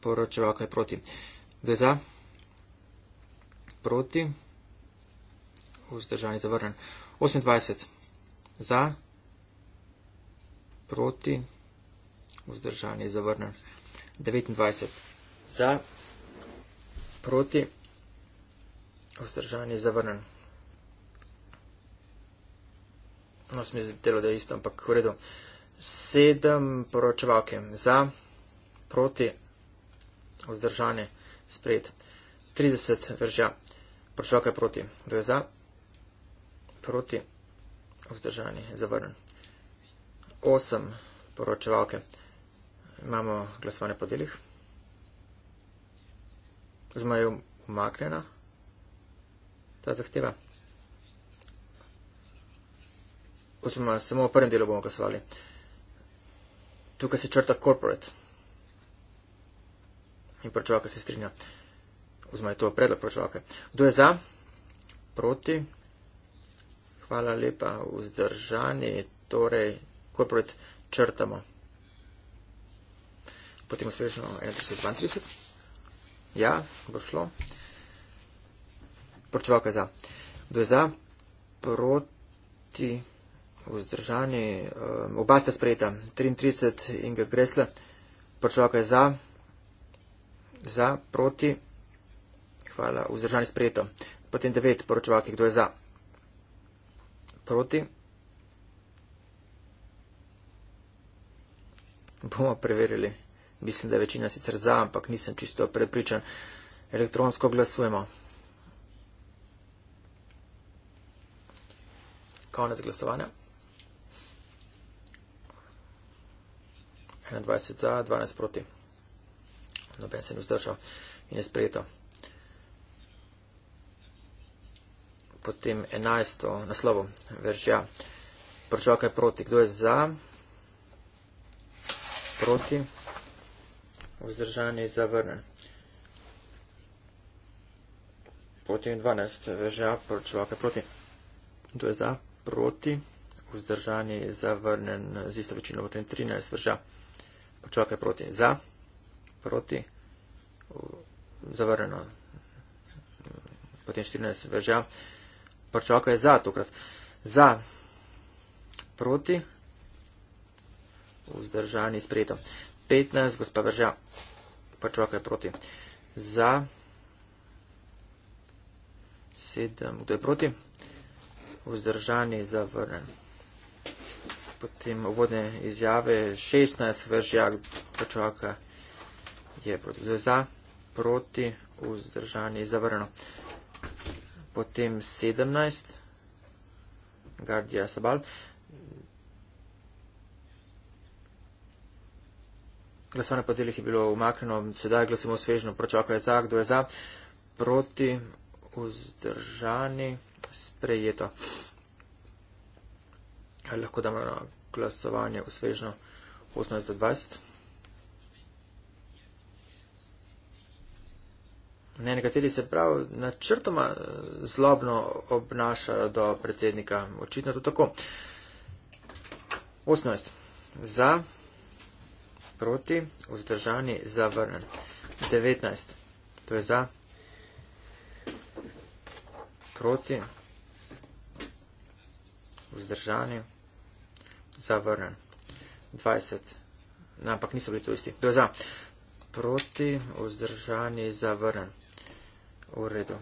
Speaker 1: poročvalka je proti. Dve za, proti, vzdržanje zavrnen. 28, za, proti, vzdržanje zavrnen. 29, za, proti, vzdržanje zavrnen. No, se mi zdi, da je isto, ampak v redu. Sedem poročevalke. Za, proti, vzdržanje sprejet. 30 vrža. Prošlo je proti. Kdo je za? Proti. Vzdržani. Zavrn. 8 poročevalke. Imamo glasovanje po delih. Zdaj je umaknjena ta zahteva. Oziroma, samo v prvem delu bomo glasovali. Tukaj se črta corporate in pročevalka se strinja. Oziroma je to predlog pročevalke. Kdo je za? Proti? Hvala lepa, vzdržani, torej, korporat črtamo. Potem uspešno 132. Ja, bo šlo. Pročevalka je za. Kdo je za? Proti? Vzdržani, ehm, oba sta sprejeta, 33 in ga gresla, pročevalka je za, za, proti, hvala, vzdržani sprejeto. Potem devet poročevalki, kdo je za, proti. Bomo preverili. Mislim, da je večina sicer za, ampak nisem čisto prepričan. Elektronsko glasujemo. Konec glasovanja. 21 za, 12 proti noben se ni vzdržal in je sprejeto. Potem enajsto naslovo veržja. Pročevalka je proti. Kdo je za? Proti. Vzdržan je zavrnen. Potem dvanajst veržja. Pročevalka je proti. Kdo je za? Proti. Vzdržan je zavrnen z isto večino. Potem trinajst veržja. Pročevalka je proti. Za? Proti proti, zavrnjeno, potem 14 veža, prčaka je za tokrat. Za, proti, vzdržani, sprejeto. 15, gospa veža, prčaka je proti. Za, 7, kdo je proti, vzdržani, zavrnjen. Potem uvodne izjave, 16 veža, prčaka je proti je za, proti, vzdržanje je zavrno. Potem 17, Gardija Sabal. Glasovanje po delih je bilo umaknjeno, sedaj glasimo svežno, proč ako je za, kdo je za, proti, vzdržani, sprejeto. Lahko damo na glasovanje v svežno 18 za 20. Ne, nekateri se prav načrtoma eh, zlobno obnašajo do predsednika. Očitno to tako. 18. Za, proti, vzdržani, zavrnen. 19. To je za, proti, vzdržani, zavrnen. 20. Ampak niso bili to isti. To je za, proti, vzdržani, zavrnen. V redu.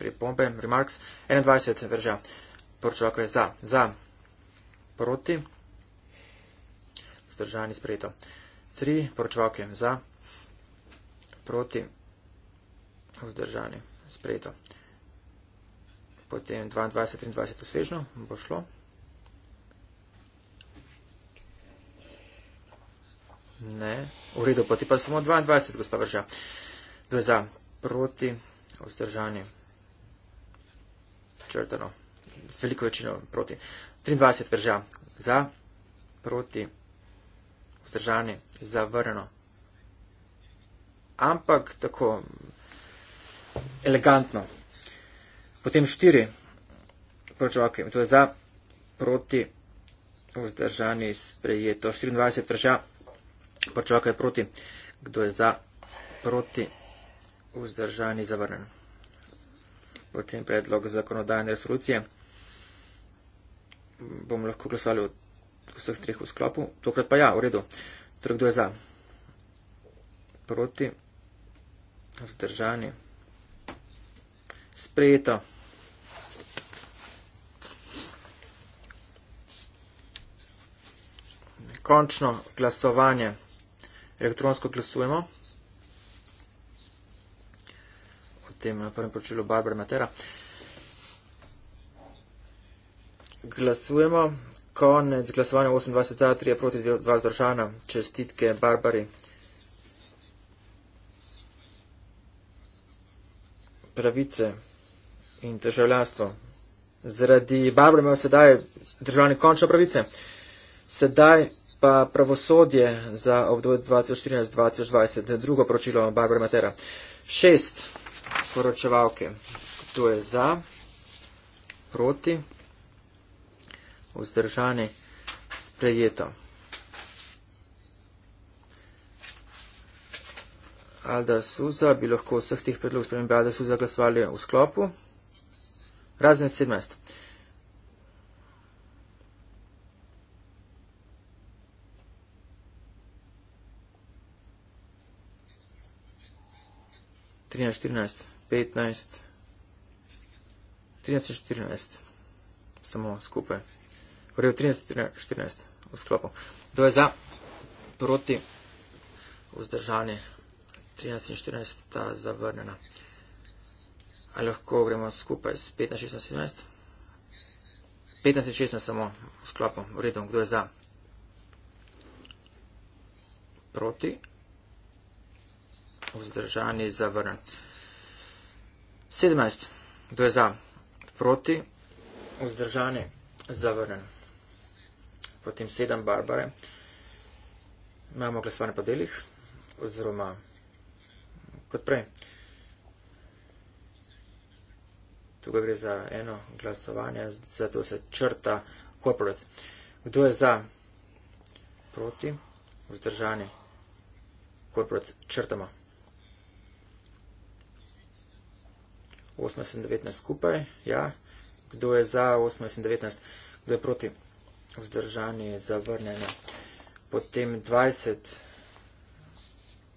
Speaker 1: Pripombe, remarks. 21 drža. Poročevako je za. Za. Proti. Zdržani sprejeto. 3. Poročevako je za. Proti. Vzdržani sprejeto. Potem 22, 23 osvežno bo šlo. Ne. V redu, poti pa samo 22, gospa Vrža. To je za proti vzdržanje. Črtano. Z veliko večino proti. 23 vrža. Za proti vzdržanje. Zavrneno. Ampak tako elegantno. Potem štiri. Počakaj. To je za proti vzdržanje sprejeto. 24 vrža. Počakaj proti. Kdo je za proti vzdržanje? vzdržani zavrnen. Potem predlog zakonodajne resolucije. Bomo lahko glasovali vseh treh v sklopu. Tokrat pa ja, v redu. Torej, kdo je za? Proti. Vzdržani. Sprejeto. Končno glasovanje. Elektronsko glasujemo. tem prvem poročilu Barbara Matera. Glasujemo. Konec glasovanja 28.3 proti 2 zdržana. Čestitke Barbari. Pravice in državljanstvo. Zaradi Barbara imajo sedaj državljani končno pravice. Sedaj pa pravosodje za obdobje 2014-2020. Drugo poročilo Barbara Matera. Šest poročevalke. To je za, proti, vzdržane, sprejeto. Alda Suza bi lahko vseh teh predlogov spremembe Alda Suza glasovali v sklopu. Razen 17. Trinajst, trinajst. 15, 13, 14, samo skupaj. Vrejo 13, 14 v sklopu. To je za proti vzdržanje. 13 in 14 sta zavrnjena. Ali lahko gremo skupaj s 15, 16, 17? 15 in 16 samo v sklopu. Vrejo, kdo je za proti vzdržanje zavrnjena. 17. Kdo je za? Proti. Vzdržanje. Zavrnen. Potem 7. Barbare. Imamo glasovanje po delih. Oziroma, kot prej. Tukaj gre za eno glasovanje, zato se črta corporate. Kdo je za? Proti. Vzdržanje. Korporat črtamo. 18 in 19 skupaj, ja, kdo je za 18 in 19, kdo je proti vzdržanje zavrnjeno. Potem 20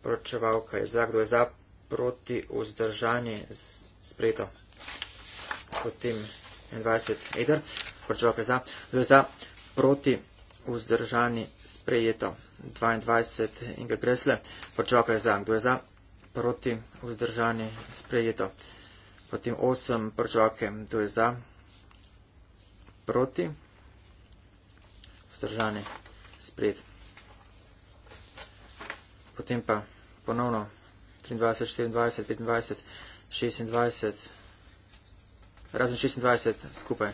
Speaker 1: pročevalka je za, kdo je za proti vzdržanje sprejeto. Potem 21 eder pročevalka je za, kdo je za proti vzdržanje sprejeto. 22 Inga Gresle, pročevalka je za, kdo je za proti vzdržanje sprejeto. Potem osem prčvake, to je za, proti, vzdržani, spred. Potem pa ponovno 23, 24, 25, 26, razen 26 skupaj.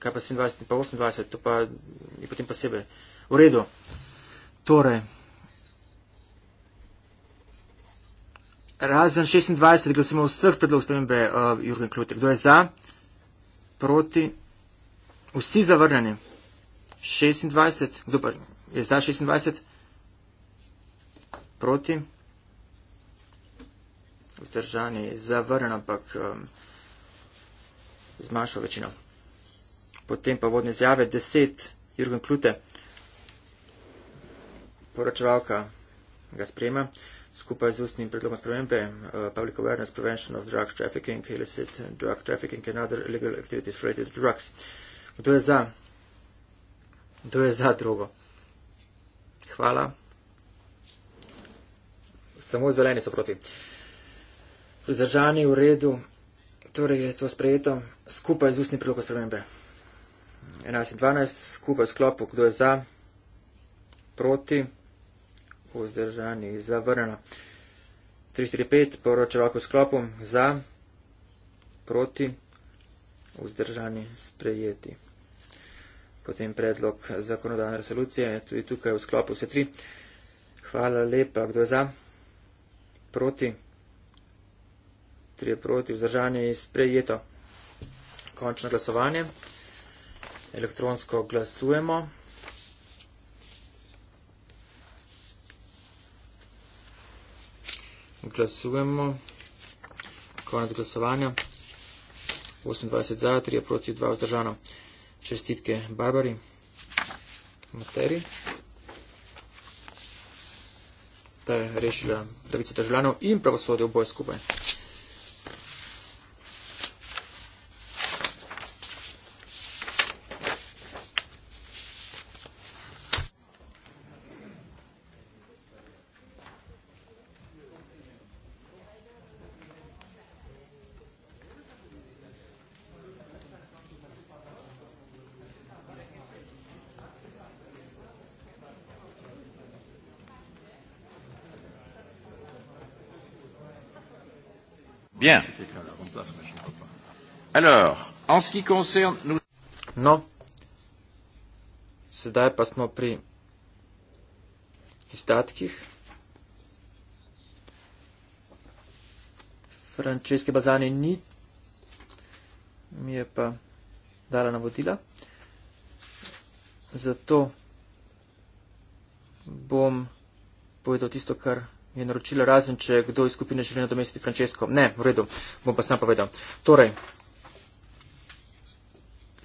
Speaker 1: Kaj pa 27 in pa 28, to pa je potem posebej. V redu. Torej. Razen 26 glasujemo vseh predlogov spremembe uh, Jurgen Klute. Kdo je za? Proti? Vsi zavrnjeni. 26. Kdo pa je za 26? Proti? Vzdržani je zavrnjen, ampak um, zmanjšal večino. Potem pa vodne zjave. 10. Jurgen Klute. Poročevalka ga sprejema skupaj z ustnim predlogom spremembe uh, Public Awareness Prevention of Drug Trafficking, Illicit Drug Trafficking and Other Illegal Activities Related Drugs. Kdo je za? Kdo je za drugo? Hvala. Samo zeleni so proti. Vzdržani v redu. Torej je to sprejeto skupaj z ustnim predlogom spremembe. 11 in 12 skupaj sklopu, kdo je za, proti vzdržanih zavrnjena. 345 poročevak v sklopu za, proti, vzdržani sprejeti. Potem predlog zakonodajne resolucije, tudi tukaj v sklopu vse tri. Hvala lepa, kdo je za, proti, tri je proti, vzdržani sprejeto. Končno glasovanje. Elektronsko glasujemo. Glasujemo. Konec glasovanja. 28 za, 3 proti 2 vzdržano. Čestitke Barbari. Materi. Ta je rešila pravice državljanov in pravosodje oboje skupaj.
Speaker 3: Bien. Alors,
Speaker 1: en ce qui concerne nous. No. Sedaj pa smo pri izdatkih. Franceske Bazani ni, mi je pa dala navodila. Zato bom povedal tisto, kar je naročila razen, če kdo iz skupine želi nadomestiti Francesco. Ne, v redu, bom pa sam povedal. Torej,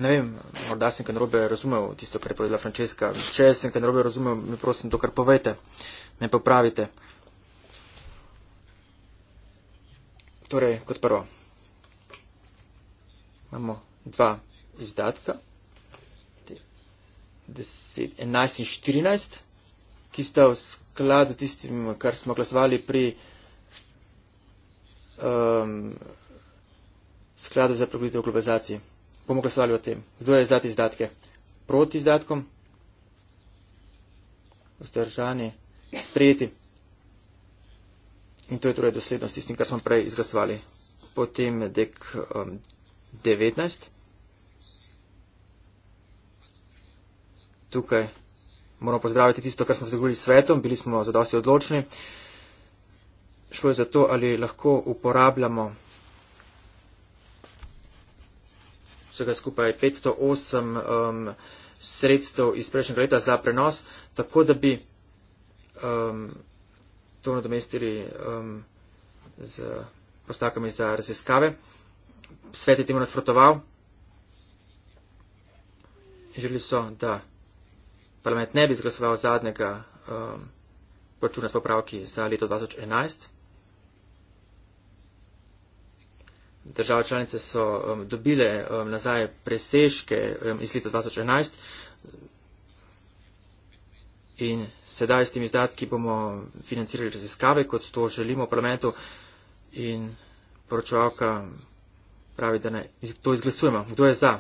Speaker 1: ne vem, morda sem kaj narobe razumel tisto, kar je povedala Francesca. Če sem kaj narobe razumel, mi prosim, to kar povete, me popravite. Torej, kot prvo, imamo dva izdatka, 10, 11 in 14 ki sta v skladu tistim, kar smo glasovali pri um, skladu za pregledov globalizaciji. Bomo glasovali o tem. Kdo je za te izdatke? Proti izdatkom? Vzdržani? Sprejeti? In to je torej doslednost tistim, kar smo prej izglasovali. Potem dek um, 19. Tukaj moramo pozdraviti tisto, kar smo se dogovorili s svetom, bili smo zadosti odločni. Šlo je za to, ali lahko uporabljamo vsega skupaj 508 um, sredstev iz prejšnjega leta za prenos, tako da bi um, to nadomestili um, z postakami za raziskave. Svet je temu nasprotoval. Želi so, da parlament ne bi izglasoval zadnjega um, računa s popravki za leto 2011. Države članice so um, dobile um, nazaj presežke um, iz leta 2011 in sedaj s tem izdatki bomo financirali raziskave, kot to želimo v parlamentu in poročevalka pravi, da ne, to izglasujemo. Kdo je za?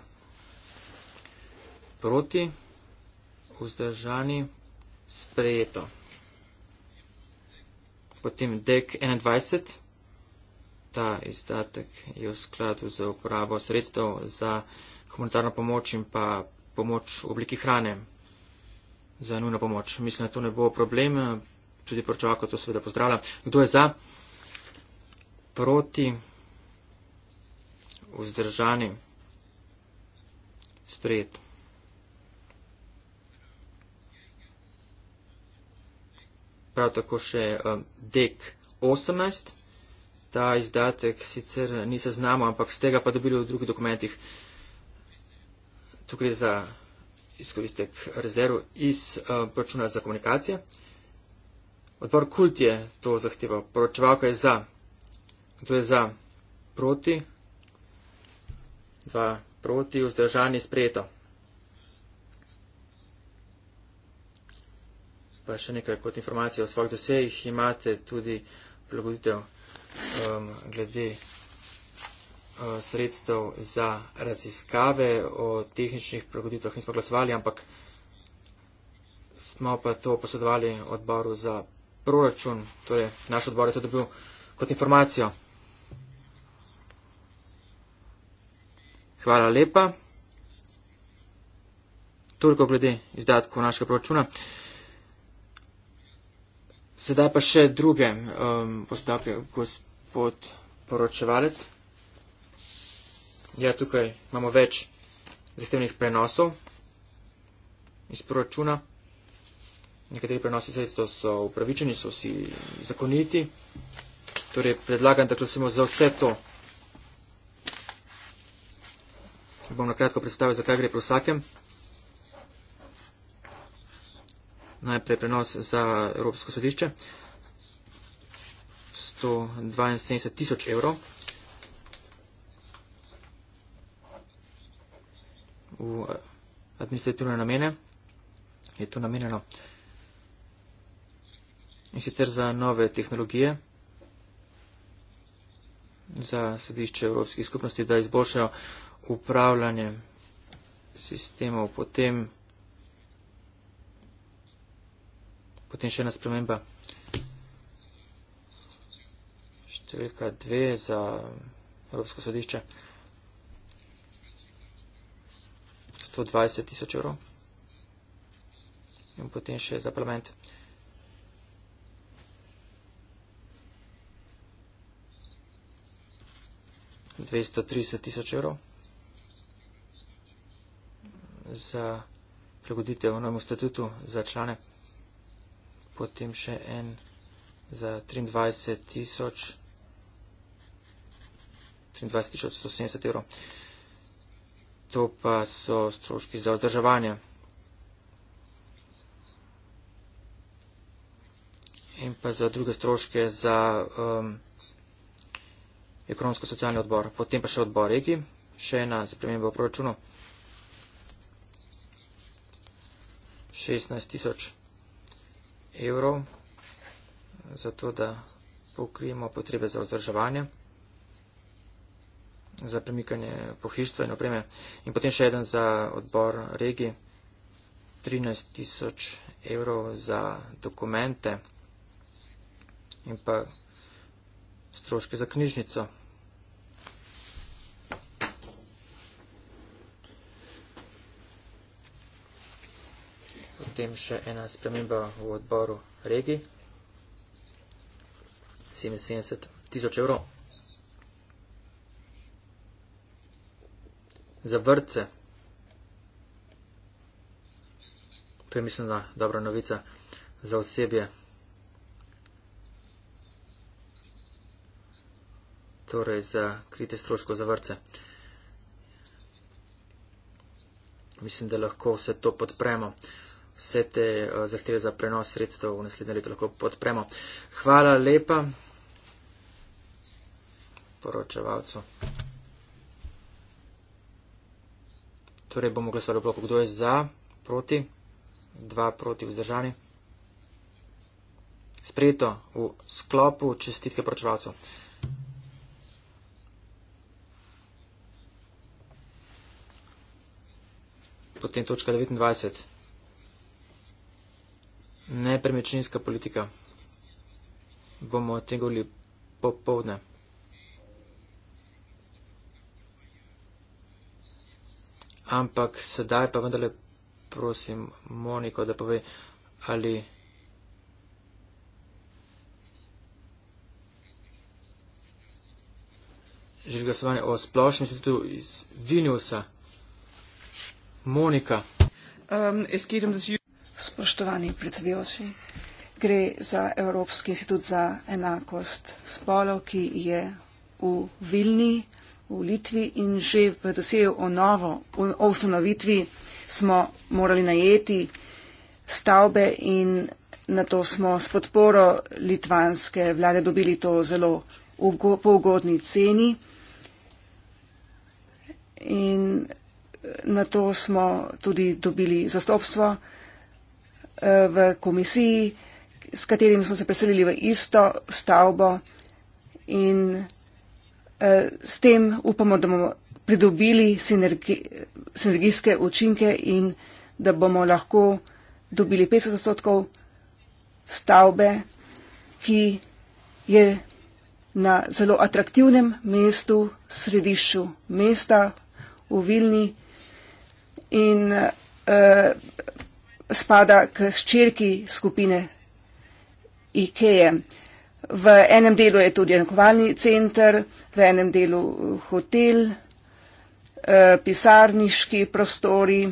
Speaker 1: Proti? vzdržani, sprejeto. Potem DEC 21. Ta izdatek je v skladu z uporabo sredstev za humanitarno pomoč in pa pomoč v obliki hrane za nujno pomoč. Mislim, da to ne bo problem. Tudi pročovako to seveda pozdravlja. Kdo je za? Proti. Vzdržani. Sprejeto. prav tako še um, DEC 18. Ta izdatek sicer ni seznamo, ampak z tega pa dobili v drugih dokumentih. Tukaj je za izkoristek rezerv iz um, računa za komunikacije. Odbor KULT je to zahteval. Poročevalka je za. Kdo je za? Proti. Dva proti. Vzdržani sprejeto. pa še nekaj kot informacije o svojih dosejih, imate tudi prilagoditev um, glede uh, sredstev za raziskave o tehničnih prilagoditvah. Nismo glasovali, ampak smo pa to posodovali odboru za proračun. Torej, naš odbor je to dobil kot informacijo. Hvala lepa. Toliko glede izdatkov našega proračuna. Sedaj pa še druge um, postavke, gospod poročevalec. Ja, tukaj imamo več zahtevnih prenosov iz proračuna. Nekateri prenosi sredstva so upravičeni, so vsi zakoniti. Torej, predlagam, da glasujemo za vse to. Bom na kratko predstavil, zakaj gre pri vsakem. najprej prenos za Evropsko sodišče 172 tisoč evrov. V administrativne namene je to namenjeno in sicer za nove tehnologije za sodišče Evropskih skupnosti, da izboljšajo upravljanje sistemov potem. Potem še ena sprememba. Številka dve za Evropsko sodišče. 120 tisoč evrov. In potem še za parlament. dvesto trideset tisoč evrov za prilagoditev novemu statutu za člane potem še en za 23.170 evrov. To pa so stroški za održavanje. In pa za druge stroške za um, ekonomsko-socialni odbor. Potem pa še odbor regi, še ena sprememba v proračunu. 16 tisoč evrov, zato da pokrijemo potrebe za vzdrževanje, za premikanje pohištva in opreme. In potem še eden za odbor regi, 13 tisoč evrov za dokumente in pa stroške za knjižnico. potem še ena sprememba v odboru regi, 77 tisoč evrov. Za vrtce, to je mislim, da dobra novica za osebje. torej za krite stroško za vrce. Mislim, da lahko vse to podpremo vse te eh, zahteve za prenos sredstev v naslednje leto lahko podpremo. Hvala lepa poročevalcu. Torej bomo glasovali v bloku, kdo je za, proti, dva proti vzdržani. Sprejeto v sklopu čestitke poročevalcu. Potem točka 29 nepremičninska politika. Bomo o tem govorili popovdne. Ampak sedaj pa vendarle prosim Moniko, da pove, ali. Želi glasovanje o splošnem institutu iz Vinjusa. Monika.
Speaker 2: Um, Spoštovani predsedujoči, gre za Evropski institut za enakost spolov, ki je v Vilni, v Litvi in že v dosegu o novo, o ustanovitvi smo morali najeti stavbe in na to smo s podporo litvanske vlade dobili to zelo ugo, po ugodni ceni. In eh, na to smo tudi dobili zastopstvo v komisiji, s katerim smo se preselili v isto stavbo in eh, s tem upamo, da bomo pridobili sinergi, sinergijske učinke in da bomo lahko dobili 50 odstotkov stavbe, ki je na zelo atraktivnem mestu, središču mesta v Vilni in eh, spada k ščirki skupine IKEA. V enem delu je tudi enakovalni centr, v enem delu uh, hotel, uh, pisarniški prostori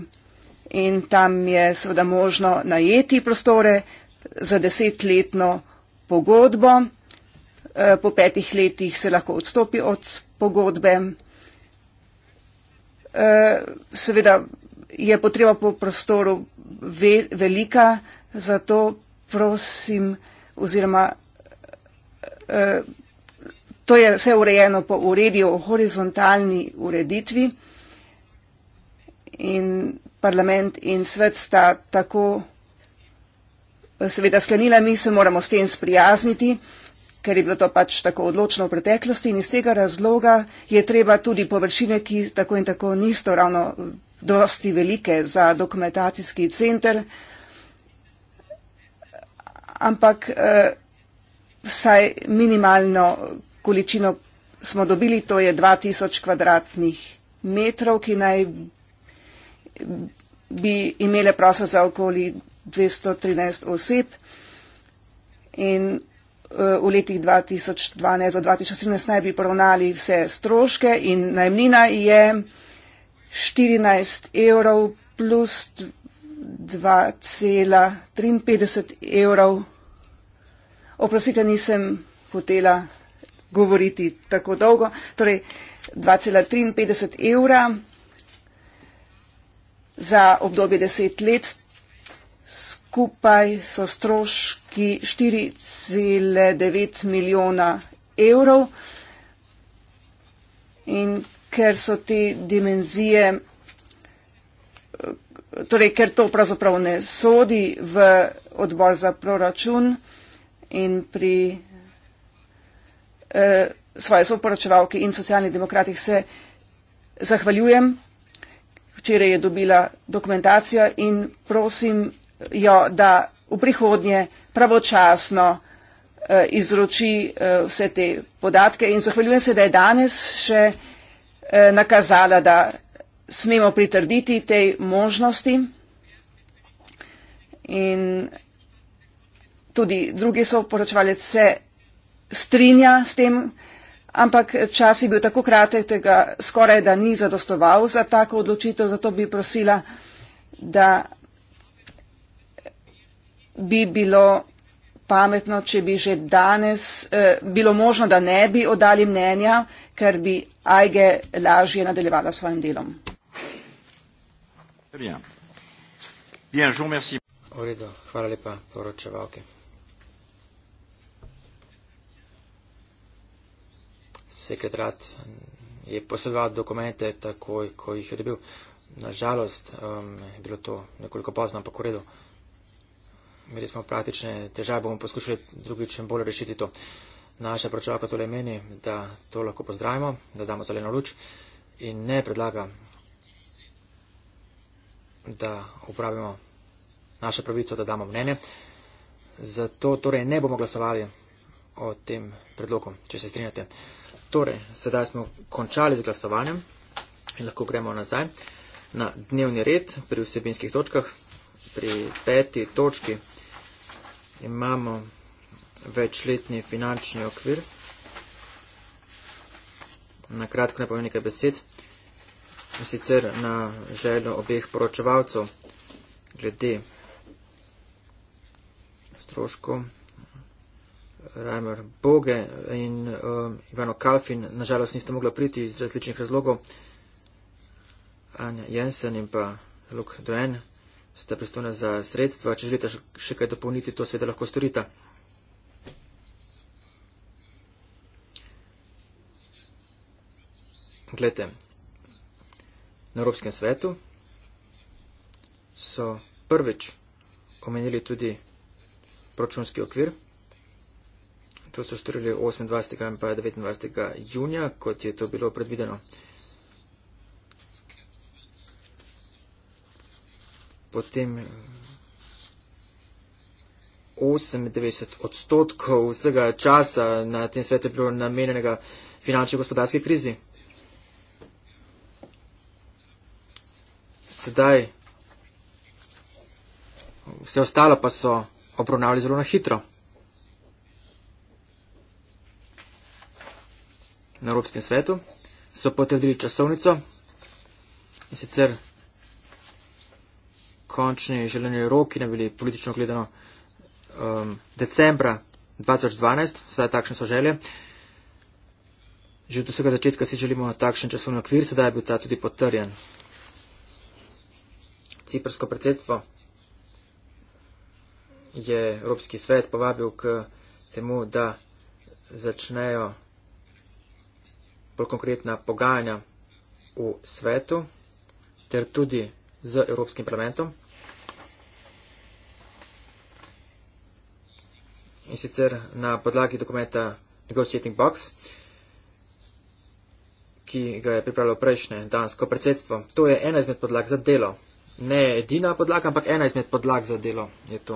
Speaker 2: in tam je seveda možno najeti prostore za desetletno pogodbo. Uh, po petih letih se lahko odstopi od pogodbe. Seveda je potreba po prostoru ve, velika, zato prosim, oziroma eh, to je vse urejeno po uredju o horizontalni ureditvi in parlament in svet sta tako eh, seveda sklenila, mi se moramo s tem sprijazniti ker je bilo to pač tako odločno v preteklosti in iz tega razloga je treba tudi površine, ki tako in tako nisto ravno dosti velike za dokumentacijski center, ampak eh, vsaj minimalno količino smo dobili, to je 2000 kvadratnih metrov, ki naj bi imele prostor za okoli 213 oseb in eh, v letih 2012 do 2013 naj bi poravnali vse stroške in najmnina je 14 evrov plus 2,53 evrov. Oprostite, nisem hotela govoriti tako dolgo. Torej, 2,53 evra za obdobje 10 let. Skupaj so stroški 4,9 milijona evrov. In ker so te dimenzije, torej ker to pravzaprav ne sodi v odbor za proračun in pri eh, svoje soporočevalki in socialnih demokratih se zahvaljujem. Včeraj je dobila dokumentacijo in prosim jo, da v prihodnje pravočasno eh, izroči eh, vse te podatke in zahvaljujem se, da je danes še Eh, nakazala, da smemo pritrditi tej možnosti. In tudi drugi so poročevali, da se strinja s tem, ampak čas je bil tako kratek, da skoraj da ni zadostoval za tako odločitev, zato bi prosila, da bi bilo pametno, če bi že danes eh, bilo možno, da ne bi odali mnenja, ker bi Ajge lažje nadaljevala s svojim delom.
Speaker 1: Uredo, hvala lepa, poročevalke. Sekretarat je posledoval dokumente takoj, ko jih je dobil. Nažalost um, je bilo to nekoliko pozno, ampak v redu. Imeli smo praktične težave, bomo poskušali drugič bolj rešiti to naša pročevalka tole meni, da to lahko pozdravimo, da damo zeleno luč in ne predlaga, da upravimo našo pravico, da damo mnenje. Zato torej ne bomo glasovali o tem predlogu, če se strinjate. Torej, sedaj smo končali z glasovanjem in lahko gremo nazaj na dnevni red pri vsebinskih točkah. Pri peti točki imamo večletni finančni okvir. Na kratko ne povem nekaj besed, sicer na željo obeh poročevalcev glede stroškov. Rajmer Boge in uh, Ivano Kalfin, nažalost niste mogli priti iz različnih razlogov. Anja Jensen in pa Luke Doen sta pristojna za sredstva. Če želite še kaj dopolniti, to seveda lahko storite. Poglejte, na Evropskem svetu so prvič omenili tudi proračunski okvir. To so storili 28. in 29. junija, kot je to bilo predvideno. Potem 98 odstotkov vsega časa na tem svetu je bilo namenjenega finančne gospodarske krizi. sedaj vse ostalo pa so obravnavali zelo na hitro. Na Evropskem svetu so potrdili časovnico in sicer končni želeni roki ne bili politično gledano um, decembra 2012, sedaj takšne so želje. Že od vsega začetka si želimo takšen časovni okvir, sedaj je bil ta tudi potrjen ciprsko predsedstvo je Evropski svet povabil k temu, da začnejo bolj konkretna pogajanja v svetu ter tudi z Evropskim parlamentom. In sicer na podlagi dokumenta Negotiating Box, ki ga je pripravilo prejšnje dansko predsedstvo. To je ena izmed podlag za delo Ne, edina podlaga, ampak ena izmed podlag za delo je to.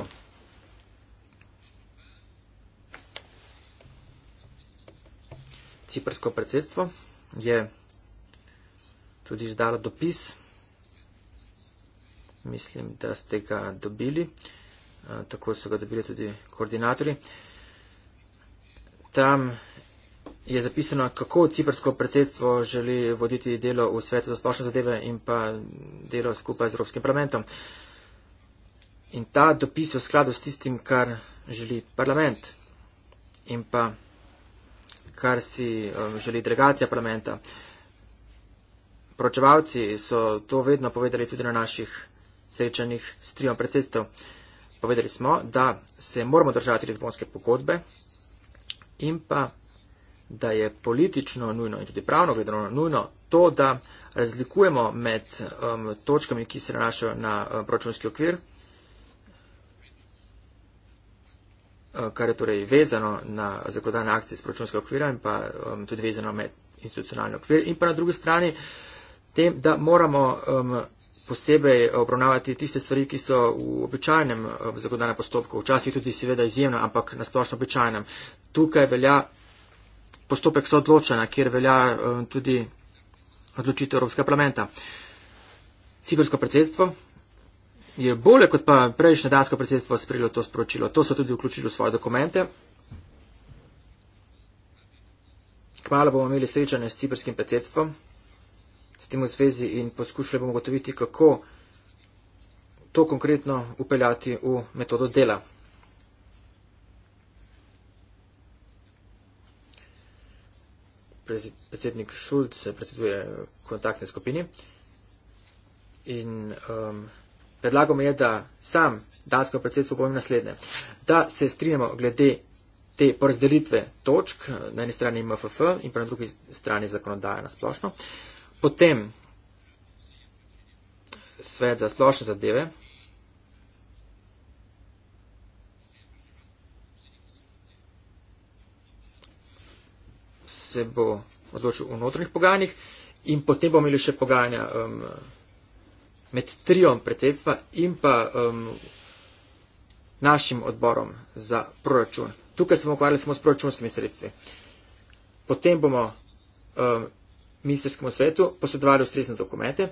Speaker 1: Ciprsko predsedstvo je tudi izdalo dopis. Mislim, da ste ga dobili. Eh, tako so ga dobili tudi koordinatori. Tam je zapisano, kako ciprsko predsedstvo želi voditi delo v svetu za splošne zadeve in pa delo skupaj z Evropskim parlamentom. In ta dopis je v skladu s tistim, kar želi parlament in pa kar si eh, želi delegacija parlamenta. Pročevalci so to vedno povedali tudi na naših srečanjih s trijom predsedstvom. Povedali smo, da se moramo držati Lizbonske pogodbe in pa da je politično nujno in tudi pravno gledano nujno to, da razlikujemo med um, točkami, ki se nanašajo na um, proračunski okvir, uh, kar je torej vezano na zakladane akcije iz proračunskega okvira in pa um, tudi vezano med institucionalni okvir in pa na drugi strani tem, da moramo um, posebej obravnavati tiste stvari, ki so v običajnem um, uh, zakladanem postopku, včasih tudi seveda izjemno, ampak na splošno običajnem. Tukaj velja postopek soodločanja, kjer velja eh, tudi odločitev Evropskega parlamenta. Cipersko predsedstvo je bolje kot pa prejšnje dansko predsedstvo sprejelo to sporočilo. To so tudi vključili v svoje dokumente. Kmalo bomo imeli srečanje s ciperskim predsedstvom, s tem v zvezi in poskušali bomo gotoviti, kako to konkretno upeljati v metodo dela. predsednik Šulc eh, predseduje eh, kontaktne skupini. In um, predlagamo je, da sam dansko predsedstvo povem naslednje. Da se strinjamo glede te porazdelitve točk, eh, na eni strani MFF in pa na drugi strani zakonodaje na splošno. Potem svet za splošne zadeve, se bo odločil v notranjih pogajanjih in potem bomo imeli še pogajanja um, med triom predsedstva in pa um, našim odborom za proračun. Tukaj se bomo ukvarjali samo s proračunskimi sredstvi. Potem bomo um, ministerskemu svetu posredovali ustrezne dokumente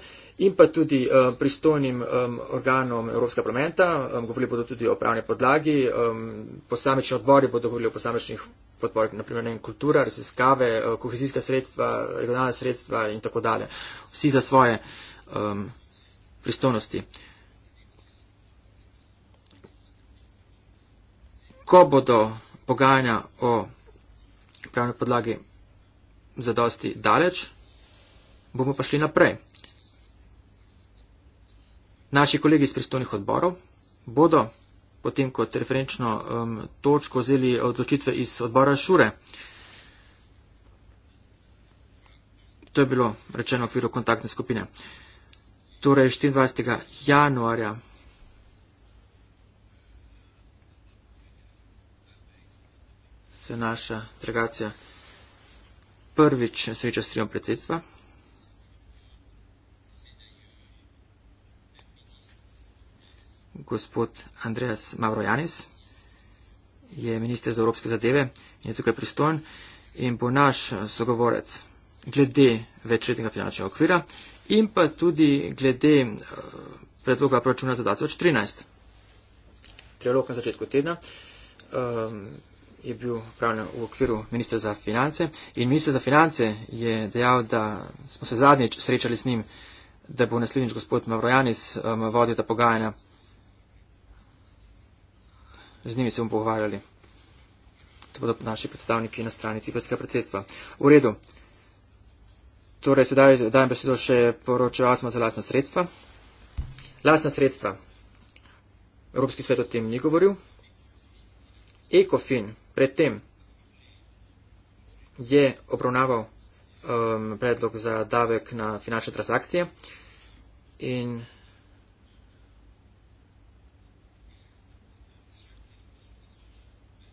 Speaker 1: in pa tudi um, pristojnim um, organom Evropskega parlamenta. Um, govorili bodo tudi o pravni podlagi, um, posamični odbori bodo govorili o posamičnih podpor, naprimer vem, kultura, raziskave, eh, kohezijska sredstva, regionalna sredstva in tako dalje. Vsi za svoje um, pristojnosti. Ko bodo pogajanja o pravni podlagi zadosti daleč, bomo pa šli naprej. Naši kolegi iz pristojnih odborov bodo potem kot referenčno um, točko vzeli odločitve iz odbora Šure. To je bilo rečeno v okviru kontaktne skupine. Torej 24. januarja. se naša delegacija prvič sreča s trijom predsedstva. gospod Andreas Mavrojanis, je minister za evropske zadeve in je tukaj pristojen in bo naš eh, sogovorec glede večletnega finančnega okvira in pa tudi glede eh, predloga proračuna za 2013. Trialog na začetku tedna ehm, je bil pravno v okviru ministra za finance in minister za finance je dejal, da smo se zadnjič srečali s njim, da bo naslednjič gospod Mavrojanis ehm, vodil ta pogajanja z njimi se bomo pogovarjali. To bodo naši predstavniki na strani ciprskega predsedstva. V redu. Torej, sedaj dajem besedo še poročevalcem za lastna sredstva. Lastna sredstva. Evropski svet o tem ni govoril. Ekofin predtem je obravnaval um, predlog za davek na finančne transakcije in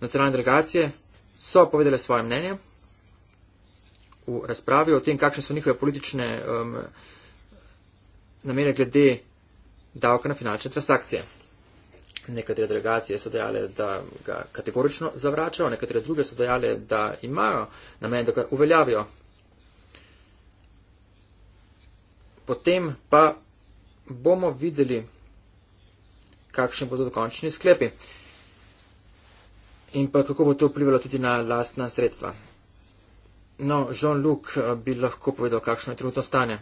Speaker 1: nacionalne delegacije so povedali svoje mnenje v razpravi o tem, kakšne so njihove politične um, namere glede davka na finančne transakcije. Nekatere delegacije so dejale, da ga kategorično zavračajo, nekatere druge so dejale, da imajo namen, da ga uveljavijo. Potem pa bomo videli, kakšni bodo dokončni sklepi. Uh, in pa kako bo to vplivalo tudi na lastna sredstva. No, Jean-Luc eh, bi lahko povedal, kakšno je trenutno stanje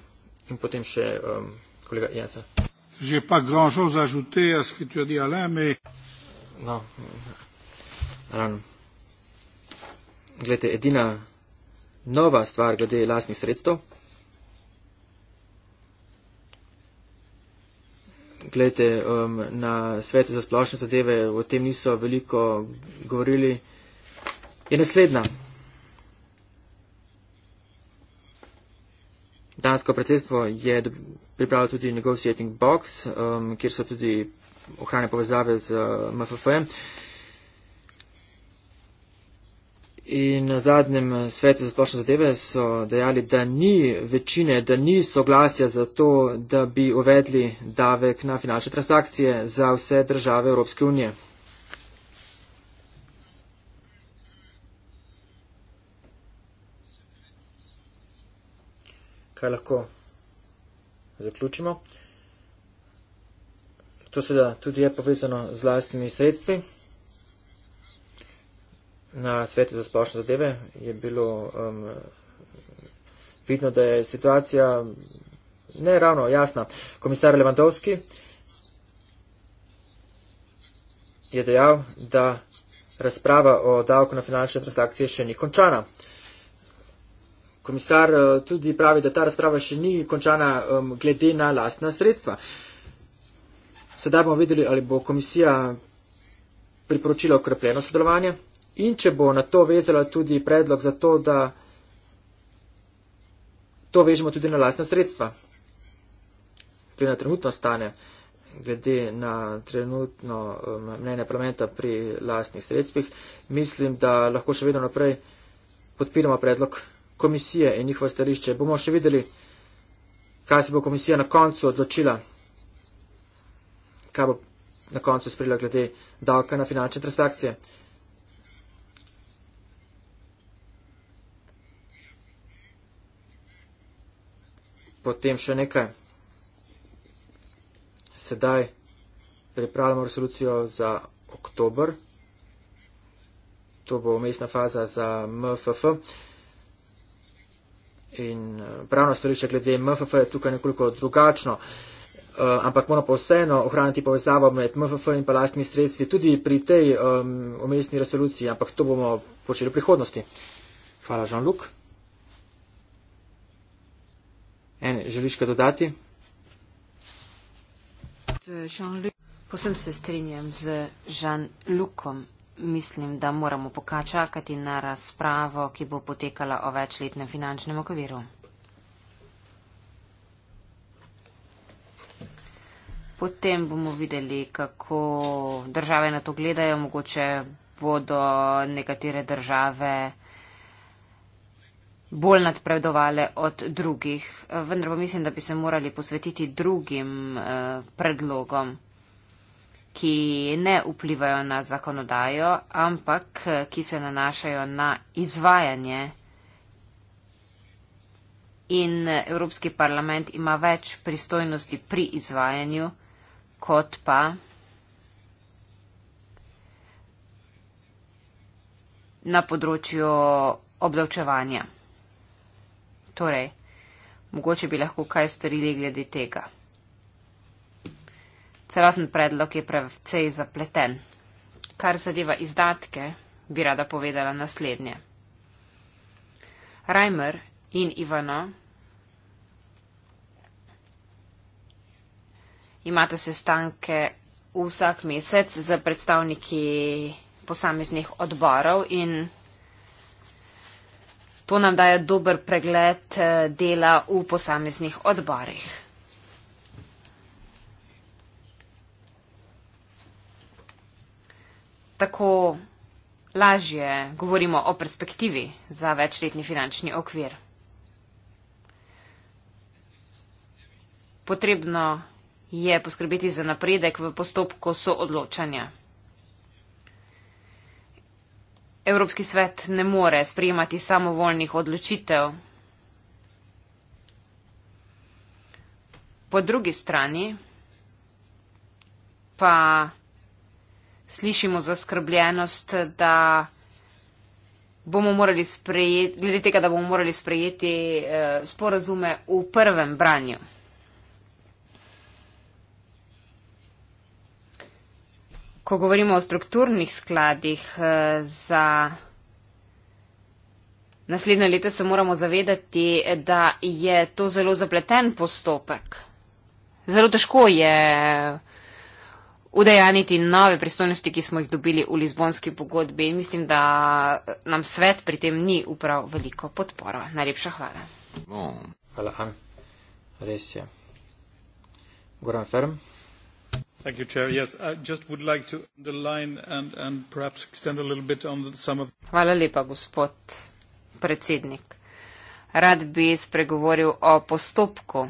Speaker 1: in potem še um, kolega Jensa. Že pa grand chose a ajouté à ce que tu as dit Alain, mais... No, um, glede, edina nova stvar glede lastnih sredstev Glede um, na svetu za splošne zadeve, o tem niso veliko govorili, je naslednja. Dansko predsedstvo je pripravilo tudi negotiating box, um, kjer so tudi ohranjene povezave z MFF-em. Uh, In na zadnjem svetu za splošne zadeve so dejali, da ni večine, da ni soglasja za to, da bi uvedli davek na finančne transakcije za vse države Evropske unije. Kaj lahko zaključimo? To seveda tudi je povezano z lastnimi sredstvi na svetu za splošne zadeve, je bilo um, vidno, da je situacija ne ravno jasna. Komisar Levandovski je dejal, da razprava o davku na finančne transakcije še ni končana. Komisar uh, tudi pravi, da ta razprava še ni končana um, glede na lastna sredstva. Sedaj bomo videli, ali bo komisija priporočila okrepljeno sodelovanje in če bo na to vezala tudi predlog za to, da to vežemo tudi na lasna sredstva, glede na trenutno stanje, glede na trenutno um, mnenje parlamenta pri lasnih sredstvih, mislim, da lahko še vedno naprej podpiramo predlog komisije in njihovo stališče. Bomo še videli, kaj se bo komisija na koncu odločila, kaj bo na koncu sprejela glede davka na finančne transakcije. potem še nekaj. Sedaj pripravljamo resolucijo za oktober. To bo umestna faza za MFF. In eh, pravno stališče glede MFF je tukaj nekoliko drugačno, eh, ampak moramo pa vseeno ohraniti povezavo med MFF in pa lastnimi sredstvi tudi pri tej umestni resoluciji, ampak to bomo počeli v prihodnosti. Hvala, Žan Luk. Ene, želiš kaj dodati?
Speaker 3: Ko sem se strinjam z Žanlukom, mislim, da moramo pokačakati na razpravo, ki bo potekala o večletnem finančnem okviru. Potem bomo videli, kako države na to gledajo. Mogoče bodo nekatere države bolj nadpredovale od drugih. Vendar pa mislim, da bi se morali posvetiti drugim eh, predlogom, ki ne vplivajo na zakonodajo, ampak eh, ki se nanašajo na izvajanje. In Evropski parlament ima več pristojnosti pri izvajanju, kot pa. na področju obdavčevanja. Torej, mogoče bi lahko kaj storili glede tega. Celoten predlog je prevcej zapleten. Kar zadeva izdatke, bi rada povedala naslednje. Reimer in Ivano imate sestanke vsak mesec z predstavniki posameznih odborov in To nam daje dober pregled eh, dela v posameznih odborih. Tako lažje govorimo o perspektivi za večletni finančni okvir. Potrebno je poskrbeti za napredek v postopku soodločanja. Evropski svet ne more sprejemati samovoljnih odločitev. Po drugi strani pa slišimo zaskrbljenost, da bomo morali sprejeti, glede tega, da bomo morali sprejeti eh, sporazume v prvem branju. ko govorimo o strukturnih skladih eh, za naslednje leto, se moramo zavedati, da je to zelo zapleten postopek. Zelo težko je udejaniti nove pristojnosti, ki smo jih dobili v Lizbonski pogodbi in mislim, da nam svet pri tem ni uprav veliko podporo. Najlepša hvala.
Speaker 1: Hvala, Anne. Res je. Goran Ferm.
Speaker 3: Thank you, Chair. Yes, I just would like to underline and, and perhaps extend a little bit on some of. Hvala lepa, gospod predsednik. Rad bi spregovoril o postopku,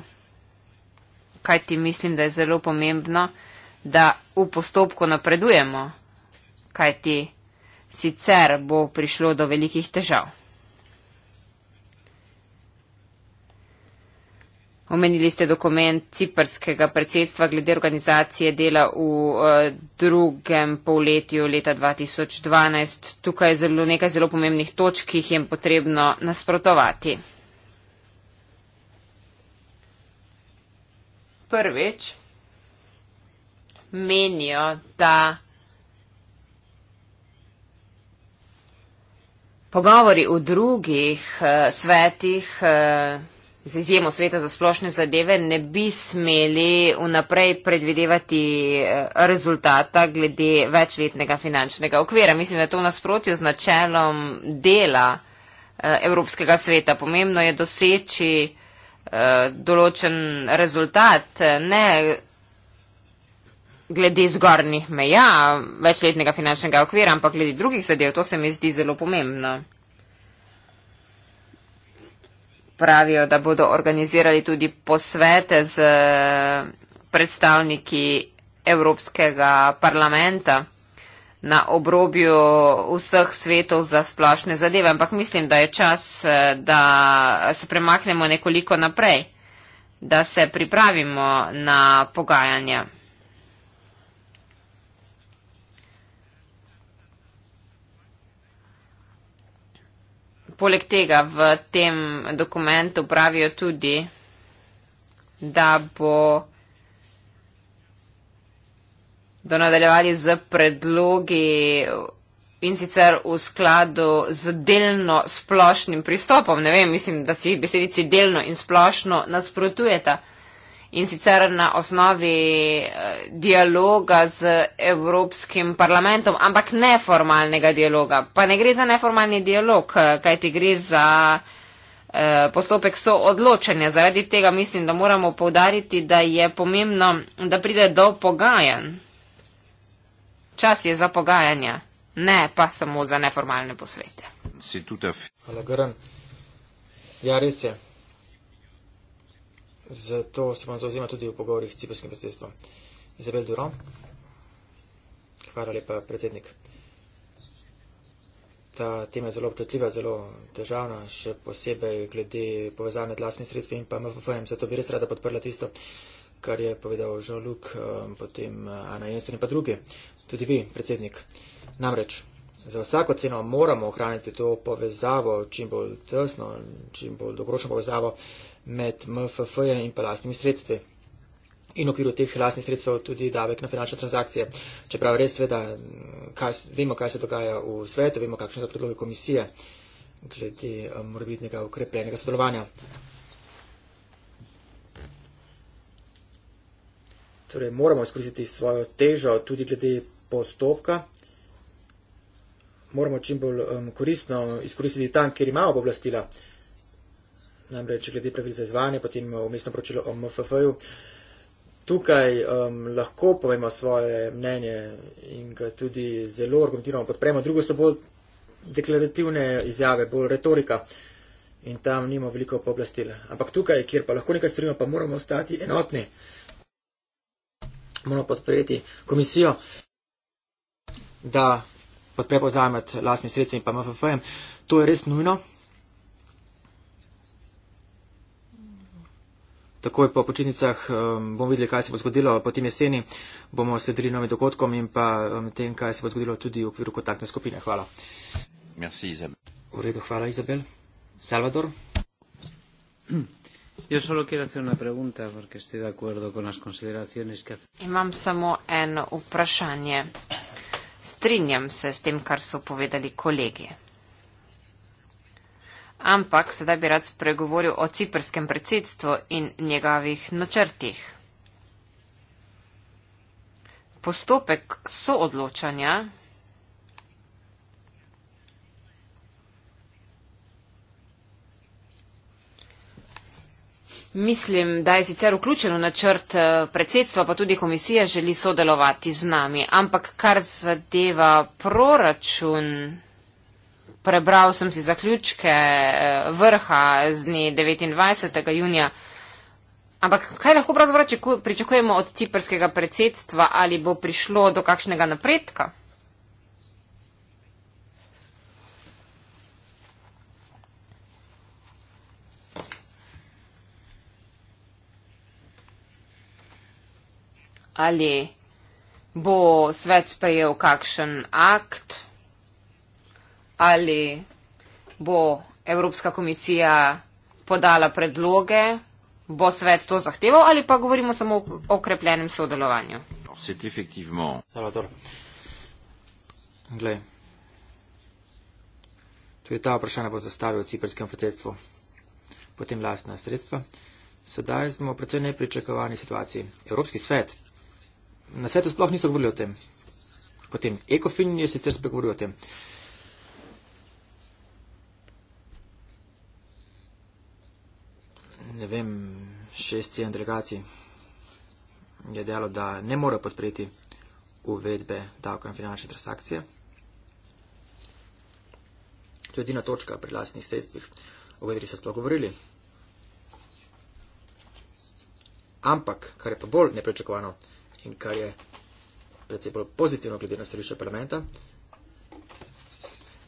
Speaker 3: kaj ti mislim, da je zelo pomembno, da v postopku napredujemo, kaj ti sicer bo prišlo do velikih težav. Omenili ste dokument ciprskega predsedstva glede organizacije dela v eh, drugem polletju leta 2012. Tukaj je zelo nekaj zelo pomembnih točk, ki jih je potrebno nasprotovati. Prvič menijo, da pogovori v drugih eh, svetih eh, z izjemo sveta za splošne zadeve, ne bi smeli vnaprej predvidevati eh, rezultata glede večletnega finančnega okvira. Mislim, da je to v nasprotju z načelom dela eh, Evropskega sveta. Pomembno je doseči eh, določen rezultat, ne glede zgornjih meja večletnega finančnega okvira, ampak glede drugih zadev. To se mi zdi zelo pomembno pravijo, da bodo organizirali tudi posvete z eh, predstavniki Evropskega parlamenta na obrobju vseh svetov za splošne zadeve, ampak mislim, da je čas, eh, da se premaknemo nekoliko naprej, da se pripravimo na pogajanja. poleg tega v tem dokumentu pravijo tudi, da bo do nadaljevali z predlogi in sicer v skladu z delno splošnim pristopom. Ne vem, mislim, da si besedici delno in splošno nasprotujeta in sicer na osnovi eh, dialoga z Evropskim parlamentom, ampak neformalnega dialoga. Pa ne gre za neformalni dialog, eh, kaj ti gre za eh, postopek soodločanja. Zaradi tega mislim, da moramo povdariti, da je pomembno, da pride do pogajanj. Čas je za pogajanja, ne pa samo za neformalne posvete.
Speaker 1: Hvala, Grn. Ja, res je. Zato se bom zauzima tudi v pogovorih s ciprskim predsedstvom. Izabel Duron. Hvala lepa, predsednik. Ta tema je zelo občutljiva, zelo težavna, še posebej glede povezave med lastnimi sredstvi in pa MFF-jem. Zato bi res rada podprla tisto, kar je povedal Žoluk, um, potem uh, Ana Jensen in pa drugi. Tudi vi, predsednik. Namreč, za vsako ceno moramo ohraniti to povezavo, čim bolj tesno, čim bolj dobrošno povezavo uh, med MFF in pa lastnimi sredstvi. In v okviru teh lastnih sredstev tudi davek na finančne transakcije. Čeprav res sveda, kaj, vemo, kaj se dogaja v svetu, vemo, kakšne so predloge komisije glede eh, morbidnega ukrepljenega sodelovanja. Torej, moramo izkoristiti svojo težo tudi glede postopka. Moramo čim bolj um, koristno izkoristiti tam, kjer imamo oblastila namreč glede pravil za izvajanje, potem umestno pročilo o MFF-ju. Tukaj um, lahko povemo svoje mnenje in ga tudi zelo argumentiramo podpremo. Drugo so bolj deklarativne izjave, bolj retorika in tam nimamo veliko pooblastila. Ampak tukaj, kjer pa lahko nekaj storimo, pa moramo ostati enotni. Moramo podpreti komisijo, da podpre povzamet lastni sredstvi in pa MFF-jem. To je res nujno. takoj po počitnicah um, bomo videli, kaj se bo zgodilo, potem jeseni bomo sledili novim dogodkom in pa um, tem, kaj se bo zgodilo tudi v okviru kontaktne skupine. Hvala. Merci, Izabel. V redu, hvala, Izabel. Salvador. Yo solo quiero hacer una pregunta porque estoy de acuerdo con las consideraciones que hace.
Speaker 3: Imam samo eno vprašanje. Strinjam se s tem, kar so povedali kolegi ampak sedaj bi rad spregovoril o ciprskem predsedstvu in njegovih načrtih. Postopek soodločanja Mislim, da je sicer vključeno načrt eh, predsedstva, pa tudi komisija želi sodelovati z nami, ampak kar zadeva proračun prebral sem si zaključke eh, vrha z dne 29. junija. Ampak kaj lahko pravzaprav pričakujemo od ciperskega predsedstva ali bo prišlo do kakšnega napredka? Ali bo svet sprejel kakšen akt? ali bo Evropska komisija podala predloge, bo svet to zahteval ali pa govorimo samo o okrepljenem sodelovanju. Salvador.
Speaker 1: Glej, tudi ta vprašanja bo zastavil ciprskem predsedstvu, potem lastna sredstva. Sedaj smo v precej nepričakovani situaciji. Evropski svet. Na svetu sploh niso govorili o tem. Potem Ekofin je sicer spregovoril o tem. Uh, ne vem, šesti agregaci je dejalo, da ne more podpreti uvedbe davka in finančne transakcije. To je edina točka pri lastnih sredstvih, o kateri so sploh govorili. Ampak, kar je pa bolj neprečakovano in kar je predvsej bolj pozitivno glede na stališče parlamenta,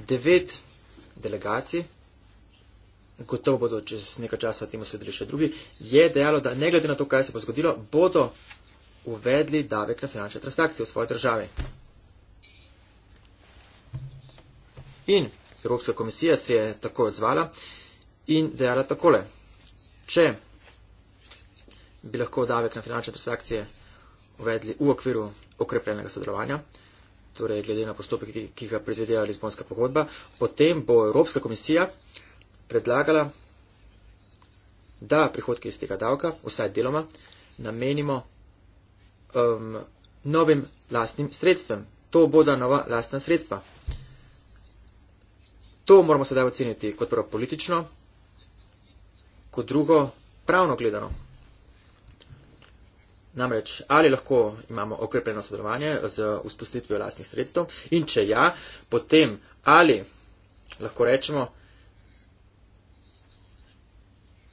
Speaker 1: devet delegacij gotovo bodo čez nekaj časa temu sledili še drugi, je dejalo, da ne glede na to, kaj se bo zgodilo, bodo uvedli davek na finančne transakcije v svoji državi. In Evropska komisija se je tako odzvala in dejala takole. Če bi lahko davek na finančne transakcije uvedli v okviru okrepljenega sodelovanja, torej glede na postopek, ki ga predvideva Lizbonska pogodba, potem bo Evropska komisija predlagala, da prihodke iz tega davka, vsaj deloma, namenimo um, novim lastnim sredstvem. To bodo nova lastna sredstva. To moramo sedaj oceniti kot prvo politično, kot drugo pravno gledano. Namreč, ali lahko imamo okrepljeno sodelovanje z vzpostitvijo lastnih sredstev in če ja, potem ali lahko rečemo,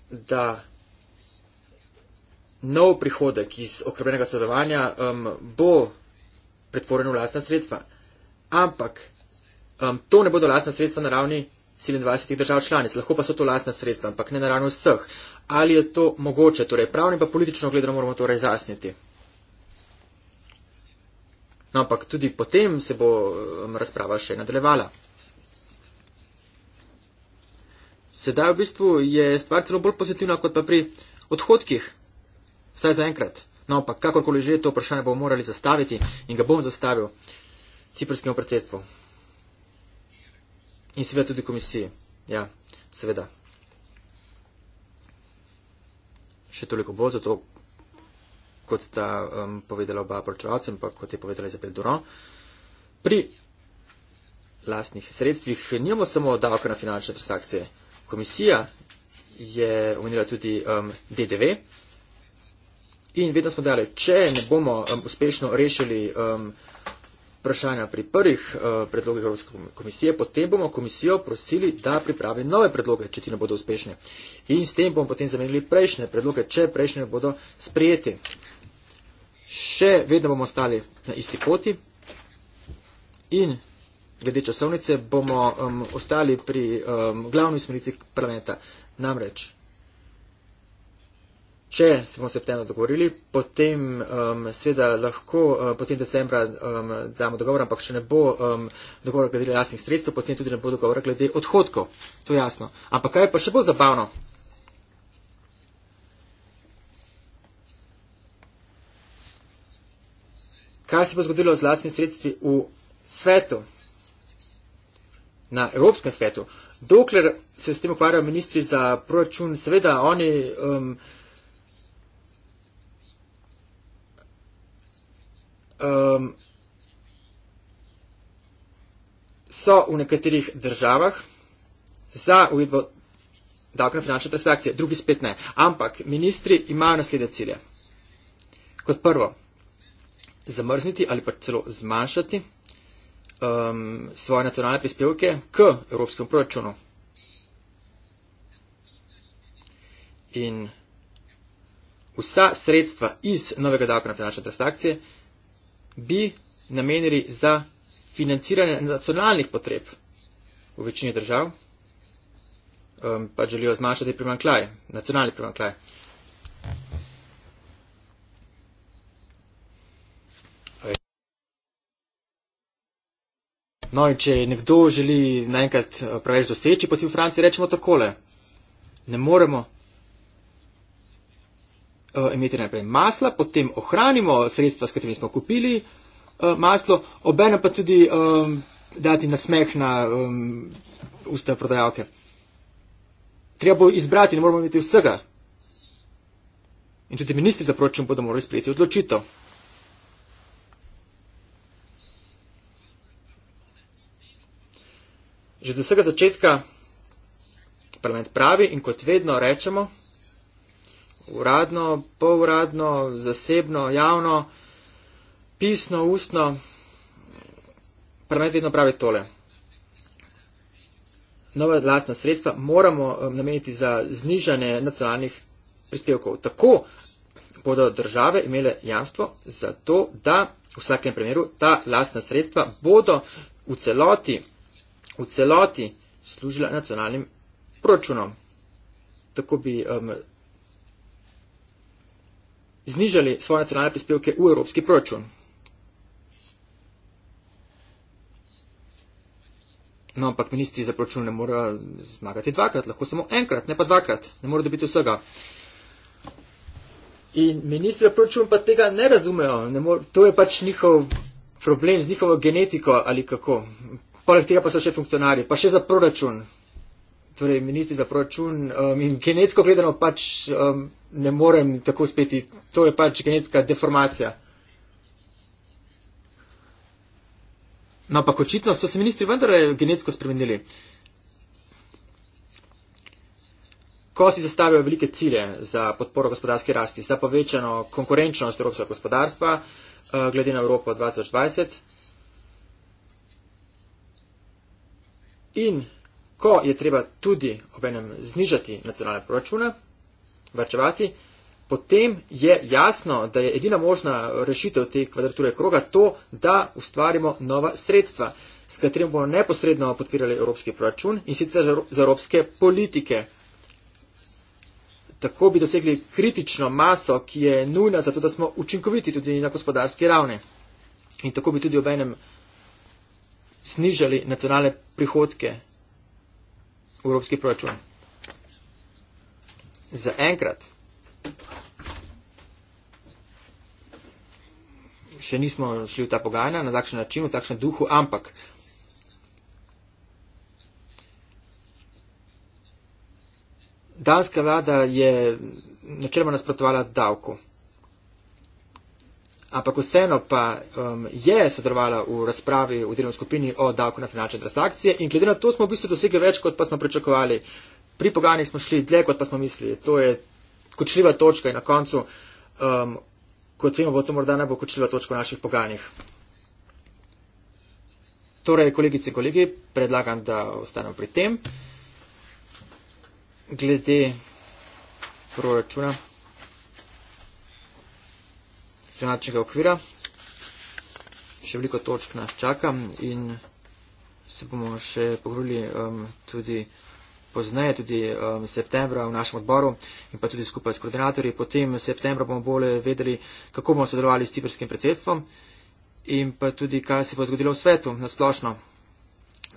Speaker 1: da nov prihodek iz okrepljenega sodelovanja um, bo pretvoren v lastna sredstva. Ampak um, to ne bodo lastna sredstva na ravni 27 držav članic, lahko pa so to lastna sredstva, ampak ne na ravni vseh. Ali je to mogoče, torej pravno in pa politično gledano moramo to razjasniti. No, ampak tudi potem se bo um, razprava še nadaljevala. Sedaj v bistvu je stvar celo bolj pozitivna kot pa pri odhodkih. Vsaj za enkrat. No, pa kakorkoli že to vprašanje bomo morali zastaviti in ga bom zastavil ciprskemu predsedstvu. In seveda tudi komisiji. Ja, seveda. Še toliko bolj zato, kot sta um, povedala oba poročevalca in pa kot je povedala Izabel Duro. Pri lastnih sredstvih nimamo samo davka na finančne transakcije komisija je omenila tudi um, DDV. In vedno smo dali, če ne bomo um, uspešno rešili um, vprašanja pri prvih uh, predlogih Evropske komisije, potem bomo komisijo prosili, da pripravi nove predloge, če ti ne bodo uspešne. In s tem bomo potem zamenili prejšnje predloge, če prejšnje bodo sprejeti. Še vedno bomo stali na isti poti. In glede časovnice bomo um, ostali pri um, glavni smernici parlamenta. Namreč, če smo septembra dogovorili, potem um, seveda lahko uh, potem decembra um, damo dogovor, ampak če ne bo um, dogovor glede jasnih sredstev, potem tudi ne bo dogovor glede odhodkov. To je jasno. Ampak kaj je pa še bolj zabavno? Kaj se bo zgodilo z lastnimi sredstvi v svetu? na Evropskem svetu. Dokler se s tem ukvarjajo ministri za proračun, seveda oni. Um, Um, so v nekaterih državah za uvedbo davka na finančne transakcije, drugi spet ne. Ampak ministri imajo naslednje cilje. Kot prvo, zamrzniti ali pa celo zmanjšati um, svoje nacionalne prispevke k evropskemu proračunu. In vsa sredstva iz novega davka na finančne transakcije bi namenili za financiranje nacionalnih potreb v večini držav, um, pa želijo zmanjšati primankljaj, nacionalni primankljaj. No, in če nekdo želi naenkrat eh, preveč doseči, potem v Franciji rečemo takole. Ne moremo uh, imeti najprej masla, potem ohranimo sredstva, s katerimi smo kupili uh, maslo, obenem pa tudi um, dati nasmeh na um, usta prodajalke. Treba bo izbrati, ne moramo imeti vsega. In tudi ministri za proračun bodo morali sprejeti odločitev. Že do vsega začetka parlament pravi in kot vedno rečemo, uradno, povradno, zasebno, javno, pisno, ustno, parlament vedno pravi tole. Nova lastna sredstva moramo eh, nameniti za znižanje nacionalnih prispevkov. Tako bodo države imele jamstvo za to, da v vsakem primeru ta lastna sredstva bodo v celoti v celoti služila nacionalnim proračunom. Tako bi um, znižali svoje nacionalne prispevke v evropski proračun. No, ampak ministri za proračun ne morejo zmagati dvakrat, lahko samo enkrat, ne pa dvakrat, ne morejo dobiti vsega. In ministri za proračun pa tega ne razumejo, ne more, to je pač njihov problem z njihovo genetiko ali kako poleg tega pa so še funkcionarji, pa še za proračun, torej ministri za proračun um, in genetsko gledano pač um, ne morem tako uspeti, to je pač genetska deformacija. No, ampak očitno so se ministri vendarle genetsko spremenili. Ko si zastavijo velike cilje za podporo gospodarske rasti, za povečano konkurenčnost evropskega gospodarstva, uh, glede na Evropo 2020, In ko je treba tudi obenem znižati nacionalne proračune, vrčevati, potem je jasno, da je edina možna rešitev te kvadrature kroga to, da ustvarimo nova sredstva, s katerim bomo neposredno podpirali evropski proračun in sicer za evropske politike. Tako bi dosegli kritično maso, ki je nujna za to, da smo učinkoviti tudi na gospodarski ravni. In tako bi tudi obenem. enem snižali nacionalne prihodke v evropski proračun. Za enkrat še nismo šli v ta pogajanja na takšen način, v takšnem duhu, ampak danska vlada je načeloma nasprotovala davku ampak vseeno pa um, je sodelovala v razpravi v delovni skupini o davku na finančne transakcije in glede na to smo v bistvu dosegli več, kot pa smo pričakovali. Pri pogajanjih smo šli dlje, kot pa smo mislili. To je kočljiva točka in na koncu, um, kot vemo, bo to morda najbolj kočljiva točka v naših pogajanjih. Torej, kolegice in kolegi, predlagam, da ostanem pri tem. Glede proračuna trenačnega okvira. Še veliko točk nas čaka in se bomo še pogruli um, tudi pozneje, tudi um, septembra v našem odboru in pa tudi skupaj s koordinatorji. Potem septembra bomo bolje vedeli, kako bomo sodelovali s ciprskim predsedstvom in pa tudi, kaj se bo zgodilo v svetu nasplošno.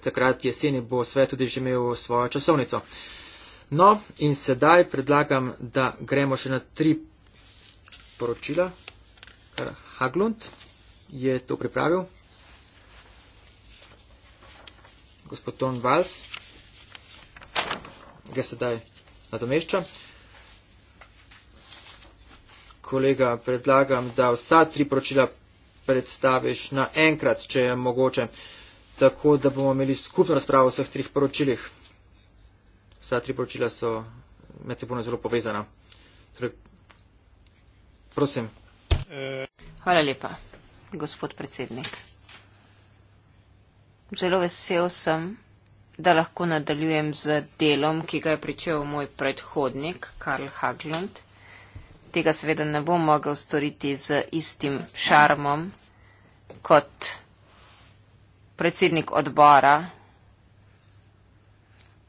Speaker 1: Takrat jeseni bo svet tudi že imel svojo časovnico. No, in sedaj predlagam, da gremo še na tri poročila. Profesor Haglund je to pripravil. Gospod Ton Vals ga sedaj nadomešča. Kolega, predlagam, da vsa tri poročila predstaviš naenkrat, če je mogoče, tako da bomo imeli skupno razpravo o vseh trih poročilih. Vsa tri poročila so med seboj zelo povezana. Torej, prosim.
Speaker 3: Hvala lepa, gospod predsednik. Zelo vesel sem, da lahko nadaljujem z delom, ki ga je pričel moj predhodnik Karl Haglund. Tega seveda ne bom mogel storiti z istim šarmom kot predsednik odbora,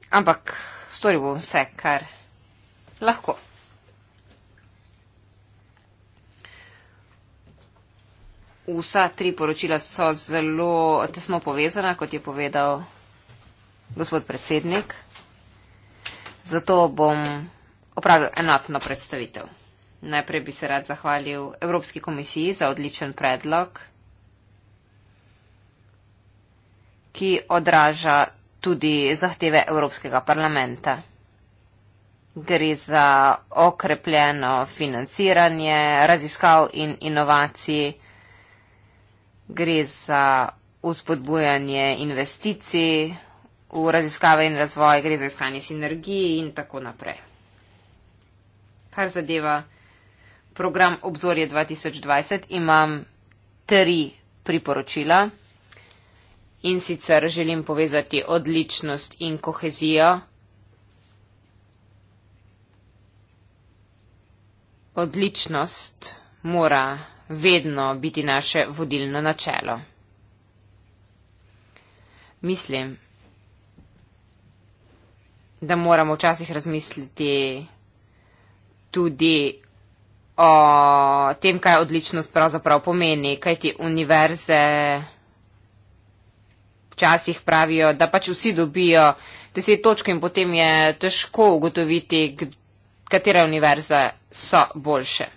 Speaker 3: ampak storil bom vse, kar lahko. vsa tri poročila so zelo tesno povezana, kot je povedal gospod predsednik. Zato bom opravil enotno predstavitev. Najprej bi se rad zahvalil Evropski komisiji za odličen predlog, ki odraža tudi zahteve Evropskega parlamenta. Gre za okrepljeno financiranje raziskav in inovacij, gre za uspodbujanje investicij v raziskave in razvoj, gre za iskanje sinergij in tako naprej. Kar zadeva program Obzorje 2020, imam tri priporočila in sicer želim povezati odličnost in kohezijo. Odličnost mora vedno biti naše vodilno načelo. Mislim, da moramo včasih razmisliti tudi o tem, kaj odličnost pravzaprav pomeni, kaj ti univerze včasih pravijo, da pač vsi dobijo deset točk in potem je težko ugotoviti, katere univerze so boljše.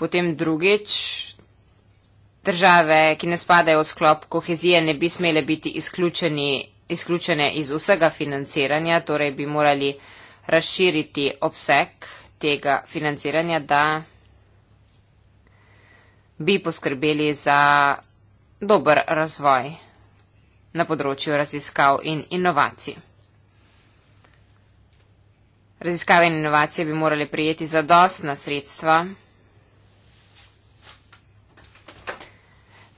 Speaker 3: Potem drugič, države, ki ne spadajo v sklop kohezije, ne bi smele biti izključene iz vsega financiranja, torej bi morali razširiti obseg tega financiranja, da bi poskrbeli za dober razvoj na področju raziskav in inovacij. Raziskave in inovacije bi morali prijeti za dostna sredstva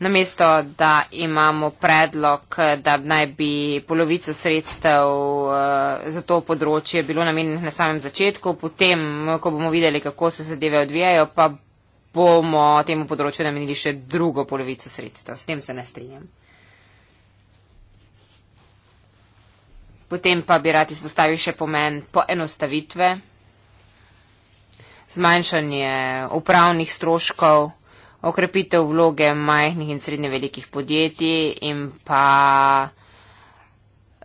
Speaker 3: Namesto, da imamo predlog, da naj bi polovico sredstev eh, za to področje bilo namenjenih na samem začetku, potem, ko bomo videli, kako se zadeve odvijajo, pa bomo temu področju namenili še drugo polovico sredstev. S tem se ne strinjam. Potem pa bi rad izpostavil še pomen poenostavitve, zmanjšanje upravnih stroškov okrepitev vloge majhnih in srednje velikih podjetij in pa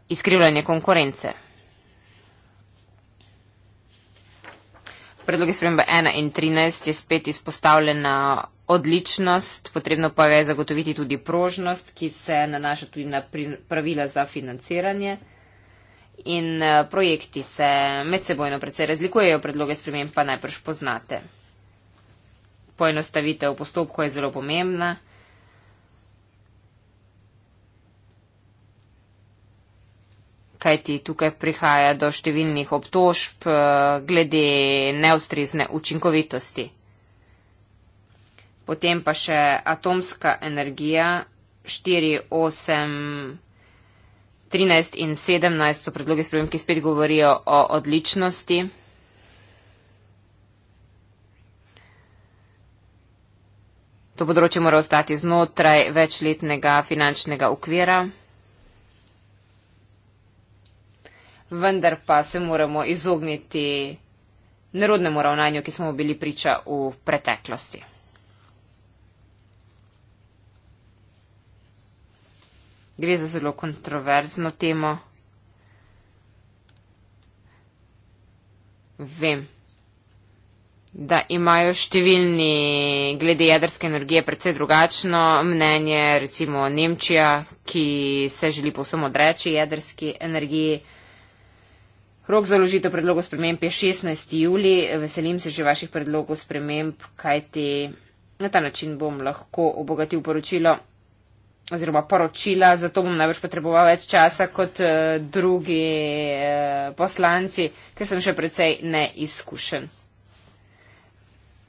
Speaker 3: izkrivljanje konkurence. Predlogi spremembe 1 in 13 je spet izpostavljena odličnost, potrebno pa je zagotoviti tudi prožnost, ki se nanaša tudi na pravila za financiranje. In eh, projekti se medsebojno precej razlikujejo, predloge spremem pa najprej poznate poenostavitev postopkov je zelo pomembna. Kajti tukaj prihaja do številnih obtožb eh, glede neustrezne učinkovitosti. Potem pa še atomska energija 4, 8, 13 in 17 so predloge sprememb, ki spet govorijo o odličnosti. to področje mora ostati znotraj večletnega finančnega okvira. Vendar pa se moramo izogniti nerodnemu ravnanju, ki smo bili priča v preteklosti. Gre za zelo kontroverzno temo. Vem, da imajo številni glede jedrske energije predvsej drugačno mnenje, recimo Nemčija, ki se želi povsem odreči jedrski energiji. Rok za ložitev predlogov sprememb je 16. juli. Veselim se že vaših predlogov sprememb, kajti na ta način bom lahko obogatil poročilo oziroma poročila, zato bom največ potreboval več časa kot eh, drugi eh, poslanci, ker sem še precej neizkušen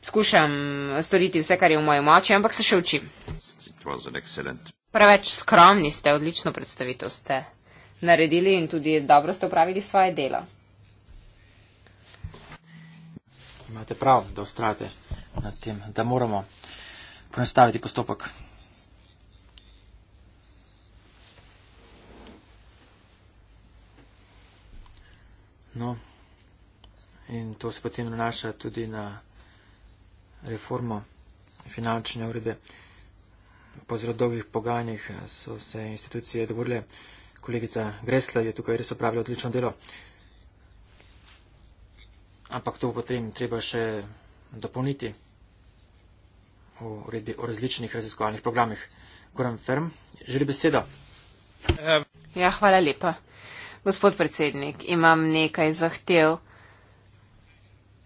Speaker 3: skušam storiti vse, kar je v moji moči, ampak se še učim. Preveč skromni ste, odlično predstavitev ste naredili in tudi dobro ste upravili svoje delo. Imate prav, da ustrate
Speaker 1: nad tem, da moramo ponestaviti postopek. No, in to se potem nanaša tudi na reformo finančne urede. Po zrodovih pogajanjih so se institucije dovolile. Kolegica Gresla je tukaj res opravila odlično delo. Ampak to potem treba še dopolniti v uredi o različnih raziskovalnih programih. Goran Ferm, želi besedo.
Speaker 3: Ja, hvala lepa. Gospod predsednik, imam nekaj zahtev.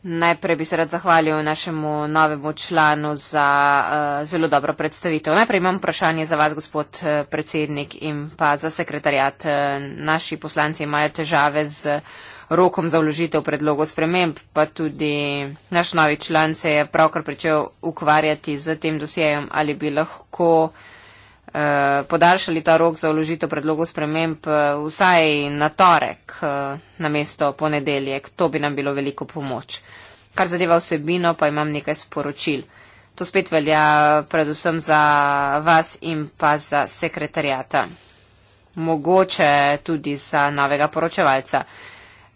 Speaker 3: Najprej bi se rad zahvalil našemu novemu članu za uh, zelo dobro predstavitev. Najprej imam vprašanje za vas, gospod eh, predsednik in pa za sekretarjat. Eh, naši poslanci imajo težave z rokom za vložitev predlogov sprememb, pa tudi naš novi član se je pravkar pričel ukvarjati z tem dosjejem, ali bi lahko uh, Eh, podaljšali ta rok za uložitev predlogov sprememb eh, vsaj na torek, eh, na mesto ponedeljek. To bi nam bilo veliko pomoč. Kar zadeva vsebino, pa imam nekaj sporočil. To spet velja predvsem za vas in pa za sekretarjata. Mogoče tudi za novega poročevalca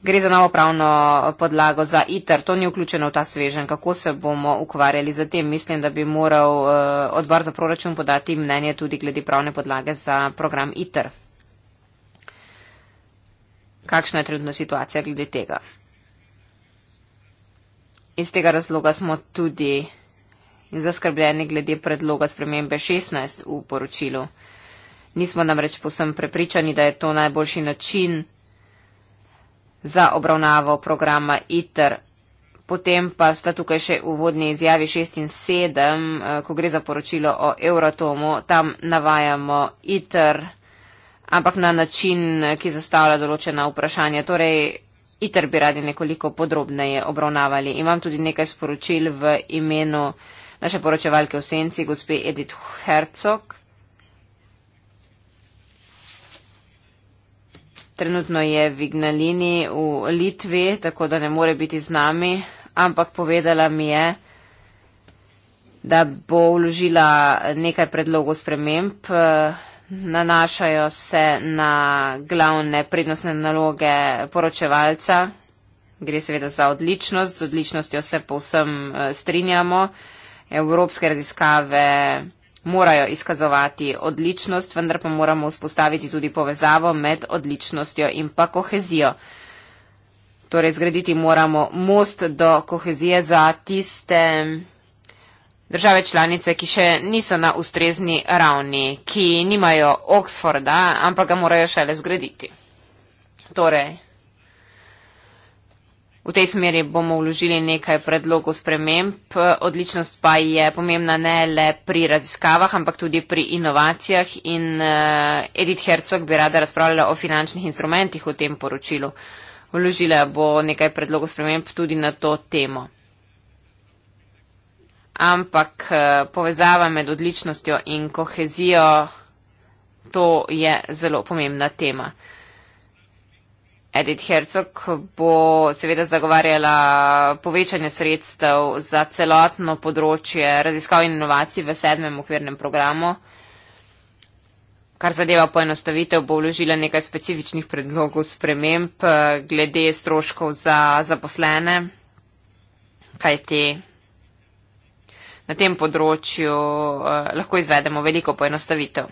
Speaker 3: gre za novo pravno podlago za ITER, to ni vključeno v ta svežen, kako se bomo ukvarjali z tem. Mislim, da bi moral eh, odbor za proračun podati mnenje tudi glede pravne podlage za program ITER. Kakšna je trenutna situacija glede tega? Iz tega razloga smo tudi zaskrbljeni glede predloga spremembe 16 v poročilu. Nismo namreč posem prepričani, da je to najboljši način za obravnavo programa ITER. Potem pa sta tukaj še uvodni izjavi 6 in 7, eh, ko gre za poročilo o Euratomu. Tam navajamo ITER, ampak na način, ki zastavlja določena vprašanja. Torej, ITER bi radi nekoliko podrobneje obravnavali. Imam tudi nekaj sporočil v imenu naše poročevalke v senci, gospe Edith Herzog. Trenutno je v Ignalini v Litvi, tako da ne more biti z nami, ampak povedala mi je, da bo vložila nekaj predlogov sprememb. Nanašajo se na glavne prednostne naloge poročevalca. Gre seveda za odličnost, z odličnostjo se povsem eh, strinjamo. Evropske raziskave morajo izkazovati odličnost, vendar pa moramo vzpostaviti tudi povezavo med odličnostjo in pa kohezijo. Torej, zgraditi moramo most do kohezije za tiste države članice, ki še niso na ustrezni ravni, ki nimajo Oxforda, ampak ga morajo šele zgraditi. Torej, V tej smeri bomo vložili nekaj predlogov sprememb. Odličnost pa je pomembna ne le pri raziskavah, ampak tudi pri inovacijah. In eh, Edith Herzog bi rada razpravljala o finančnih instrumentih v tem poročilu. Vložila bo nekaj predlogov sprememb tudi na to temo. Ampak eh, povezava med odličnostjo in kohezijo, to je zelo pomembna tema. Edith Herzog bo seveda zagovarjala povečanje sredstev za celotno področje raziskav in inovacij v sedmem okvirnem programu. Kar zadeva poenostavitev, bo vložila nekaj specifičnih predlogov sprememb eh, glede stroškov za zaposlene, kaj te na tem področju eh, lahko izvedemo veliko poenostavitev.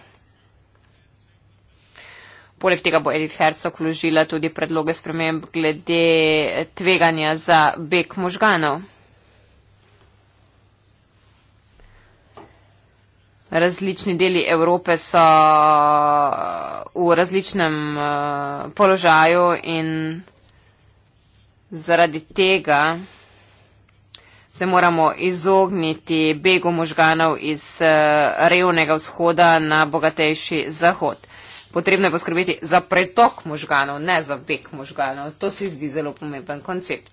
Speaker 3: Poleg tega bo Edith Herzog vložila tudi predloge sprememb glede tveganja za beg možganov. Različni deli Evrope so uh, v različnem uh, položaju in zaradi tega se moramo izogniti begu možganov iz uh, revnega vzhoda na bogatejši zahod potrebno je poskrbeti za pretok možganov, ne za beg možganov. To se zdi zelo pomemben koncept.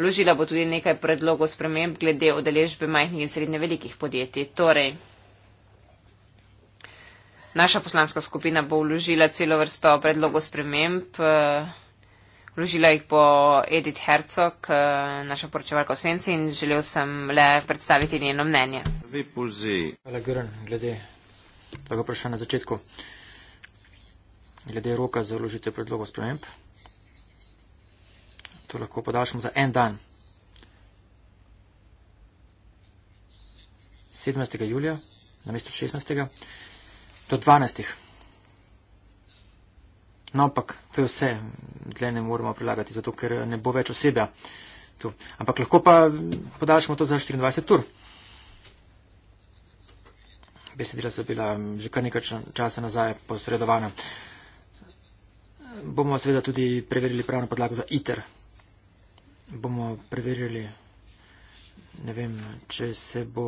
Speaker 3: Vložila bo tudi nekaj predlogov sprememb glede odeležbe majhnih in srednje velikih podjetij. Torej, naša poslanska skupina bo vložila celo vrsto predlogov sprememb. Eh, vložila jih bo Edith Herzog, eh, naša poročevalka v Senci in želel sem le predstaviti njeno mnenje. Hvala, Gürn, glede
Speaker 1: tega vprašanja na začetku. Uh, glede roka za vložitev predlogov sprememb. To lahko podaljšamo za en dan. 17. julija na mesto 16. do 12. No, ampak to je vse, dle ne moramo prilagati, zato ker ne bo več osebja tu. Ampak lahko pa podaljšamo to za 24 tur. Besedila so bila že kar nekaj časa nazaj posredovana bomo seveda tudi preverili pravno podlago za ITER. Bomo preverili, ne vem, če se bo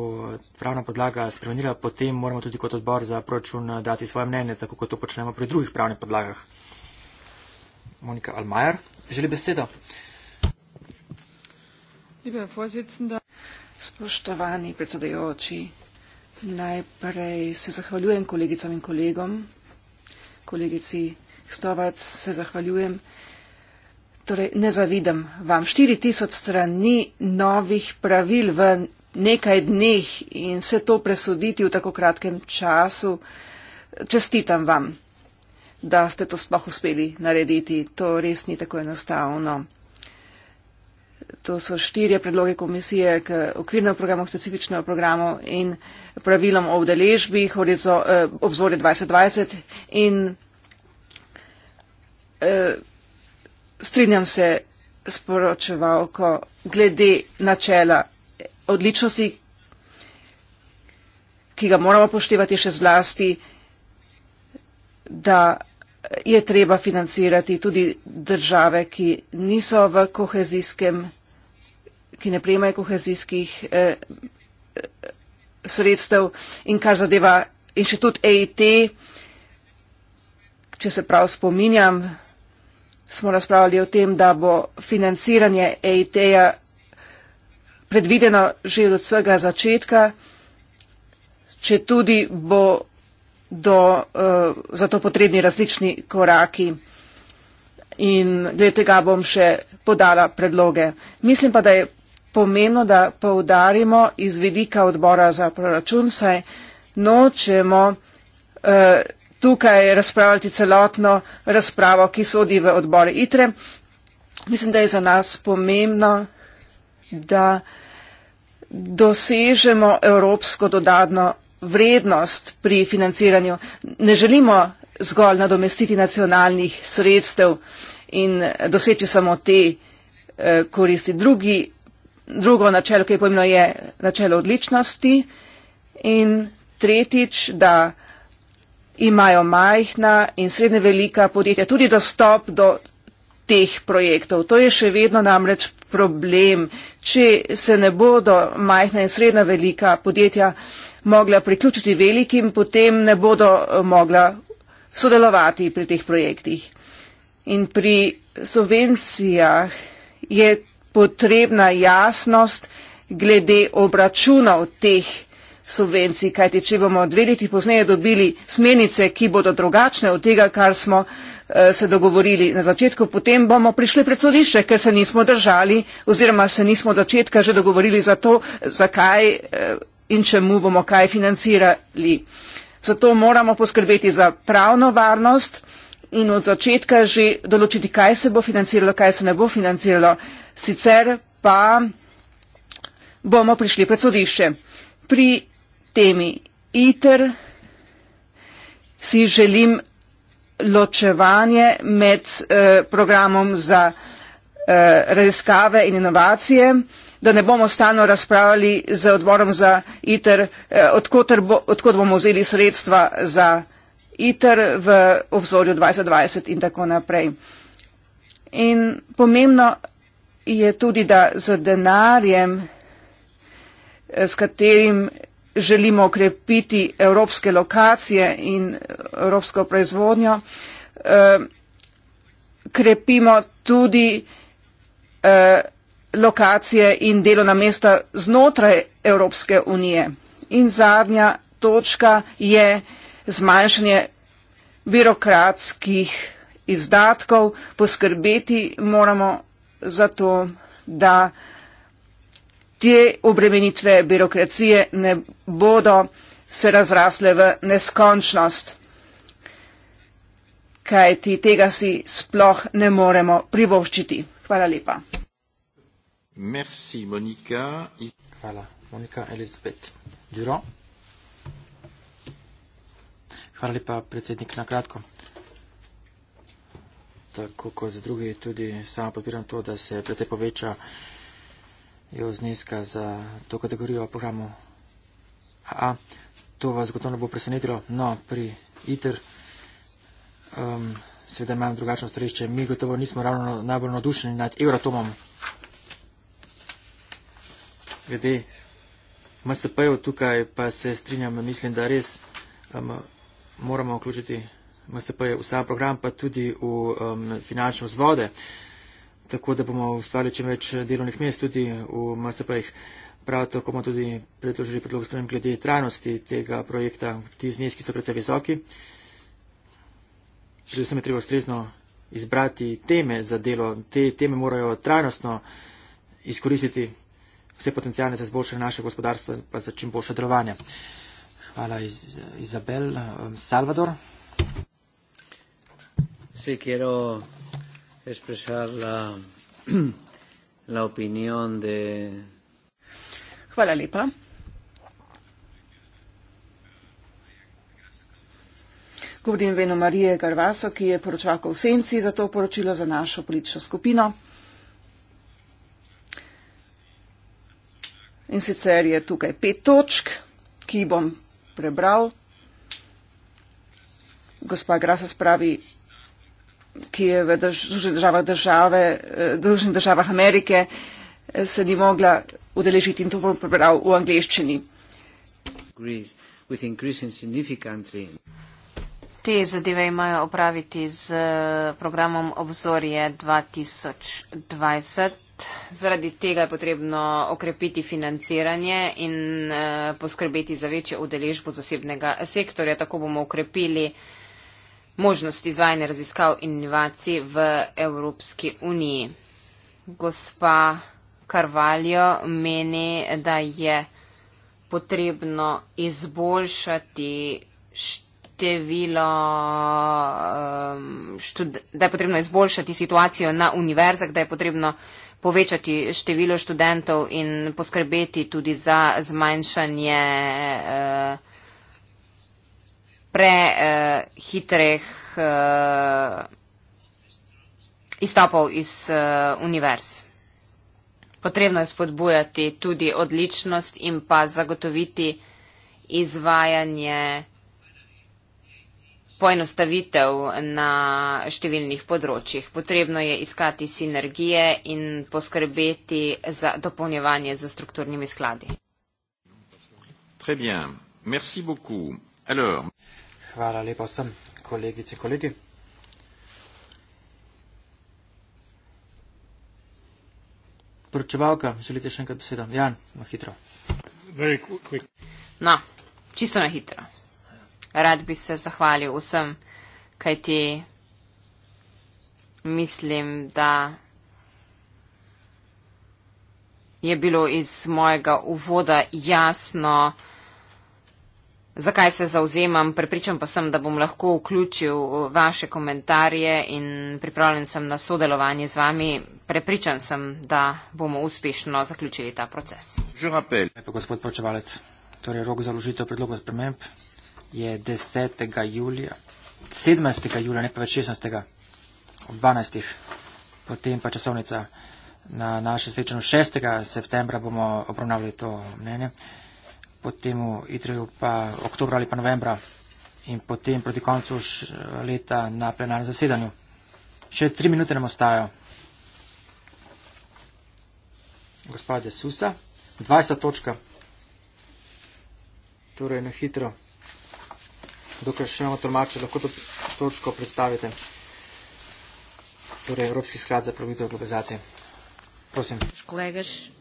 Speaker 1: pravna podlaga spremenila, potem moramo tudi kot odbor za proračun dati svoje mnenje, tako kot to počnemo pri drugih pravnih podlagah. Monika Almajer, želi
Speaker 2: besedo. Spoštovani predsedajoči, najprej se zahvaljujem kolegicam in kolegom, kolegici Stovac, se zahvaljujem. Torej, ne zavidam vam. 4000 strani novih pravil v nekaj dneh in vse to presuditi v tako kratkem času. Čestitam vam, da ste to sploh uspeli narediti. To res ni tako enostavno. To so štirje predloge komisije k okvirnemu programu, specifičnemu programu in pravilom o vdeležbi, eh, obzorje 2020 in Eh, strinjam se s poročevalko glede načela odličnosti, ki ga moramo poštevati še zlasti, da je treba financirati tudi države, ki niso v kohezijskem, ki ne prejemajo kohezijskih eh, sredstev in kar zadeva inštitut EIT, če se prav spominjam, smo razpravljali o tem, da bo financiranje EIT-ja predvideno že od vsega začetka, če tudi bo do, uh, za to potrebni različni koraki. In glede tega bom še podala predloge. Mislim pa, da je pomembno, da poudarimo iz vidika odbora za proračun, saj nočemo uh, tukaj razpravljati celotno razpravo, ki sodi v odbore ITRE. Mislim, da je za nas pomembno, da dosežemo evropsko dodatno vrednost pri financiranju. Ne želimo zgolj nadomestiti nacionalnih sredstev in doseči samo te eh, koristi. Drugi, drugo načelo, ki je pomembno, je načelo odličnosti in tretjič, da imajo majhna in srednje velika podjetja tudi dostop do teh projektov. To je še vedno namreč problem. Če se ne bodo majhna in srednja velika podjetja mogla priključiti velikim, potem ne bodo eh, mogla sodelovati pri teh projektih. In pri subvencijah je potrebna jasnost glede obračunov teh projektov subvencij, kajti če bomo dve leti pozneje dobili smernice, ki bodo drugačne od tega, kar smo eh, se dogovorili na začetku, potem bomo prišli pred sodišče, ker se nismo držali oziroma se nismo od začetka že dogovorili za to, zakaj eh, in čemu bomo kaj financirali. Zato moramo poskrbeti za pravno varnost in od začetka že določiti, kaj se bo financiralo, kaj se ne bo financiralo. Sicer pa bomo prišli pred sodišče. Pri temi ITER si želim ločevanje med eh, programom za eh, raziskave in inovacije, da ne bomo stalno razpravljali z odborom za ITER, eh, odkot bomo vzeli sredstva za ITER v obzorju 2020 in tako naprej. In pomembno je tudi, da z denarjem, s katerim želimo okrepiti evropske lokacije in evropsko proizvodnjo, eh, krepimo tudi eh, lokacije in delovna mesta znotraj Evropske unije. In zadnja točka je zmanjšanje birokratskih izdatkov. Poskrbeti moramo za to, da te obremenitve birokracije ne bodo se razrasle v neskončnost, kaj ti tega si sploh ne moremo privoščiti. Hvala lepa.
Speaker 1: Merci, Monika. Hvala, Monika Elizabeth Duro. Hvala lepa, predsednik, na kratko. Tako kot drugi, tudi sam podpiram to, da se predvsej poveča jo zneska za to kategorijo programu AA. To vas gotovo ne bo presenetilo. No, pri ITER um, seveda imam drugačno stališče. Mi gotovo nismo ravno najbolj nadušeni nad Euratomom. Glede MSP-jev tukaj pa se strinjam, mislim, da res um, moramo vključiti MSP-je v sam program, pa tudi v um, finančno vzvode. Uh, tako da bomo ustvarili čim več delovnih mest tudi v MSP-jih. Prav tako bomo tudi predložili predlog sprem glede trajnosti tega projekta. Ti zneski so predvsej visoki. Predvsem je treba ustrezno izbrati teme za delo. Te teme morajo trajnostno izkoristiti vse potencijale za izboljšanje našega gospodarstva pa za čim boljše delovanje. Hvala iz, Izabel. Um, Salvador. Se quiero expresar la, la opinión de.
Speaker 2: Hvala lepa. Govorim veno Marije Garvaso, ki je poročevalka v Senci za to poročilo za našo politično skupino. In sicer je tukaj pet točk, ki jih bom prebral. Gospa Grasa spravi, ki je v Združenih državah, države, eh, državah Amerike, eh, se ni mogla udeležiti in to bom prebral v angliščini.
Speaker 3: Te zadeve imajo opraviti z eh, programom Obzorje 2020. Zaradi tega je potrebno okrepiti financiranje in poskrbeti za večjo udeležbo zasebnega sektorja. Tako bomo okrepili možnosti izvajanja raziskav in inovacij v Evropski uniji. Gospa Karvaljo meni, da je potrebno izboljšati število, um, da je potrebno izboljšati situacijo na univerzah, da je potrebno povečati število študentov in poskrbeti tudi za zmanjšanje uh, prehitrih uh, uh, izstopov iz uh, univerz. Potrebno je spodbujati tudi odličnost in pa zagotoviti izvajanje poenostavitev na številnih področjih. Potrebno je iskati sinergije in poskrbeti za dopolnjevanje za strukturnimi skladi.
Speaker 1: Très bien. Merci beaucoup. Alors... Hvala lepa vsem, kolegice in kolegi. Poročevalka, želite še enkrat besedo? Jan, na hitro.
Speaker 3: No, čisto na hitro. Rad bi se zahvalil vsem, kaj ti mislim, da je bilo iz mojega uvoda jasno, zakaj se zauzemam, prepričan pa sem, da bom lahko vključil uh, vaše komentarje in pripravljen sem na sodelovanje z vami. Prepričan sem, da bomo uspešno zaključili ta proces.
Speaker 1: Lepo, gospod počevalec, torej rok za ložitev predloga sprememb je 10. julija, 17. julija, ne pa več 16. ob 12. potem pa časovnica. Na naše srečanje 6. septembra bomo obravnavali to mnenje potem v Idriju pa oktobra ali pa novembra in potem proti koncu leta na plenarnem zasedanju. Še tri minute nam ostajajo. Gospod Jesusa, 20. točka. Torej na hitro, dokaj še imamo tolmače, lahko to točko predstavite. Torej Evropski sklad za promitev globalizacije. Prosim.
Speaker 3: Kolegaš.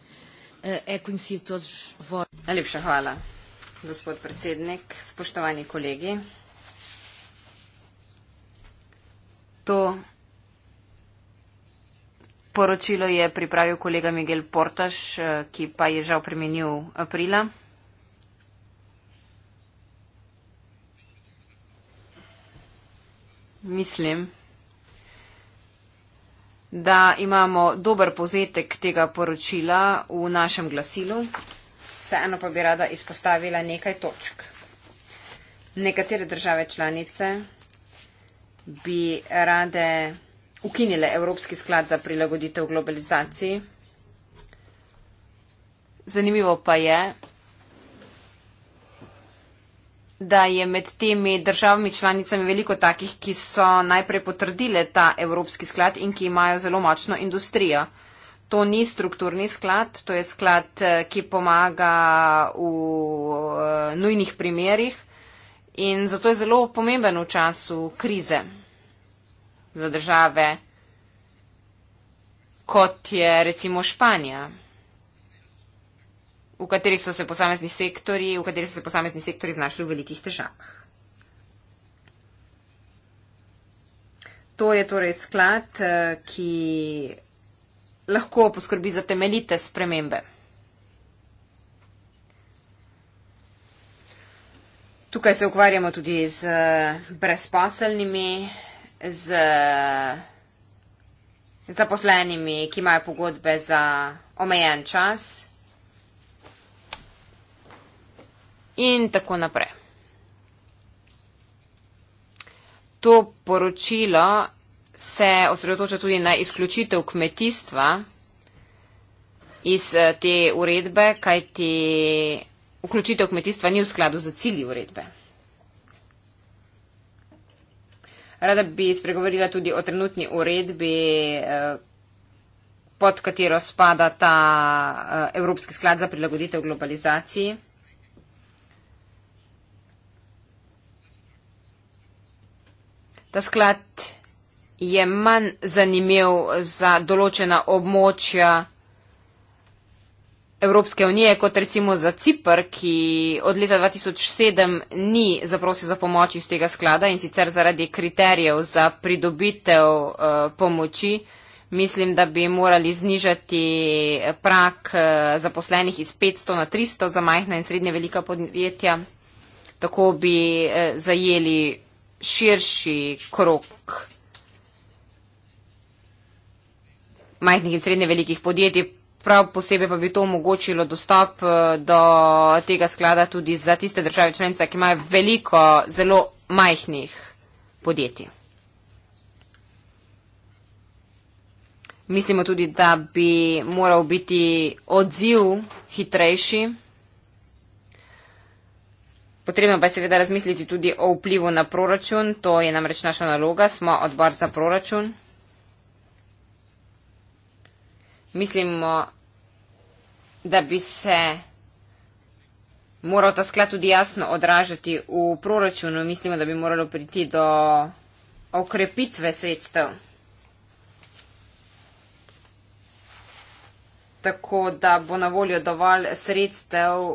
Speaker 3: Eh, é conhecido todos vós. Alipsha Hala, Gospod Presidnik, Spostovani Colegi. To poročilo je pripravil kolega Miguel Portaš, eh, ki pa je žal premenil aprila. Mislim, da imamo dober pozetek tega poročila v našem glasilu. Vseeno pa bi rada izpostavila nekaj točk. Nekatere države članice bi rade ukinile Evropski sklad za prilagoditev globalizaciji. Zanimivo pa je, da je med temi državami članicami veliko takih, ki so najprej potrdile ta evropski sklad in ki imajo zelo močno industrijo. To ni strukturni sklad, to je sklad, eh, ki pomaga v eh, nujnih primerjih in zato je zelo pomemben v času krize za države, kot je recimo Španija v katerih so se posamezni sektori, v katerih so se posamezni sektori znašli v velikih težavah. To je torej sklad, eh, ki lahko poskrbi za temeljite spremembe. Tukaj se ukvarjamo tudi z eh, brezposelnimi, z zaposlenimi, ki imajo pogodbe za omejen čas. in tako naprej. To poročilo se osredotoča tudi na izključitev kmetijstva iz eh, te uredbe, kajti vključitev kmetijstva ni v skladu z cilji uredbe. Rada bi spregovorila tudi o trenutni uredbi, eh, pod katero spada ta eh, Evropski sklad za prilagoditev globalizaciji. ta sklad je manj zanimiv za določena območja Evropske unije, kot recimo za Cipr, ki od leta 2007 ni zaprosil za pomoč iz tega sklada in sicer zaradi kriterijev za pridobitev uh, pomoči. Mislim, da bi morali znižati prak eh, zaposlenih iz 500 na 300 za majhna in srednje velika podjetja. Tako bi eh, zajeli širši krok majhnih in srednje velikih podjetij. Prav posebej pa bi to omogočilo dostop eh, do tega sklada tudi za tiste države članice, ki imajo veliko zelo majhnih podjetij. Mislimo tudi, da bi moral biti odziv hitrejši. Potrebno pa je seveda razmisliti tudi o vplivu na proračun, to je namreč naša naloga, smo odbor za proračun. Mislimo, da bi se moral ta sklad tudi jasno odražati v proračunu, mislimo, da bi moralo priti do okrepitve sredstev. Tako da bo na voljo dovolj sredstev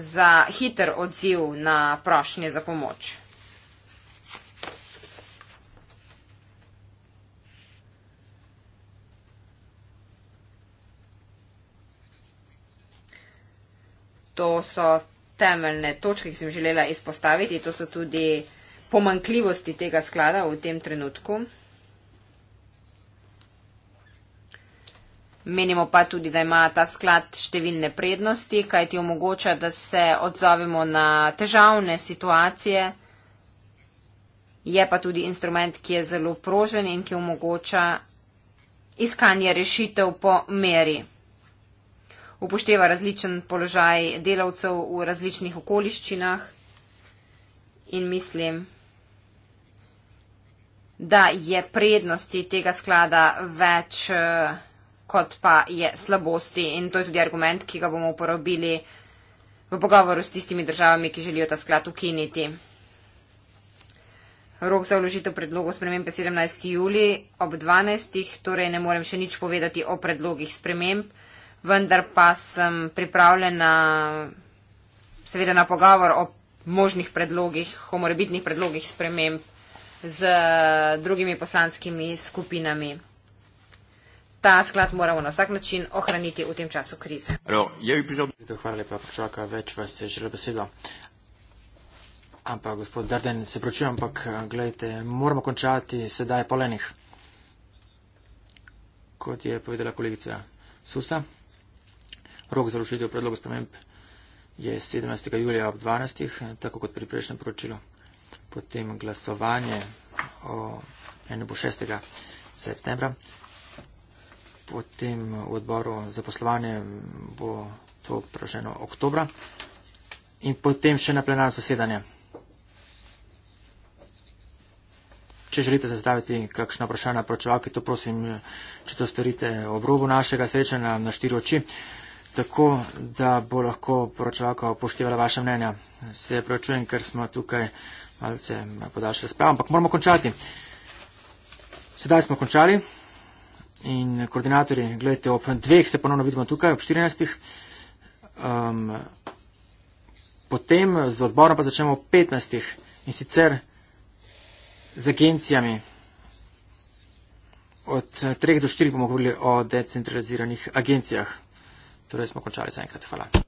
Speaker 3: za hiter odziv na prošnje za pomoč. To so temeljne točke, ki sem želela izpostaviti. To so tudi pomankljivosti tega sklada v tem trenutku. Menimo pa tudi, da ima ta sklad številne prednosti, kaj ti omogoča, da se odzovemo na težavne situacije. Je pa tudi instrument, ki je zelo prožen in ki omogoča iskanje rešitev po meri. Upošteva različen položaj delavcev v različnih okoliščinah in mislim, da je prednosti tega sklada več. Uh, kot pa je slabosti. In to je tudi argument, ki ga bomo uporabili v pogovoru s tistimi državami, ki želijo ta sklad ukiniti. Rok za vložitev predlogov sprememb je 17. juli ob 12. torej ne morem še nič povedati o predlogih sprememb, vendar pa sem pripravljena seveda na pogovor o možnih predlogih, o morebitnih predlogih sprememb z drugimi poslanskimi skupinami ta sklad moramo na vsak način ohraniti v tem času krize.
Speaker 1: Hvala lepa, počaka, več vas je želel besedo. Ampak, gospod Darden, se pročujem, ampak, gledajte, moramo končati sedaj polenih, kot je povedala kolegica Susa. Rok za rušitev predlogu sprememb je 17. julija ob 12. tako kot pri prejšnjem poročilu. Potem glasovanje o enem bo 6. septembra potem v odboru za poslovanje bo to praženo oktobra in potem še na plenarno zasedanje. Če želite zastaviti kakšno vprašanje na pročevalki, to prosim, če to storite ob robu našega srečanja na štiri oči, tako da bo lahko pročevalka upoštevala vaše mnenja. Se pravčujem, ker smo tukaj malce podaljšali spravo, ampak moramo končati. Sedaj smo končali in koordinatorji, gledajte, ob dveh se ponovno vidimo tukaj, ob 14. Um, potem z odborom pa začnemo ob 15. in sicer z agencijami. Od 3 eh, do 4 bomo govorili o
Speaker 2: decentraliziranih agencijah. Torej smo končali za enkrat. Hvala.